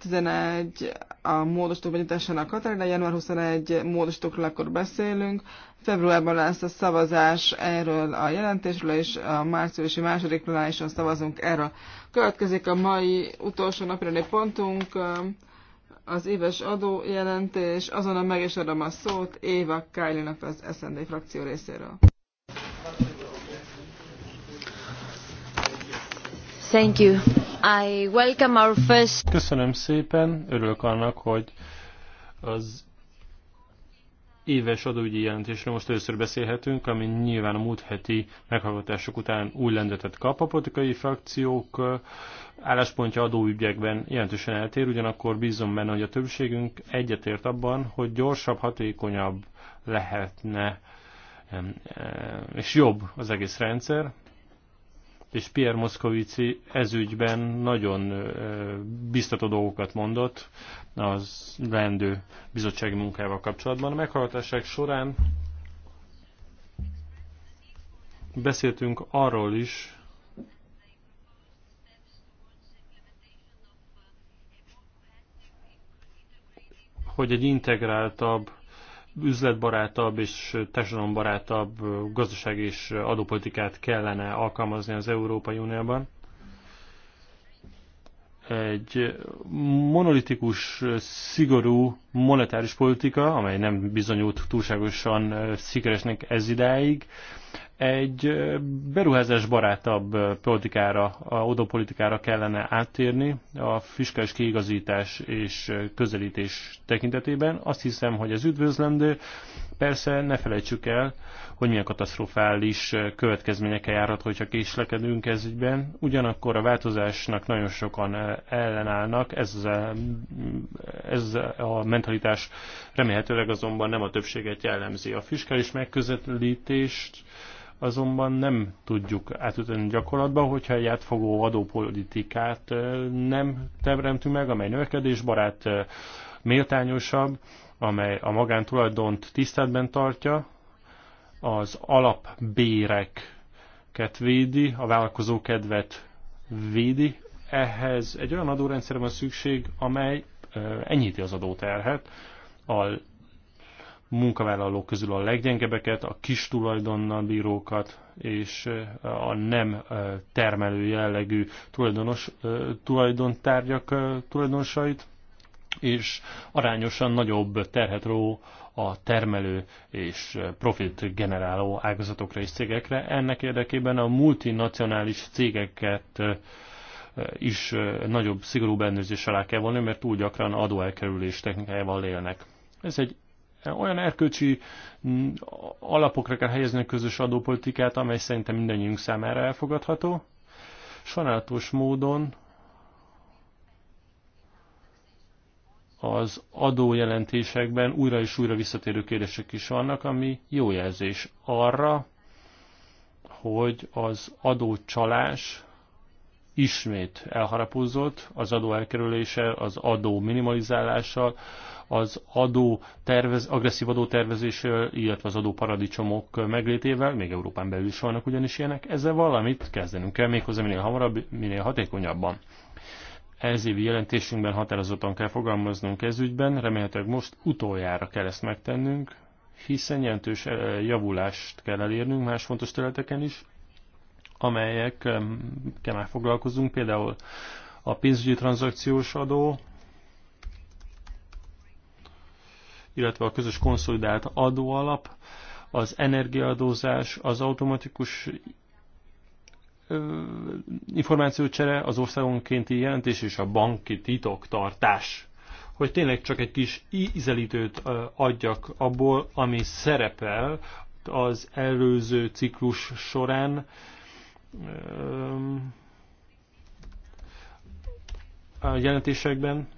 11 a módosítók benyitásának határa, de január 21 módosítókról akkor beszélünk. Februárban lesz a szavazás erről a jelentésről, és a márciusi második plenárison szavazunk erről. Következik a mai utolsó napirani pontunk, az éves adójelentés, azonnal meg is adom a szót Éva Kájlinak az SND frakció részéről. Thank you. I welcome our first... Köszönöm szépen, örülök annak, hogy az éves adóügyi jelentésről most először beszélhetünk, ami nyilván a múlt heti meghallgatások után új lendetet kap. A politikai frakciók eh, álláspontja adóügyekben jelentősen eltér, ugyanakkor bízom benne, hogy a többségünk egyetért abban, hogy gyorsabb, hatékonyabb lehetne eh, és jobb az egész rendszer és Pierre Moszkovici ezügyben nagyon biztató dolgokat mondott az leendő bizottsági munkával kapcsolatban. A meghallgatások során beszéltünk arról is, hogy egy integráltabb üzletbarátabb és társadalombarátabb gazdaság és adópolitikát kellene alkalmazni az Európai Unióban. Egy monolitikus, szigorú monetáris politika, amely nem bizonyult túlságosan sikeresnek ez idáig, egy beruházás barátabb politikára, adópolitikára kellene áttérni a fiskális kiigazítás és közelítés tekintetében. Azt hiszem, hogy ez üdvözlendő. Persze ne felejtsük el, hogy milyen katasztrofális következményekkel járhat, hogyha késlekedünk ez ügyben. Ugyanakkor a változásnak nagyon sokan ellenállnak, ez, a, ez a mentalitás remélhetőleg azonban nem a többséget jellemzi. A fiskális megközelítést azonban nem tudjuk átütni gyakorlatba, hogyha egy átfogó adópolitikát nem teremtünk meg, amely növekedésbarát, méltányosabb, amely a magántulajdont tiszteletben tartja, az alapbéreket védi, a vállalkozó kedvet védi. Ehhez egy olyan adórendszer van szükség, amely enyhíti az adóterhet, a munkavállalók közül a leggyengebeket, a kis tulajdonnal bírókat és a nem termelő jellegű tulajdonos, tulajdontárgyak tulajdonosait, és arányosan nagyobb terhet ró a termelő és profit generáló ágazatokra és cégekre. Ennek érdekében a multinacionális cégeket is nagyobb, szigorú bennőzés alá kell vonni, mert túl gyakran adóelkerülés technikájával élnek. Ez egy olyan erkölcsi mm, alapokra kell helyezni a közös adópolitikát, amely szerintem mindannyiunk számára elfogadható. Sajnálatos módon az adójelentésekben újra és újra visszatérő kérdések is vannak, ami jó jelzés arra, hogy az adócsalás ismét elharapózott az adó elkerüléssel, az adó minimalizálással, az adó tervez, agresszív tervezéssel, illetve az adó paradicsomok meglétével, még Európán belül is vannak ugyanis ilyenek, ezzel valamit kezdenünk kell méghozzá minél hamarabb, minél hatékonyabban. Ez évi jelentésünkben határozottan kell fogalmaznunk ez ügyben, remélhetőleg most utoljára kell ezt megtennünk, hiszen jelentős eh, javulást kell elérnünk más fontos területeken is, amelyekkel már foglalkozunk, például a pénzügyi tranzakciós adó, illetve a közös konszolidált adóalap, az energiaadózás, az automatikus információcsere, az országonkénti jelentés és a banki titoktartás. Hogy tényleg csak egy kis ízelítőt adjak abból, ami szerepel az előző ciklus során, a jelentésekben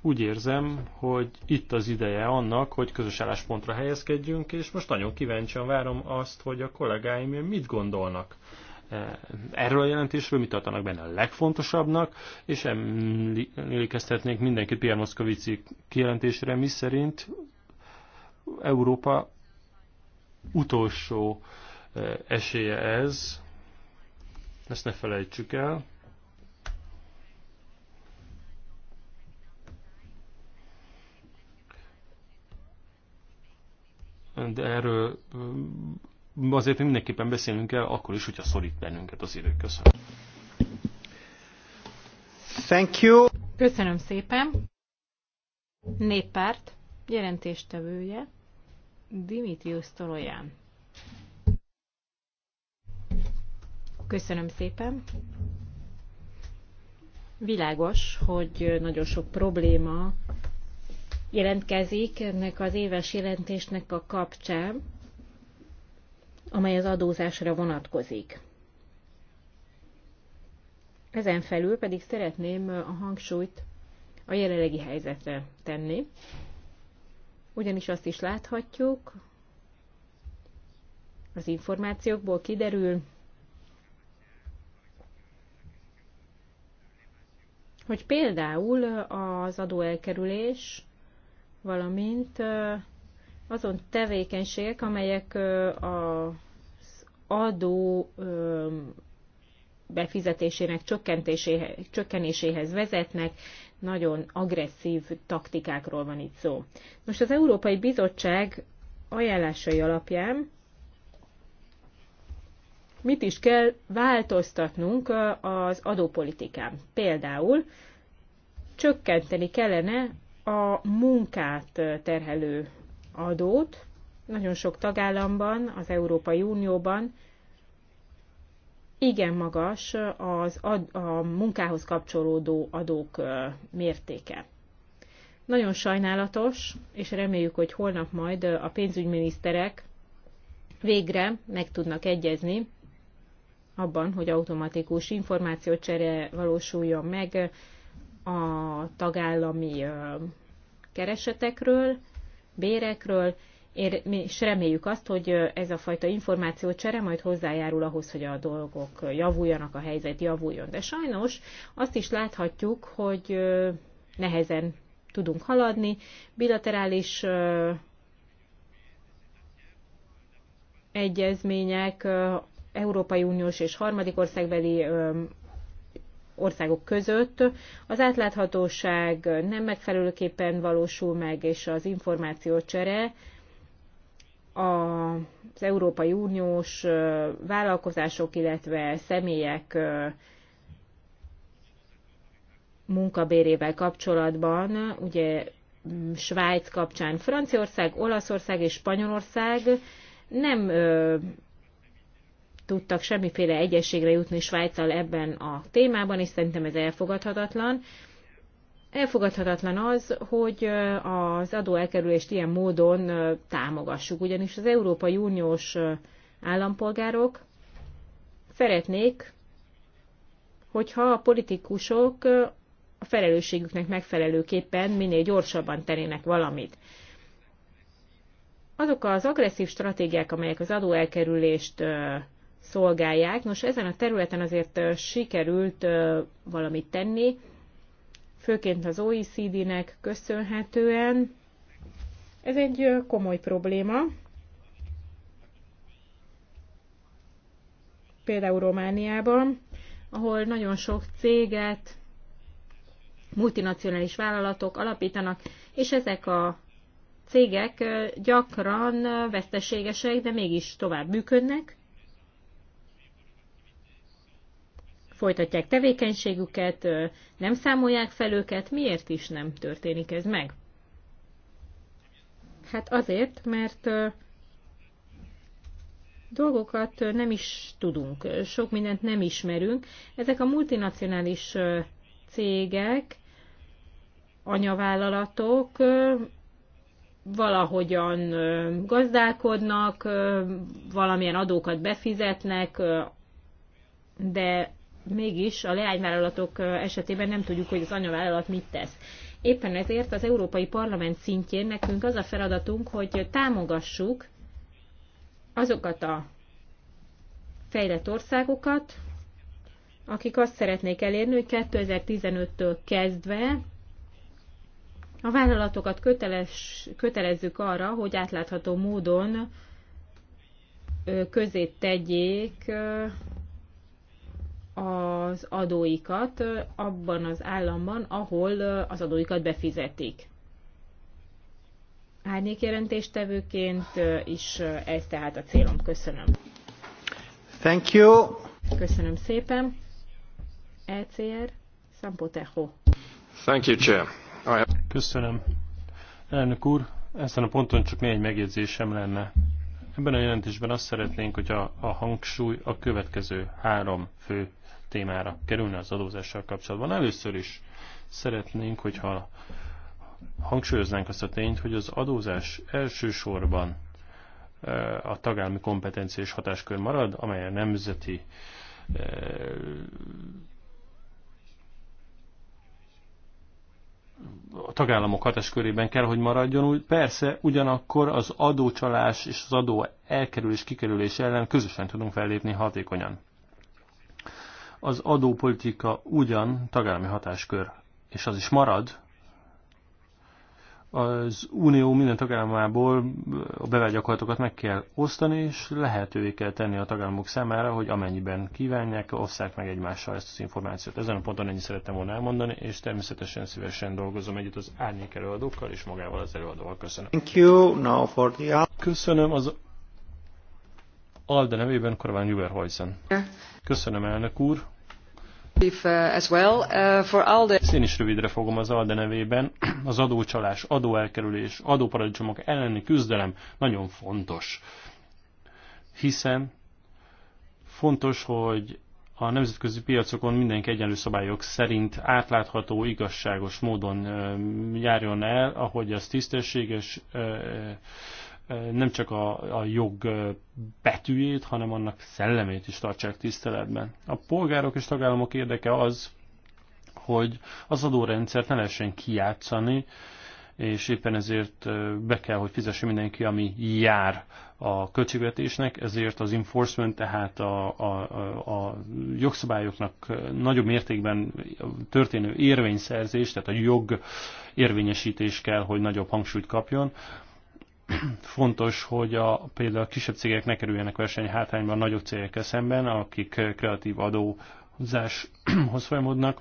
úgy érzem, hogy itt az ideje annak, hogy közös álláspontra helyezkedjünk, és most nagyon kíváncsian várom azt, hogy a kollégáim mit gondolnak erről a jelentésről, mit tartanak benne a legfontosabbnak, és emlékeztetnék mindenkit Pierre Moszkovici kijelentésére, mi szerint Európa utolsó esélye ez. Ezt ne felejtsük el. De erről azért mindenképpen beszélünk el, akkor is, hogyha szorít bennünket az idő. Köszönöm. Thank you. Köszönöm szépen. Néppárt jelentéstevője Dimitrius Tolojan. Köszönöm szépen. Világos, hogy nagyon sok probléma jelentkezik ennek az éves jelentésnek a kapcsán, amely az adózásra vonatkozik. Ezen felül pedig szeretném a hangsúlyt a jelenlegi helyzetre tenni, ugyanis azt is láthatjuk, az információkból kiderül, hogy például az adóelkerülés, valamint azon tevékenységek, amelyek az adó befizetésének csökkenéséhez vezetnek, nagyon agresszív taktikákról van itt szó. Most az Európai Bizottság ajánlásai alapján mit is kell változtatnunk az adópolitikán. Például csökkenteni kellene a munkát terhelő adót. Nagyon sok tagállamban, az Európai Unióban igen magas az ad, a munkához kapcsolódó adók mértéke. Nagyon sajnálatos, és reméljük, hogy holnap majd a pénzügyminiszterek végre meg tudnak egyezni abban, hogy automatikus információcsere valósuljon meg a tagállami keresetekről, bérekről, és reméljük azt, hogy ez a fajta információcsere majd hozzájárul ahhoz, hogy a dolgok javuljanak, a helyzet javuljon. De sajnos azt is láthatjuk, hogy nehezen tudunk haladni. Bilaterális egyezmények Európai Uniós és harmadik országbeli országok között. Az átláthatóság nem megfelelőképpen valósul meg, és az információcsere az Európai Uniós vállalkozások, illetve személyek munkabérével kapcsolatban, ugye Svájc kapcsán Franciaország, Olaszország és Spanyolország nem tudtak semmiféle egyességre jutni Svájccal ebben a témában, és szerintem ez elfogadhatatlan. Elfogadhatatlan az, hogy az adóelkerülést ilyen módon támogassuk, ugyanis az Európai Uniós állampolgárok szeretnék, hogyha a politikusok a felelősségüknek megfelelőképpen minél gyorsabban terének valamit. Azok az agresszív stratégiák, amelyek az adóelkerülést szolgálják. Nos, ezen a területen azért sikerült valamit tenni, főként az OECD-nek köszönhetően. Ez egy komoly probléma. Például Romániában, ahol nagyon sok céget, multinacionális vállalatok alapítanak, és ezek a cégek gyakran veszteségesek, de mégis tovább működnek, folytatják tevékenységüket, nem számolják fel őket, miért is nem történik ez meg? Hát azért, mert dolgokat nem is tudunk, sok mindent nem ismerünk. Ezek a multinacionális cégek, anyavállalatok valahogyan gazdálkodnak, valamilyen adókat befizetnek, de mégis a leányvállalatok esetében nem tudjuk, hogy az anyavállalat mit tesz. Éppen ezért az Európai Parlament szintjén nekünk az a feladatunk, hogy támogassuk azokat a fejlett országokat, akik azt szeretnék elérni, hogy 2015-től kezdve a vállalatokat köteles, kötelezzük arra, hogy átlátható módon közé tegyék az adóikat abban az államban, ahol az adóikat befizetik. Árnyékjelentéstevőként is ez tehát a célom. Köszönöm. Thank you. Köszönöm szépen. ECR, Sampotejo. Thank you, Chair. Have... Köszönöm. Elnök úr, ezen a ponton csak néhány megjegyzésem lenne. Ebben a jelentésben azt szeretnénk, hogy a, a hangsúly a következő három fő témára kerülne az adózással kapcsolatban. Először is szeretnénk, hogyha hangsúlyoznánk azt a tényt, hogy az adózás elsősorban eh, a tagállami kompetenciás hatáskör marad, amely a nemzeti eh, a tagállamok hatáskörében kell, hogy maradjon. Úgy, persze, ugyanakkor az adócsalás és az adó elkerülés kikerülés ellen közösen tudunk fellépni hatékonyan. Az adópolitika ugyan tagállami hatáskör, és az is marad, az Unió minden tagállamából a bevált gyakorlatokat meg kell osztani, és lehetővé kell tenni a tagállamok számára, hogy amennyiben kívánják, osszák meg egymással ezt az információt. Ezen a ponton ennyi szerettem volna elmondani, és természetesen szívesen dolgozom együtt az árnyék előadókkal és magával az előadóval. Köszönöm. Thank you. Now for the... Köszönöm az Alde nevében Korván Juver Köszönöm elnök úr. If, uh, uh, én is rövidre fogom az ALDE nevében. *clears throat* Az adócsalás, adóelkerülés, adóparadicsomok elleni küzdelem nagyon fontos. Hiszen fontos, hogy a nemzetközi piacokon mindenki egyenlő szabályok szerint átlátható, igazságos módon járjon el, ahogy az tisztességes nem csak a, a jog betűjét, hanem annak szellemét is tartsák tiszteletben. A polgárok és tagállamok érdeke az, hogy az adórendszert ne lehessen kijátszani, és éppen ezért be kell, hogy fizesse mindenki, ami jár a költségvetésnek, ezért az enforcement, tehát a, a, a jogszabályoknak nagyobb mértékben történő érvényszerzés, tehát a jog érvényesítés kell, hogy nagyobb hangsúlyt kapjon fontos, hogy a, például a kisebb cégek ne kerüljenek versenyhátrányba a nagyobb cégekkel szemben, akik kreatív adóhozáshoz folyamodnak.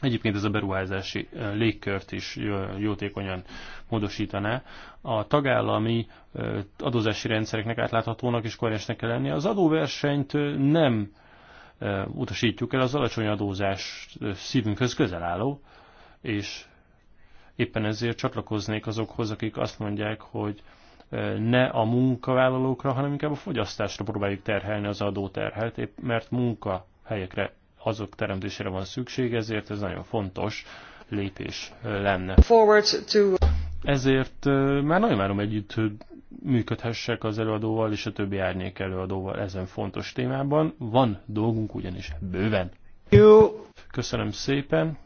Egyébként ez a beruházási eh, légkört is eh, jótékonyan módosítaná. A tagállami eh, adózási rendszereknek átláthatónak és koherensnek kell lennie. Az adóversenyt nem utasítjuk el, az alacsony adózás szívünkhöz közel álló, és Éppen ezért csatlakoznék azokhoz, akik azt mondják, hogy e, ne a munkavállalókra, hanem inkább a fogyasztásra próbáljuk terhelni az adóterhet, épp mert munkahelyekre azok teremtésére van szükség, ezért ez nagyon fontos lépés e, lenne. Ezért e, már nagyon várom együtt működhessek az előadóval és a többi árnyék előadóval ezen fontos témában. Van dolgunk ugyanis bőven. Köszönöm szépen.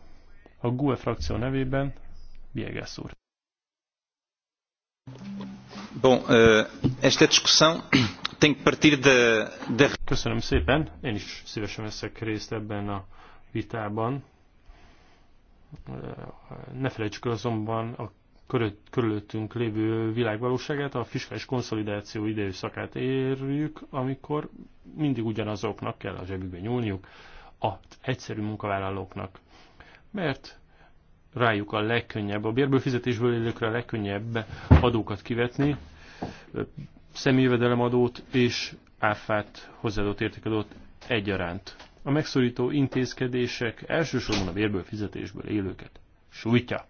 A GUE frakció nevében Biegas úr. Bon, eh, esta discussão *coughs* tem que partir de... Köszönöm szépen, én is szívesen veszek részt ebben a vitában. Eh, ne felejtsük azonban a körülöttünk lévő világvalóságát, a fiskális konszolidáció időszakát érjük, amikor mindig ugyanazoknak kell a zsebükbe nyúlniuk, az egyszerű munkavállalóknak. Mert rájuk a legkönnyebb, a bérből fizetésből élőkre a legkönnyebb adókat kivetni, személyjövedelemadót és áfát, hozzáadott értékadót egyaránt. A megszorító intézkedések elsősorban a bérből fizetésből élőket sújtja.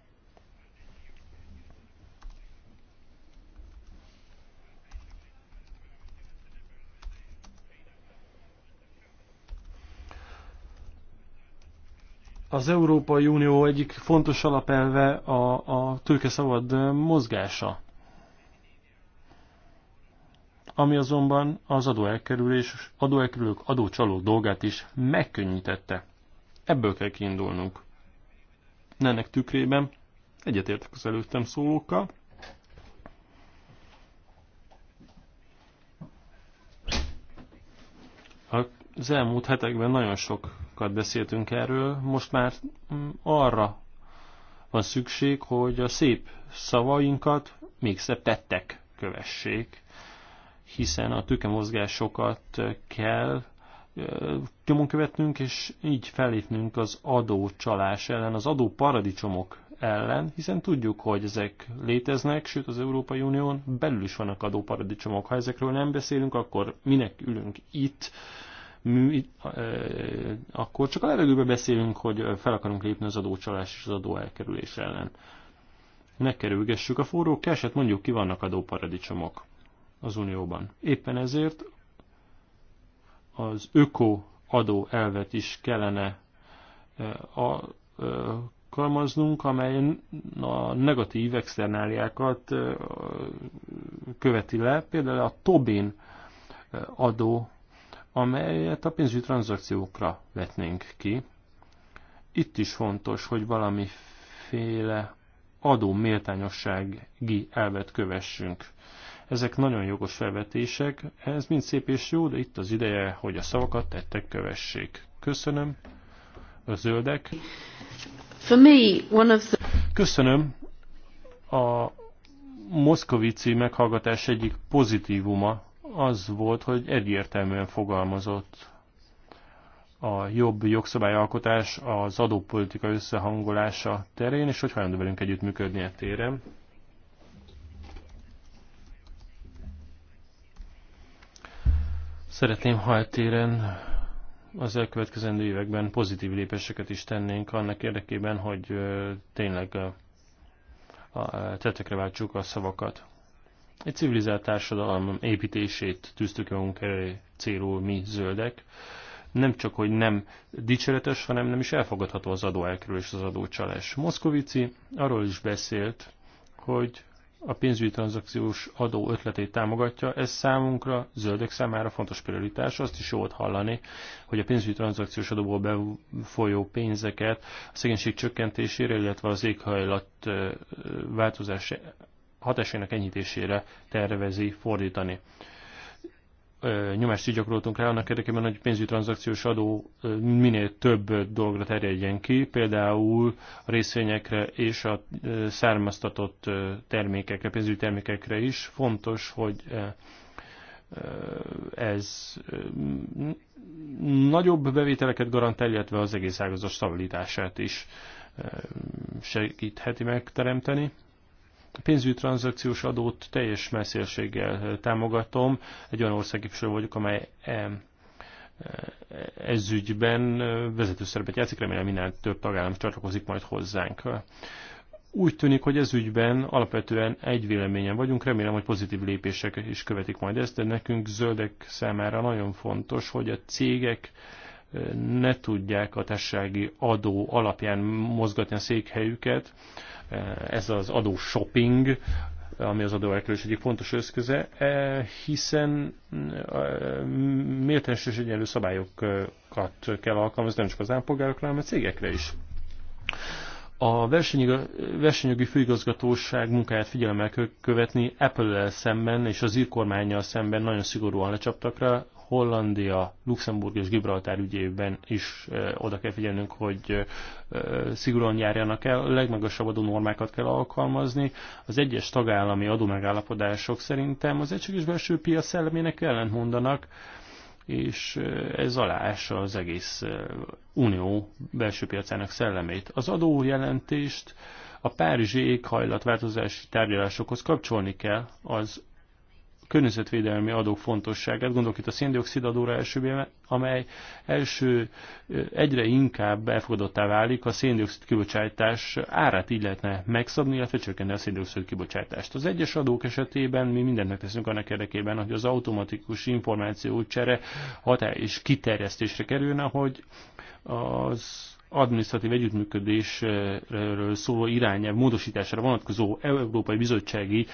Az Európai Unió egyik fontos alapelve a, a tőke szabad mozgása, ami azonban az adóelkerülés, adóelkerülők, adócsalók dolgát is megkönnyítette. Ebből kell kiindulnunk. Ennek tükrében egyetértek az előttem szólókkal, az elmúlt hetekben nagyon sok sokat beszéltünk erről, most már mm, arra van szükség, hogy a szép szavainkat még szebb tettek kövessék, hiszen a tőkemozgásokat kell nyomon követnünk, és így felépnünk az adócsalás ellen, az adóparadicsomok ellen, hiszen tudjuk, hogy ezek léteznek, sőt az Európai Unión belül is vannak adóparadicsomok. Ha ezekről nem beszélünk, akkor minek ülünk itt, mű, akkor csak a levegőbe beszélünk, hogy fel akarunk lépni az adócsalás és az adó elkerülés ellen. Ne kerülgessük a forró keset, mondjuk ki vannak adóparadicsomok az Unióban. Éppen ezért az öko adó elvet is kellene alkalmaznunk, amely a negatív externáliákat követi le, például a Tobin adó amelyet a pénzügyi tranzakciókra vetnénk ki. Itt is fontos, hogy valamiféle adó méltányossági elvet kövessünk. Ezek nagyon jogos felvetések, ez mind szép és jó, de itt az ideje, hogy a szavakat tettek kövessék. Köszönöm. A zöldek. For me, one of the... Köszönöm. A Moszkovici meghallgatás egyik pozitívuma az volt, hogy egyértelműen fogalmazott a jobb jogszabályalkotás az adópolitika összehangolása terén, és hogy hajlandó velünk együttműködni a e téren. Szeretném, ha a e téren az elkövetkezendő években pozitív lépéseket is tennénk annak érdekében, hogy tényleg a tettekre váltsuk a szavakat. Egy civilizált társadalom építését tűztük magunk elő célul mi zöldek. Nem csak, hogy nem dicséretes, hanem nem is elfogadható az adóelkerülés, az adócsalás. Moszkovici arról is beszélt, hogy a pénzügyi tranzakciós adó ötletét támogatja, ez számunkra, zöldek számára fontos prioritás. Azt is jót hallani, hogy a pénzügyi tranzakciós adóból befolyó pénzeket a szegénység csökkentésére, illetve az éghajlat változás hatásainak enyhítésére tervezi fordítani. Nyomást is gyakoroltunk rá annak érdekében, hogy pénzügyi tranzakciós adó minél több dologra terjedjen ki, például a részvényekre és a származtatott termékekre, pénzügyi termékekre is. Fontos, hogy ez nagyobb bevételeket garantál, illetve az egész ágazat stabilitását is segítheti megteremteni. A pénzügyi tranzakciós adót teljes messzélséggel eh, támogatom. Egy olyan országképviselő vagyok, amely eh, eh, ez ügyben vezető szerepet játszik, remélem minden több tagállam csatlakozik majd hozzánk. Úgy tűnik, hogy ez ügyben alapvetően egy véleményen vagyunk, remélem, hogy pozitív lépések is követik majd ezt, de nekünk zöldek számára nagyon fontos, hogy a cégek ne tudják a társasági adó alapján mozgatni a székhelyüket, ez az adó shopping, ami az adóelkerülés egyik fontos összköze, eh, hiszen eh, méltányos és egyenlő szabályokat kell alkalmazni nem csak az állampolgárokra, hanem a cégekre is. A versenyjogi főigazgatóság munkáját figyelemmel követni Apple-el szemben és az írkormányjal szemben nagyon szigorúan lecsaptak rá, Hollandia, Luxemburg és Gibraltár ügyében is oda kell figyelnünk, hogy szigorúan járjanak el, a legmagasabb adónormákat kell alkalmazni. Az egyes tagállami adómegállapodások szerintem az egységes belső piac szellemének ellentmondanak, és ez alása az egész unió belső piacának szellemét. Az adójelentést a párizsi éghajlatváltozási tárgyalásokhoz kapcsolni kell az környezetvédelmi adók fontosságát. Gondolok itt a széndiokszid adóra elsőbe, amely első egyre inkább elfogadottá válik a széndiokszid kibocsátás árát így lehetne megszabni, illetve csökkenni a széndiokszid kibocsátást. Az egyes adók esetében mi mindent megteszünk annak érdekében, hogy az automatikus csere hatá és kiterjesztésre kerülne, hogy az adminisztratív együttműködésről szóló irányelv módosítására vonatkozó Európai Bizottsági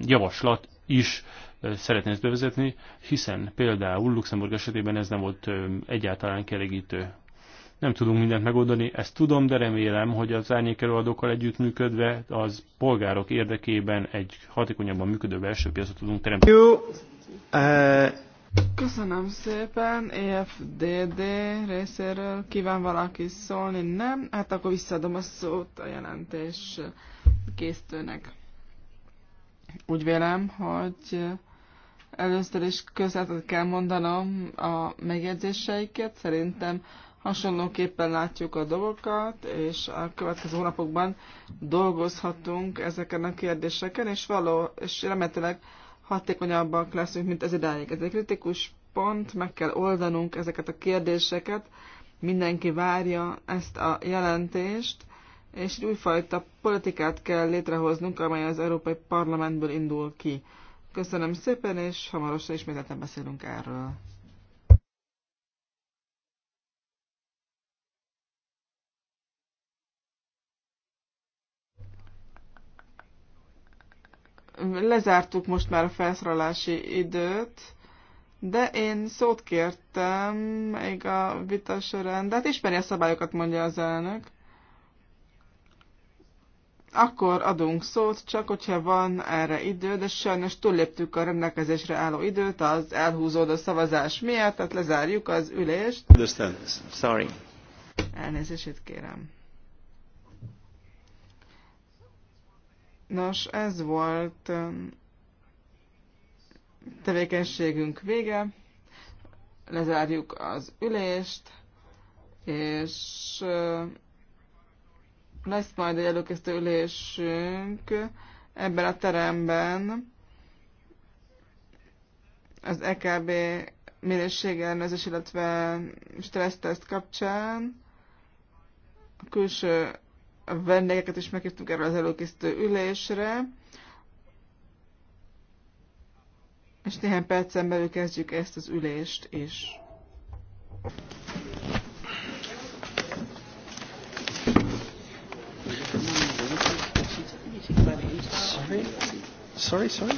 javaslat is szeretné ezt bevezetni, hiszen például Luxemburg esetében ez nem volt egyáltalán kielégítő. Nem tudunk mindent megoldani, ezt tudom, de remélem, hogy az árnyékelőadókkal együttműködve az polgárok érdekében egy hatékonyabban működő belső piacot tudunk teremteni. Köszönöm szépen, EFDD részéről kíván valaki szólni, nem? Hát akkor visszaadom a szót a jelentés készítőnek. Úgy vélem, hogy először is közvetet kell mondanom a megjegyzéseiket. Szerintem hasonlóképpen látjuk a dolgokat, és a következő hónapokban dolgozhatunk ezeken a kérdéseken, és való, és remélhetőleg hatékonyabbak leszünk, mint ez idáig. Ez egy kritikus pont, meg kell oldanunk ezeket a kérdéseket, mindenki várja ezt a jelentést, és egy újfajta politikát kell létrehoznunk, amely az Európai Parlamentből indul ki. Köszönöm szépen, és hamarosan ismételten beszélünk erről. Lezártuk most már a felszólalási időt, de én szót kértem még a vita során, de hát ismeri a szabályokat, mondja az elnök akkor adunk szót, csak hogyha van erre idő, de sajnos túlléptük a rendelkezésre álló időt az elhúzódó szavazás miatt, tehát lezárjuk az ülést. Understand. Sorry. Elnézését kérem. Nos, ez volt um, tevékenységünk vége. Lezárjuk az ülést, és uh, lesz majd egy előkészítő ülésünk ebben a teremben az EKB minőségellenőrzés, illetve stresszteszt kapcsán. A külső vendégeket is meghívtunk erre az előkészítő ülésre. És néhány percen belül kezdjük ezt az ülést is. Sorry, sorry.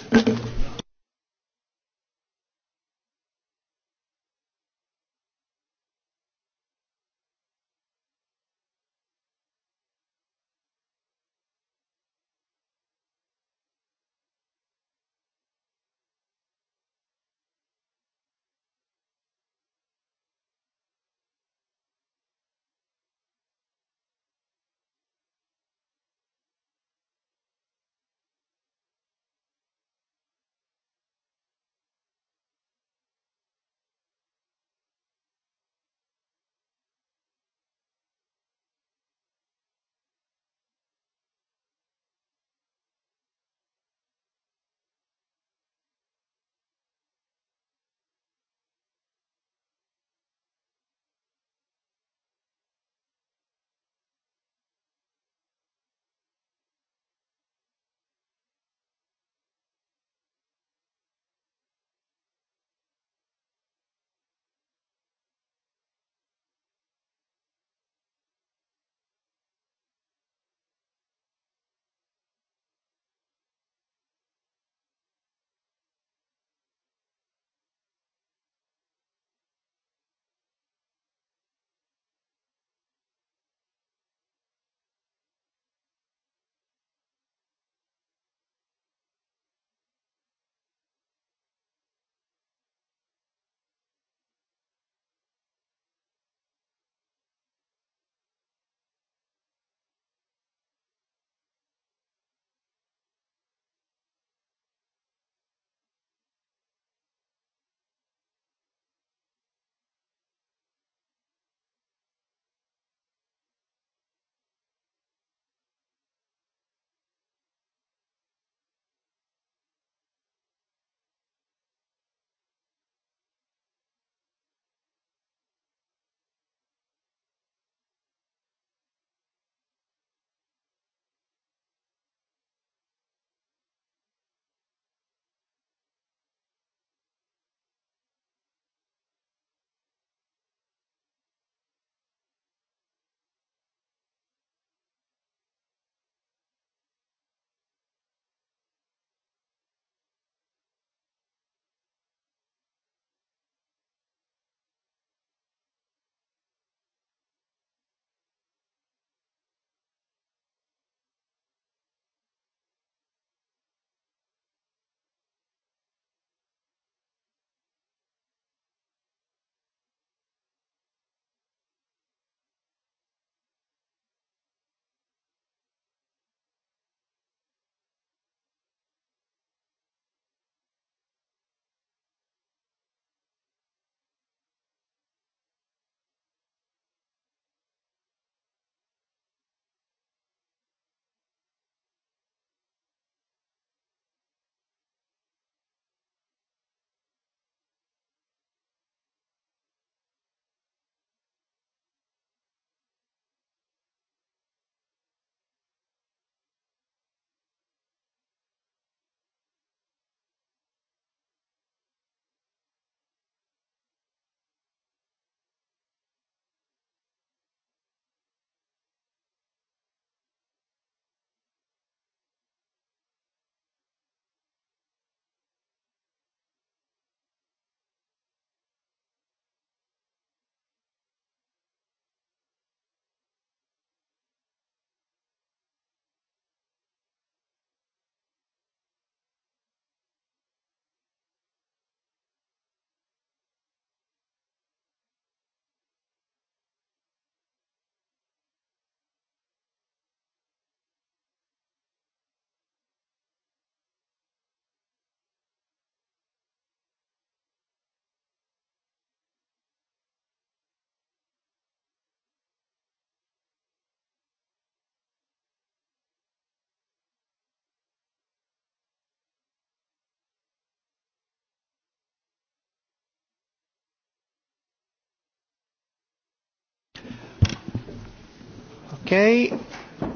Okay,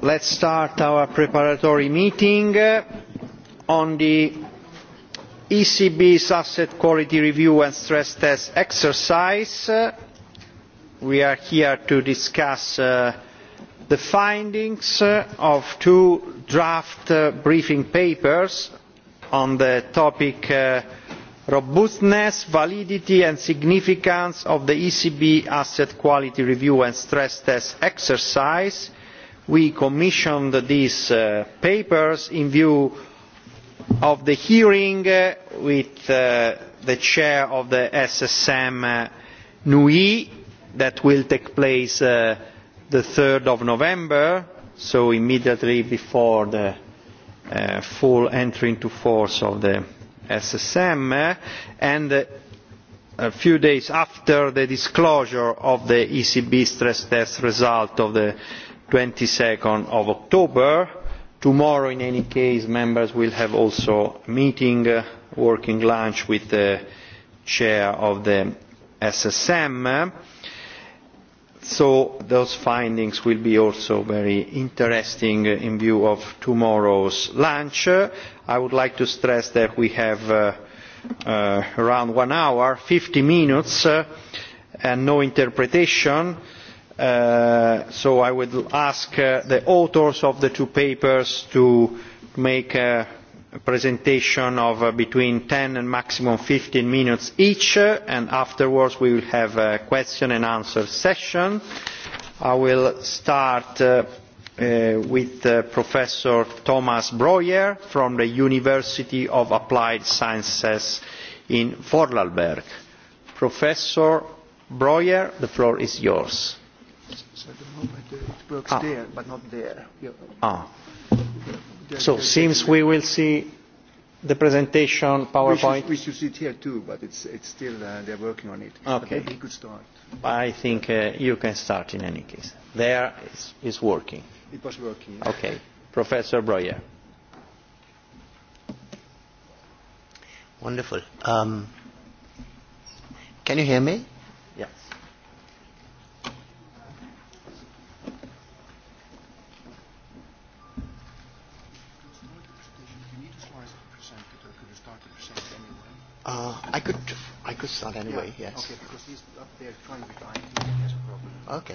let's start our preparatory meeting uh, on the ECB's asset quality review and stress test exercise. Uh, we are here to discuss uh, the findings uh, of two draft uh, briefing papers on the topic uh, robustness validity and significance of the ecb asset quality review and stress test exercise we commissioned these uh, papers in view of the hearing uh, with uh, the chair of the ssm nui that will take place on three november so immediately before the full entry into force of the SSM and a few days after the disclosure of the ECB stress test result of the 22nd of October. Tomorrow, in any case, members will have also a meeting, a uh, working lunch with the chair of the SSM so those findings will be also very interesting in view of tomorrow's lunch. i would like to stress that we have uh, uh, around one hour fifty minutes uh, and no interpretation so i would ask the authors of the two papers to make presentation of uh, between ten and maximum fifteen minutes each uh, and afterwards we will have a question and answer session. i will start uh, with professor thomas breuer from the university of applied sciences in vorarlberg. professor breuer the floor is yours. it works ah. there but not there. Yeah. Ah. So seems we will see the presentation PowerPoint. We should, we should see it here too, but it's, it's still uh, they're working on it. Okay. But he could start. I think uh, you can start in any case. There is is working. It was working. Yeah. Okay. Professor Breuer. Wonderful. Um, can you hear me? Uh, I could, I could start anyway. Yeah. Yes. Okay, because he's up there trying to find. He has a problem. Okay.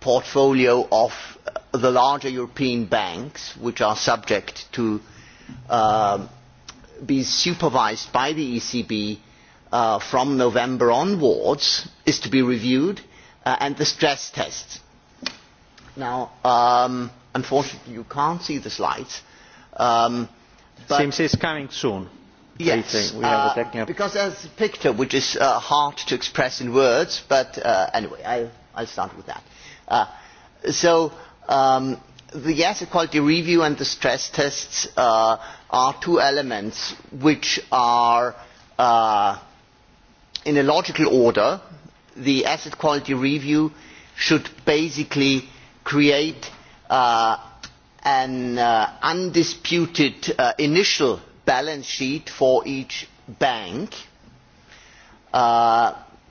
portfolio of uh, the larger European banks, which are subject to being um, be supervised by the ECB uh, from November onwards, is to be reviewed, uh, and the stress tests. Now, um, unfortunately, you can't see the slides. Um, but Seems it's coming soon. Yes, because there is because there's a picture which is hard to express in words, but anyway, I, I'll start with that. Ah, so um, the asset quality review and the stress tests uh, are two elements which are uh, in a logical order. The asset quality review should basically create uh, an uh, undisputed uh, initial balance sheet for each bank. Uh,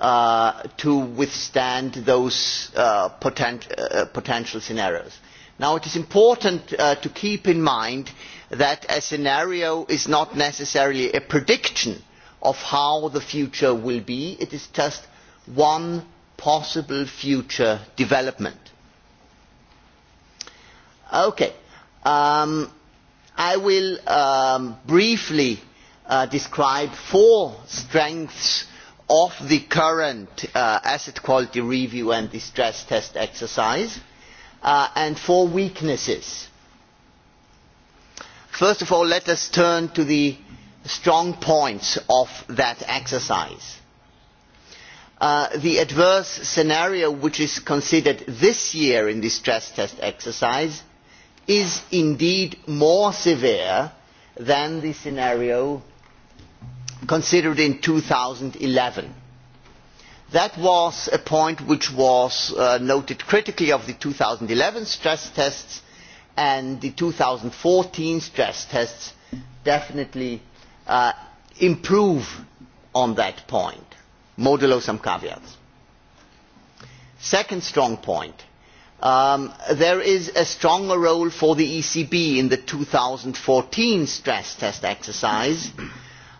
Uh, to withstand those uh, potent, uh, potential scenarios. Now, it is important uh, to keep in mind that a scenario is not necessarily a prediction of how the future will be. It is just one possible future development. Okay. Um, I will um, briefly describe four strengths of the current uh, asset quality review and the stress test exercise uh, and four weaknesses. First of all, let us turn to the strong points of that exercise. Uh, the adverse scenario which is considered this year in the stress test exercise is indeed more severe than the scenario considered in 2011. That was a point which was uh, noted critically of the 2011 stress tests and the 2014 stress tests definitely uh, improve on that point, modulo some caveats. Second strong point, um, there is a stronger role for the ECB in the 2014 stress test exercise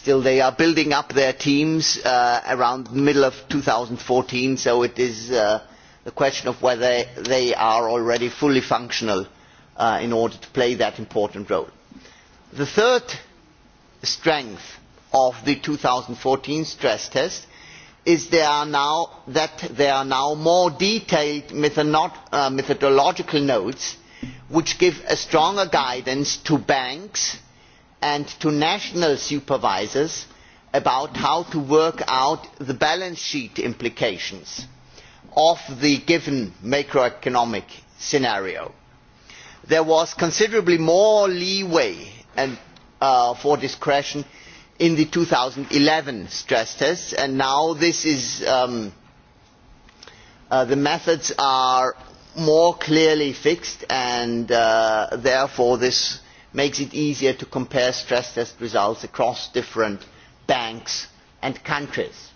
still they are building up their teams uh, around the middle of 2014, so it is uh, question of whether they are already fully functional uh, in order to play that important role. The third strength of the 2014 stress test is there are now, that there are now more detailed methodolog uh, methodological notes which give a stronger guidance to banks and to national supervisors about how to work out the balance sheet implications of the given macroeconomic scenario. There was considerably more leeway and, uh, for discretion in the 2011 stress tests, and now this is um, uh, the methods are more clearly fixed, and uh, therefore this makes it easier to compare stress test results across different banks and countries.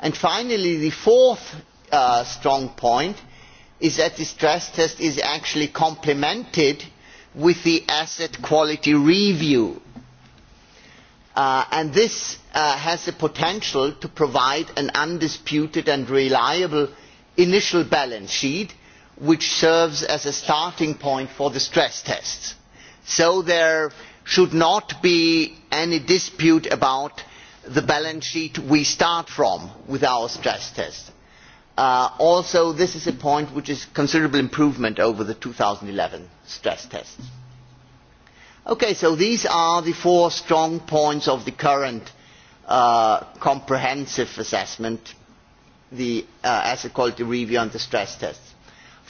And finally the fourth uh, strong point is that the stress test is actually complemented with the asset quality review uh, and this uh, has the potential to provide an undisputed and reliable initial balance sheet which serves as a starting point for the stress tests. so there should not be any dispute about the balance sheet we start from with our stress test. Uh, also this is a point which is a considerable improvement over the two thousand and eleven stress tests. Okay, so these are the four strong points of the current uh, comprehensive assessment the uh, asset quality review and the stress tests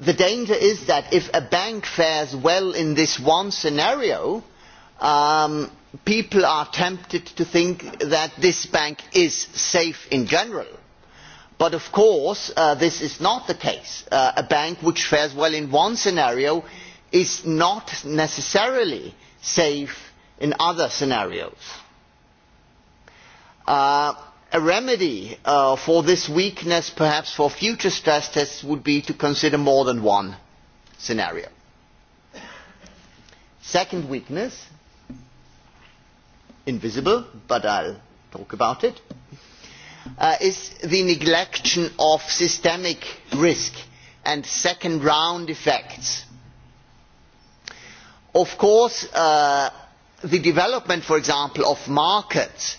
the danger is that if a bank fares well in this one scenario um, people are tempted to think that this bank is safe in general but of course uh, this is not the case. Uh, a bank which fares well in one scenario is not necessarily safe in other scenarios. Uh, a remedy uh, for this weakness perhaps for future stress tests would be to consider more than one scenario. second weakness invisible but i will talk about it uh, is the neglect of systemic risk and second round effects. of course uh, the development for example of markets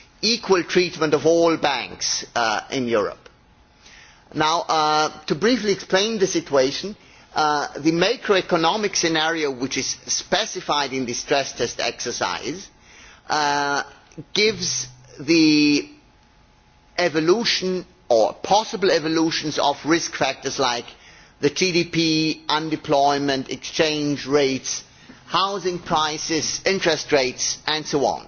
equal treatment of all banks uh, in Europe. Now, uh, to briefly explain the situation, uh, the macroeconomic scenario which is specified in the stress test exercise uh, gives the evolution or possible evolutions of risk factors like the GDP, unemployment, exchange rates, housing prices, interest rates, and so on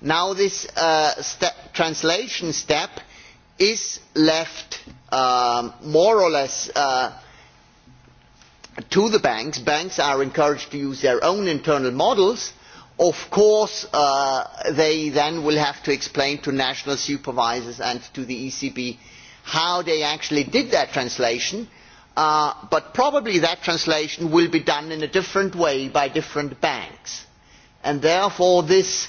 now this uh, translation step is left um, more or less uh, to the banks. Banks are encouraged to use their own internal models. Of course, uh, they then will have to explain to national supervisors and to the ECB how they actually did that translation. but probably that translation will be done in a different way by different banks. And therefore, this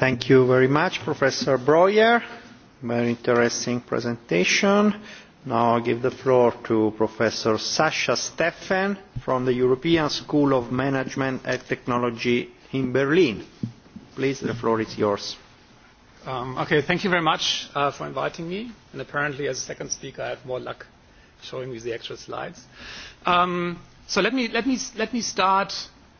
Thank you very much, Professor Breuer. Very interesting presentation. Now I give the floor to Professor Sasha Steffen from the European School of Management and Technology in Berlin. Please, the floor is yours. Um, okay, thank you very much uh, for inviting me. And apparently, as a second speaker, I have more luck showing you the actual slides. Um, so let me, let me, let me start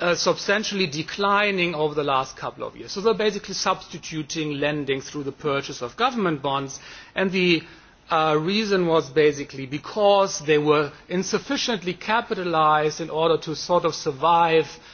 uh, substantially declining over the last couple of years. So they're basically substituting lending through the purchase of government bonds. And the uh, reason was basically because they were insufficiently capitalized in order to sort of survive uh,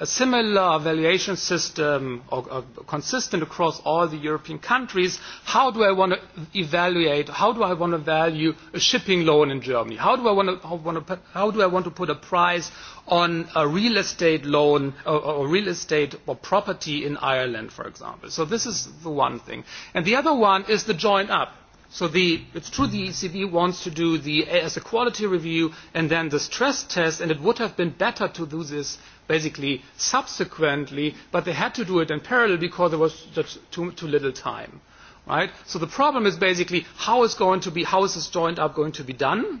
a similar valuation system or, or consistent across all the European countries, how do I want to evaluate, how do I want to value a shipping loan in Germany? How do I want to, how want to, how do I want to put a price on a real estate loan or, or real estate or property in Ireland, for example? So this is the one thing. And the other one is the join up So the, it's true the ECB wants to do the as a quality review and then the stress test, and it would have been better to do this basically subsequently, but they had to do it in parallel because there was just too, too little time. Right? So the problem is basically how is, going to be, how is this joined up going to be done?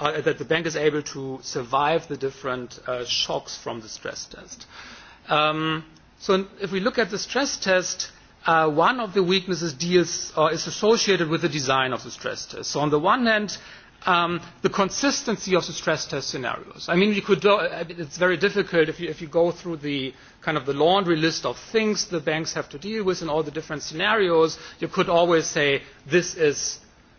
uh, that the bank is able to survive the different uh, shocks from the stress test. Um, so if we look at the stress test, uh, one of the weaknesses deals or uh, is associated with the design of the stress test. So on the one hand, um, the consistency of the stress test scenarios. I mean, you could do, uh, it's very difficult if you, if you go through the kind of the laundry list of things the banks have to deal with in all the different scenarios. You could always say this is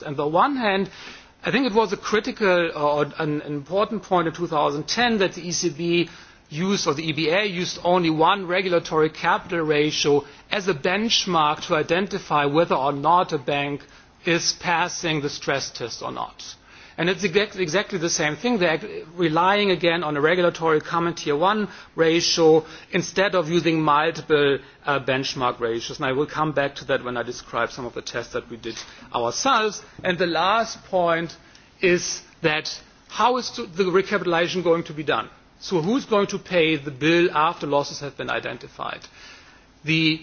context. on the one hand i think it was a critical uh, or an important point in two thousand and ten that the ecb used or the eba used only one regulatory capital ratio as a benchmark to identify whether or not a bank is passing the stress test or not. And is exactly the same thing. they are relying again on a regulatory common tier one ratio instead of using multiple uh, benchmark ratios. And I will come back to that when I describe some of the tests that we did ourselves. And the last point is that how is the recapitalisation going to be done? So who is going to pay the bill after losses have been identified? The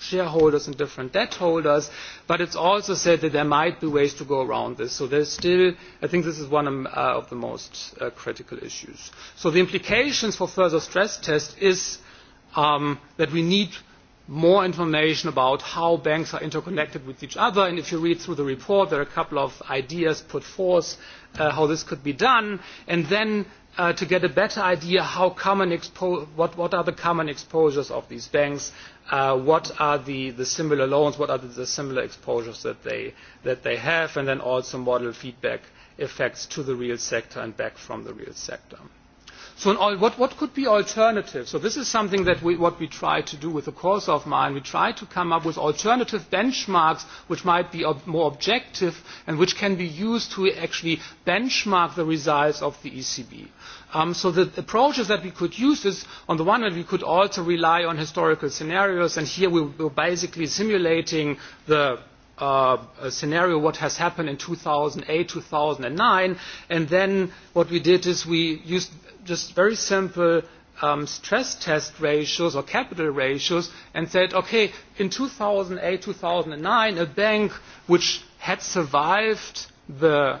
shareholders and different debt holders, but it's also said that there might be ways to go around this. So there's still, I think this is one of, uh, the most uh, critical issues. So the implications for further stress tests is um, that we need more information about how banks are interconnected with each other. And if you read through the report, there are a couple of ideas put forth uh, how this could be done. And then uh, to get a better idea how common expo- what, what are the common exposures of these banks Uh, what are the, the similar loans, what are the, the similar exposures that they, that they have, and then also model feedback effects to the real sector and back from the real sector. So in, what, what could be alternatives? So this is something that we, what we try to do with the course of mine. We try to come up with alternative benchmarks which might be ob more objective and which can be used to actually benchmark the results of the ECB. Um, so the approaches that we could use is, on the one hand, we could also rely on historical scenarios, and here we were basically simulating the uh, a scenario what has happened in 2008, 2009, and then what we did is we used just very simple um, stress test ratios or capital ratios and said, okay, in 2008, 2009, a bank which had survived the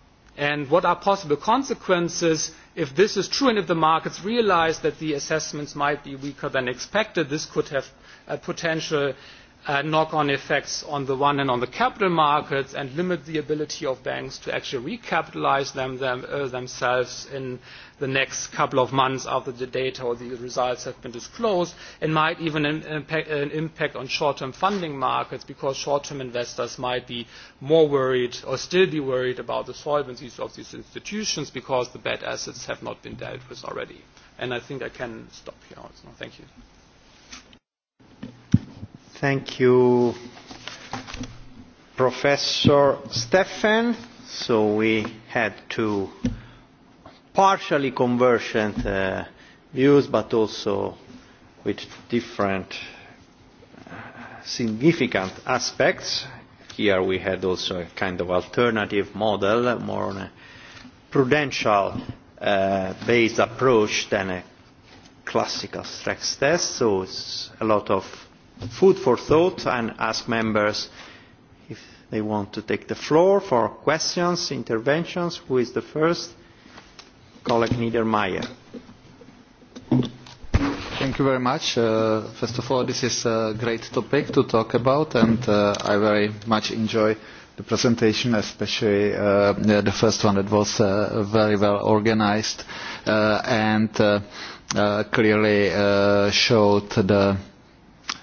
and what are possible consequences if this is true and if the markets realise that the assessments might be weaker than expected. this could have a potential Uh, knock-on effects on the one hand on the capital markets and limit the ability of banks to actually recapitalize them, them uh, themselves in the next couple of months after the data or the results have been disclosed and might even impact, an uh, impact on short-term funding markets because short-term investors might be more worried or still be worried about the solvencies of these institutions because the bad assets have not been dealt with already. And I think I can stop here also. Thank you. Thank you, Professor Stefan. So we had two partially convergent uh, views, but also with different uh, significant aspects. Here we had also a kind of alternative model, more on a prudential uh, based approach than a classical stress test, so it's a lot of food for thought and ask members if they want to take the floor for questions, interventions. Who is the first? Colleague Niedermayer. Thank you very much. Uh, first of all, this is a great topic to talk about, and uh, I very much enjoy the presentation, especially uh, the first one that was uh, very well organized uh, and uh, uh, clearly uh, showed the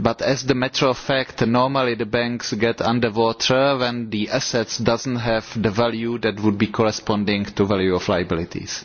but as a matter of fact normally the banks get under water when the assets do not have the value that would correspond to the value of liabilities.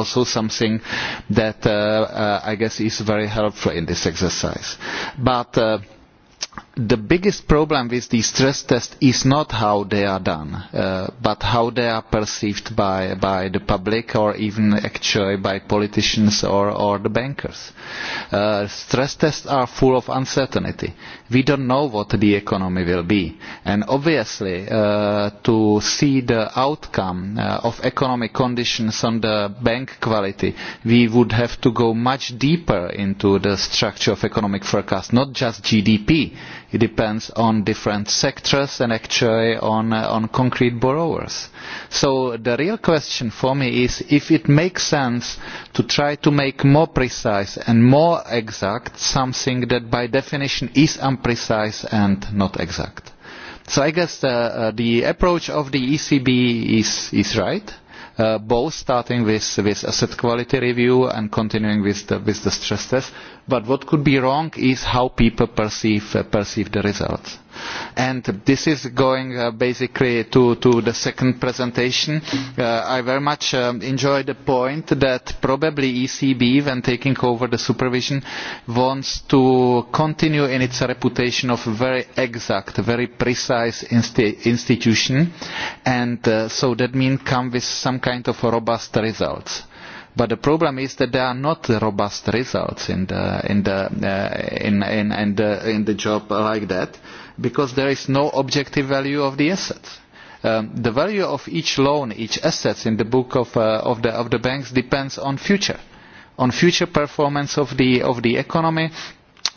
also something that uh, uh, I guess is very helpful in this exercise. But uh, the biggest problem with these stress tests is not how they are done, uh, but how they are perceived by, by the public or even actually by politicians or, or the bankers. Uh, stress tests are full of uncertainty we don't know what the economy will be. And obviously, uh, to see the outcome uh, of economic conditions on the bank quality, we would have to go much deeper into the structure of economic forecast, not just GDP. It depends on different sectors and actually on, uh, on concrete borrowers. So the real question for me is if it makes sense to try to make more precise and more exact something that by definition is unprecedented imprecise and not exact. So I guess the, uh, the approach of the ECB is, is right. Uh, both starting with, with asset quality review and continuing with the, with the stress test. But what could be wrong is how people perceive, uh, perceive the results And this is going uh, basically to, to the second presentation. Uh, I very much um, enjoy the point that probably ECB, when taking over the supervision, wants to continue in its reputation of very exact, very precise insti institution. And uh, so that means come with some kind of robust results but the problem is that there are not robust results in the in the uh, in in in the in the job like that because there is no objective value of the assets, Um, the value of each loan, each asset in the book of, uh, of, the, of the banks depends on future, on future performance of the, of the economy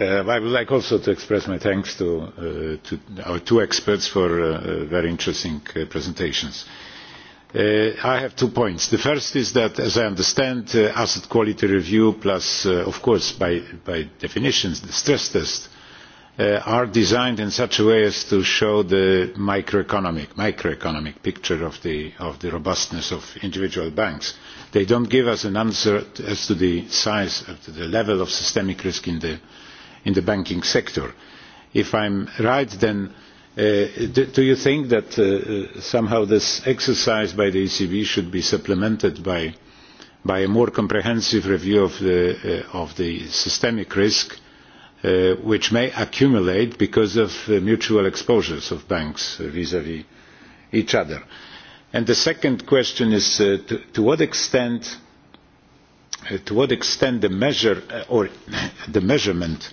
Uh, I would like also to express my thanks to, uh, to our two experts for uh, uh, very interesting uh, presentations. Uh, I have two points. The first is that, as I understand, uh, asset quality review plus, uh, of course, by, by definition, the stress test uh, are designed in such a way as to show the microeconomic, microeconomic picture of the, of the robustness of individual banks. They don't give us an answer as to the size, to the level of systemic risk in the, in the banking sector. if i am right then uh, do, you think that uh, uh, somehow this exercise by the ecb should be supplemented by, a more comprehensive review of the, systemic risk which may accumulate because of mutual exposures of banks vis vis each other. And the second question is to, to, what extent to what extent the measure or *coughs* the measurement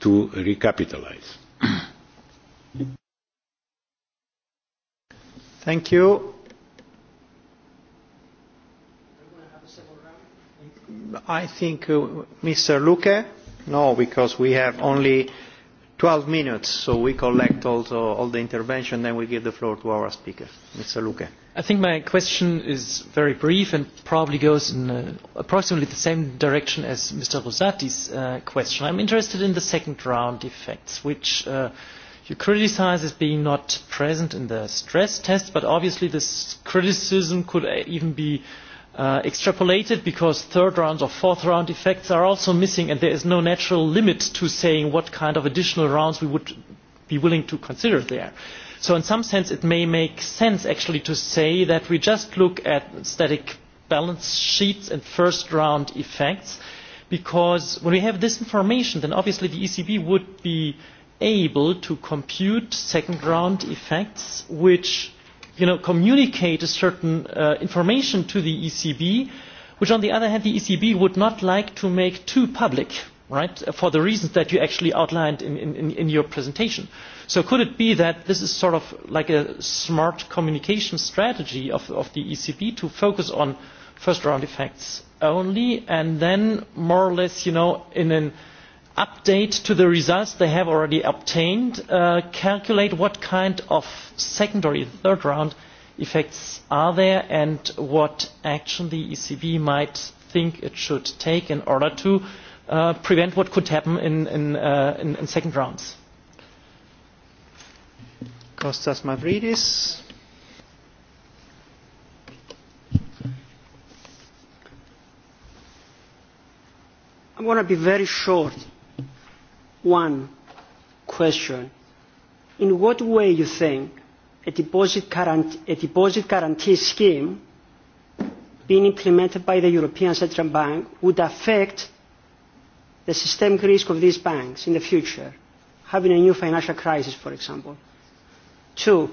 to recapitalize. Thank you. I think uh, Mr. Luque? No, because we have only 12 minutes, so we collect also all the intervention, then we give the floor to our speaker, Mr. Luque. I think my question is very brief and probably goes in uh, approximately the same direction as Mr. Rosati's uh, question. I'm interested in the second round effects, which uh, you criticize as being not present in the stress test, but obviously this criticism could uh, even be uh, Uh, extrapolated because third round or fourth round effects are also missing and there is no natural limit to saying what kind of additional rounds we would be willing to consider there. So in some sense it may make sense actually to say that we just look at static balance sheets and first round effects because when we have this information then obviously the ECB would be able to compute second round effects which you know, communicate a certain uh, information to the ECB, which on the other hand the ECB would not like to make too public, right, for the reasons that you actually outlined in, in, in your presentation. So could it be that this is sort of like a smart communication strategy of, of the ECB to focus on first round effects only and then more or less, you know, in an update to the results they have already obtained, uh, calculate what kind of secondary, third round effects are there and what action the ECB might think it should take in order to uh, prevent what could happen in, in, uh, in, in second rounds. Kostas Mavridis. I want to be very short one question. In what way you think a deposit, guarantee, a deposit guarantee scheme being implemented by the European Central Bank would affect the systemic risk of these banks in the future, having a new financial crisis, for example. Two,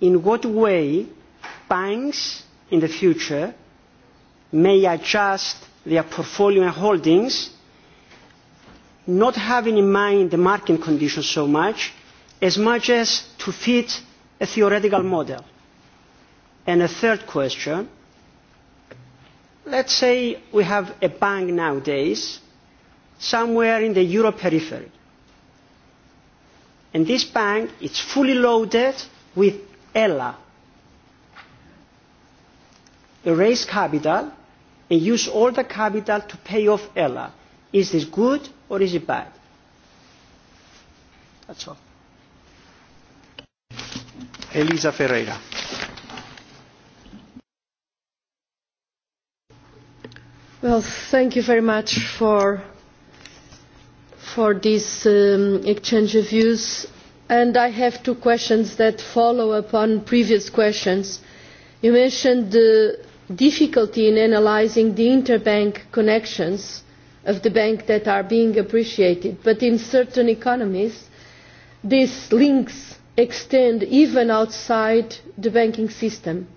in what way banks in the future may adjust their portfolio and holdings not having in mind the market conditions so much as much as to fit a theoretical model. And a third question, let's say we have a bank nowadays somewhere in the euro periphery. And this bank is fully loaded with ELA. They raise capital and use all the capital to pay off ELA. Is this good or is it bad? That's all. Elisa Ferreira. Well, thank you very much for for this um, exchange of views. And I have two questions that follow upon previous questions. You mentioned the difficulty in analyzing the interbank connections of the bank that are being appreciated. But in certain economies, these links extend even outside the banking system.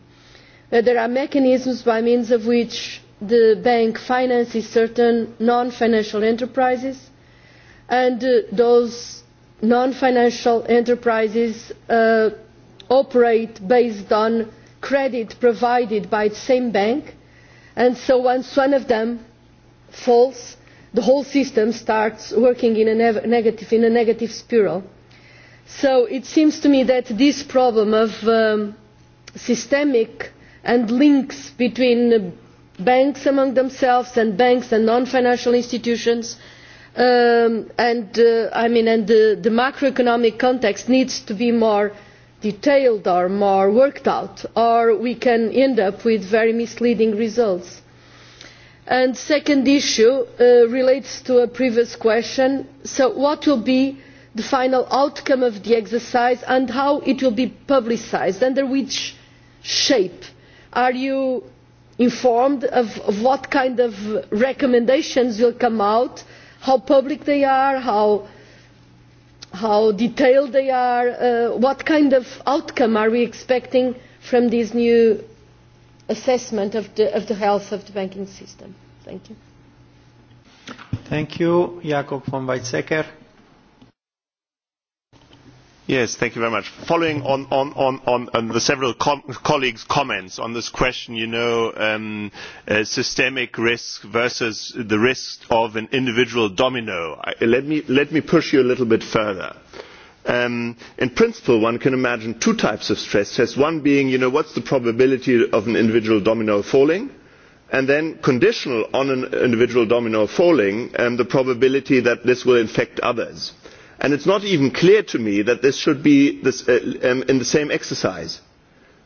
Uh, there are mechanisms by means of which the bank finances certain non-financial enterprises and uh, those non-financial enterprises uh, operate based on credit provided by the same bank and so once one of them falls the whole system starts working in a, ne negative, in a negative spiral. So it seems to me that this problem of um, systemic and links between banks among themselves and banks and non-financial institutions um, and, uh, I mean, and the, the macroeconomic context needs to be more detailed or more worked out or we can end up with very misleading results the second issue uh, relates to a previous question what will be the final outcome of the exercise and how will it be publicised under which shape? are you informed of what kind of recommendations will come out how public they are how, how detailed they are uh, what kind of outcome are we expecting from this new assessment of the, of the health of the banking system. Thank you. Thank you. Jakob von Weizsäcker. Yes, thank you very much. Following on, on, on, on the several com colleagues' comments on this question, you know, um, uh, systemic risk versus the risk of an individual domino, I, let, me, let me push you a little bit further. Uh, Um, in principle one can imagine two types of stress tests one being you know, what is the probability of an individual domino falling and then conditional on an individual domino falling um, the probability that this will infect others. it is not even clear to me that this should be this, uh, um, in the same exercise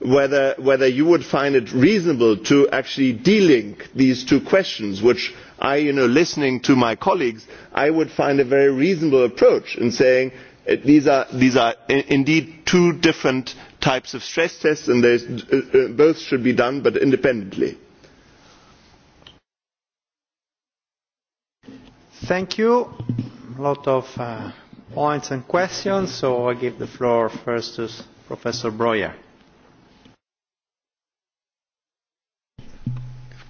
whether, you would find it reasonable to actually de-link these two questions which listening to my colleagues i would find a very reasonable approach in saying uh, these are, these are indeed two different types of stress tests and uh, uh, both should be done but independently. Thank you. A lot of points and questions, so I give the floor first to Professor Breuer.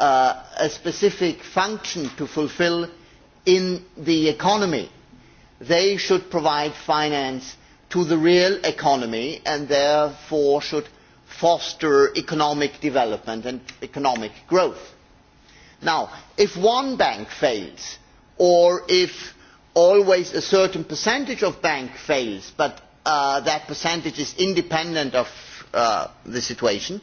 Uh, a specific function to fulfil in the economy. They should provide finance to the real economy and therefore should foster economic development and economic growth. Now, if one bank fails, or if always a certain percentage of banks fails, but uh, that percentage is independent of uh, the situation,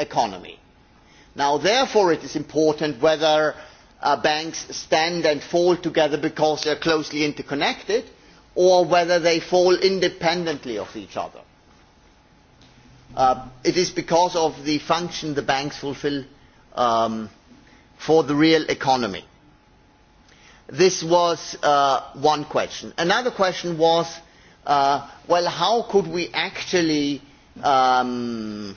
economy. Now, therefore it is important whether uh, banks stand and fall together because they are closely interconnected or whether they fall independently of each other. Uh, it is because of the function the banks fulfil um, for the real economy. This was uh, one question. Another question was, uh, well, how could we actually um,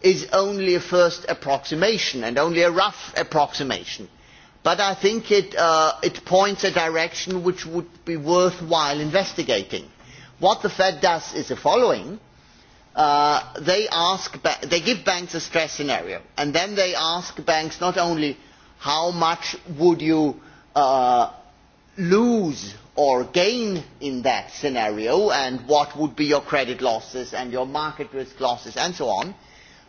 is only a first approximation and only a rough approximation but i think it, uh, it points a direction which would be worthwhile investigating. what the fed does is the following uh, they, ask they give banks a stress scenario and then they ask banks not only how much would you uh, lose or gain in that scenario and what would be your credit losses and your market risk losses and so on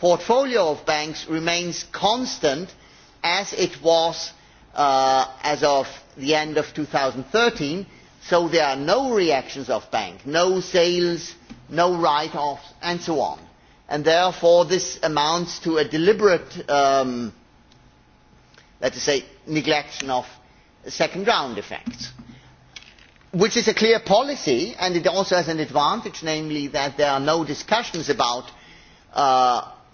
portfolio of banks remains constant as it was uh, as of the end of 2013, so there are no reactions of banks, no sales, no write-offs, and so on. And therefore, this amounts to a deliberate, um, let us say, neglection of second round effects which is a clear policy and it also has an advantage namely that there are no discussions about uh,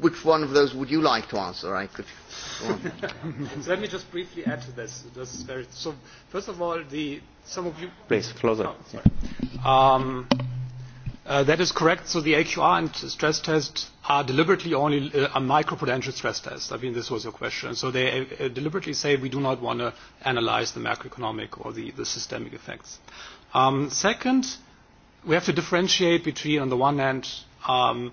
which one of those would you like to answer? I could. so *laughs* let me just briefly add to this. this is very, so first of all, the some of you. Please closer. Oh, sorry. Um, uh, that is correct. So the AQR and stress test are deliberately only uh, a microprudential stress test. I mean, this was your question. So they uh, deliberately say we do not want to analyze the macroeconomic or the, the systemic effects. Um, second, we have to differentiate between, on the one hand, um,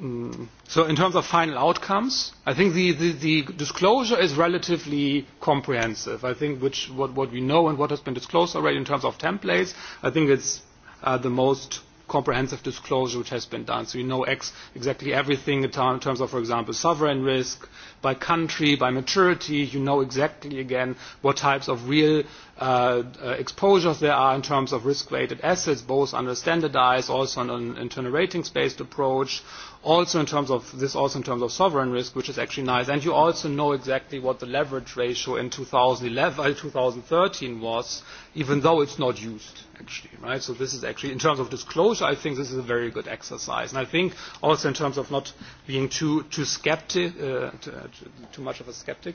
Mm. so in terms of final outcomes, I think the, the, the disclosure is relatively comprehensive. I think which, what, what we know and what has been disclosed already in terms of templates, I think it's uh, the most comprehensive disclosure which has been done. So you know ex exactly everything in, in terms of, for example, sovereign risk, by country, by maturity. You know exactly, again, what types of real Uh, uh, exposures there are in terms of risk-weighted assets, both under standardized, also on an internal ratings-based approach, also in terms of this also in terms of sovereign risk, which is actually nice. And you also know exactly what the leverage ratio in 2011, uh, 2013 was, even though it's not used actually, right? So this is actually, in terms of disclosure, I think this is a very good exercise. And I think also in terms of not being too, too skeptic, uh, uh, too, too much of a skeptic,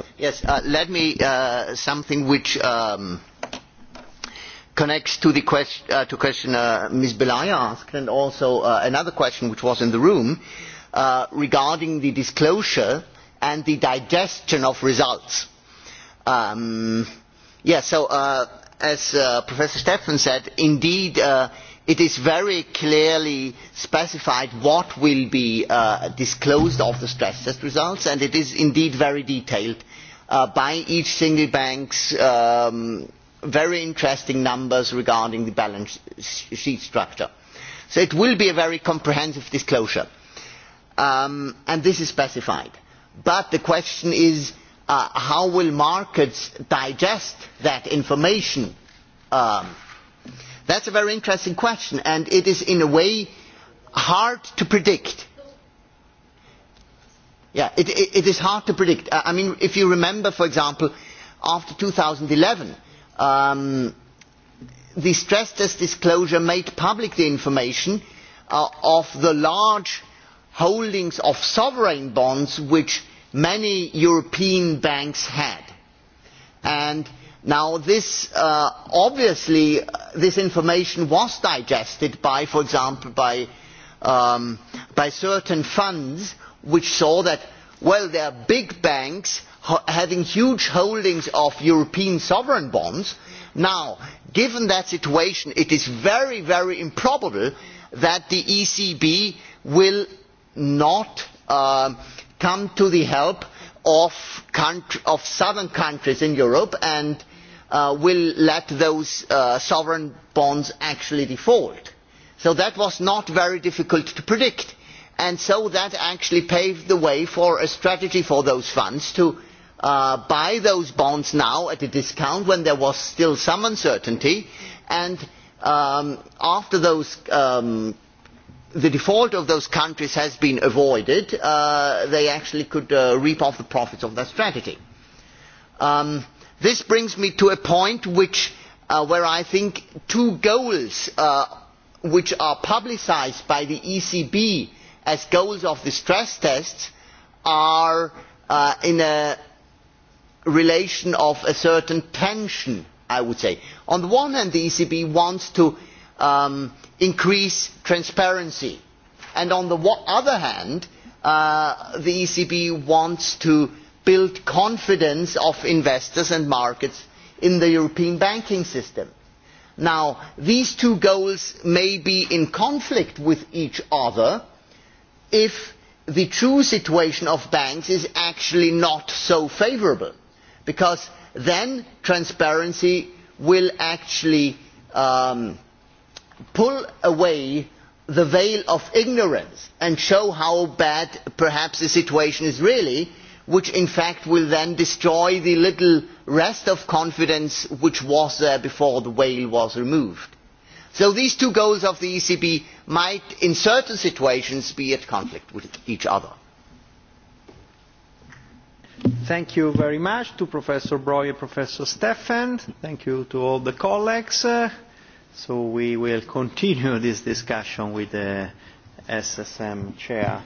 Yes, uh, let me uh, something which um, connects to the quest, uh, to question uh, Ms. Belay asked, and also uh, another question which was in the room uh, regarding the disclosure and the digestion of results. Um, yes, yeah, so uh, as uh, Professor Stefan said, indeed. Uh, it is very clearly specified what will be uh, disclosed of the stress test results and it is indeed very detailed Uh, by each single bank's um, very interesting numbers regarding the balance sheet structure. so it will be a very comprehensive disclosure um, and this is specified. but the question is uh, how will markets digest that information? Um, that is a very interesting question and it is in a way hard to predict Yeah, it, it, it is hard to predict. I mean, if you remember, for example, after 2011, um, the stress test disclosure made public the information uh, of the large holdings of sovereign bonds which many European banks had. And now this, uh, obviously, uh, this information was digested by, for example, by, um, by certain funds which saw that well there are big banks having huge holdings of european sovereign bonds. now given that situation it is very very improbable that the ecb will not um, come to the help of, southern countries in europe and uh, will let those uh, sovereign bonds actually default. so that was not very difficult to predict and so that actually paved the way for a strategy for those funds to uh, buy those bonds now at a discount when there was still some uncertainty and um, after um, the default of those countries has been avoided uh, they actually could uh, reap the profits of that strategy. Um, this brings me to a point where i think two goals which are publicised by the ecb as goals of the stress tests are uh, in a relation of a certain tension i would say. on the one hand the ecb wants to um, increase transparency and on the other hand uh, the ecb wants to build confidence of investors and markets in the european banking system. now these two goals may be in conflict with each other if the true situation of banks is actually not so favourable because then transparency will actually um, pull away the veil of ignorance and show how bad perhaps the situation is really which in fact will then destroy the little rest of confidence which was there before the veil was removed. so these two goals of the ecb might in certain situations be at conflict with each other. Thank you very much to Professor Breuer and Professor Steffen. Thank you to all the colleagues. So we will continue this discussion with the SSM chair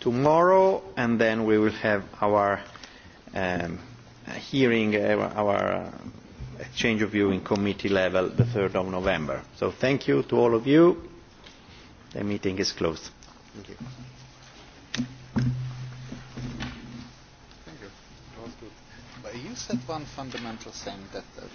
tomorrow and then we will have our um, hearing, uh, our uh, exchange of view in committee level the 3rd of November. So thank you to all of you. The meeting is closed. Thank you. Thank you. That was good. But you said one fundamental thing that. Uh,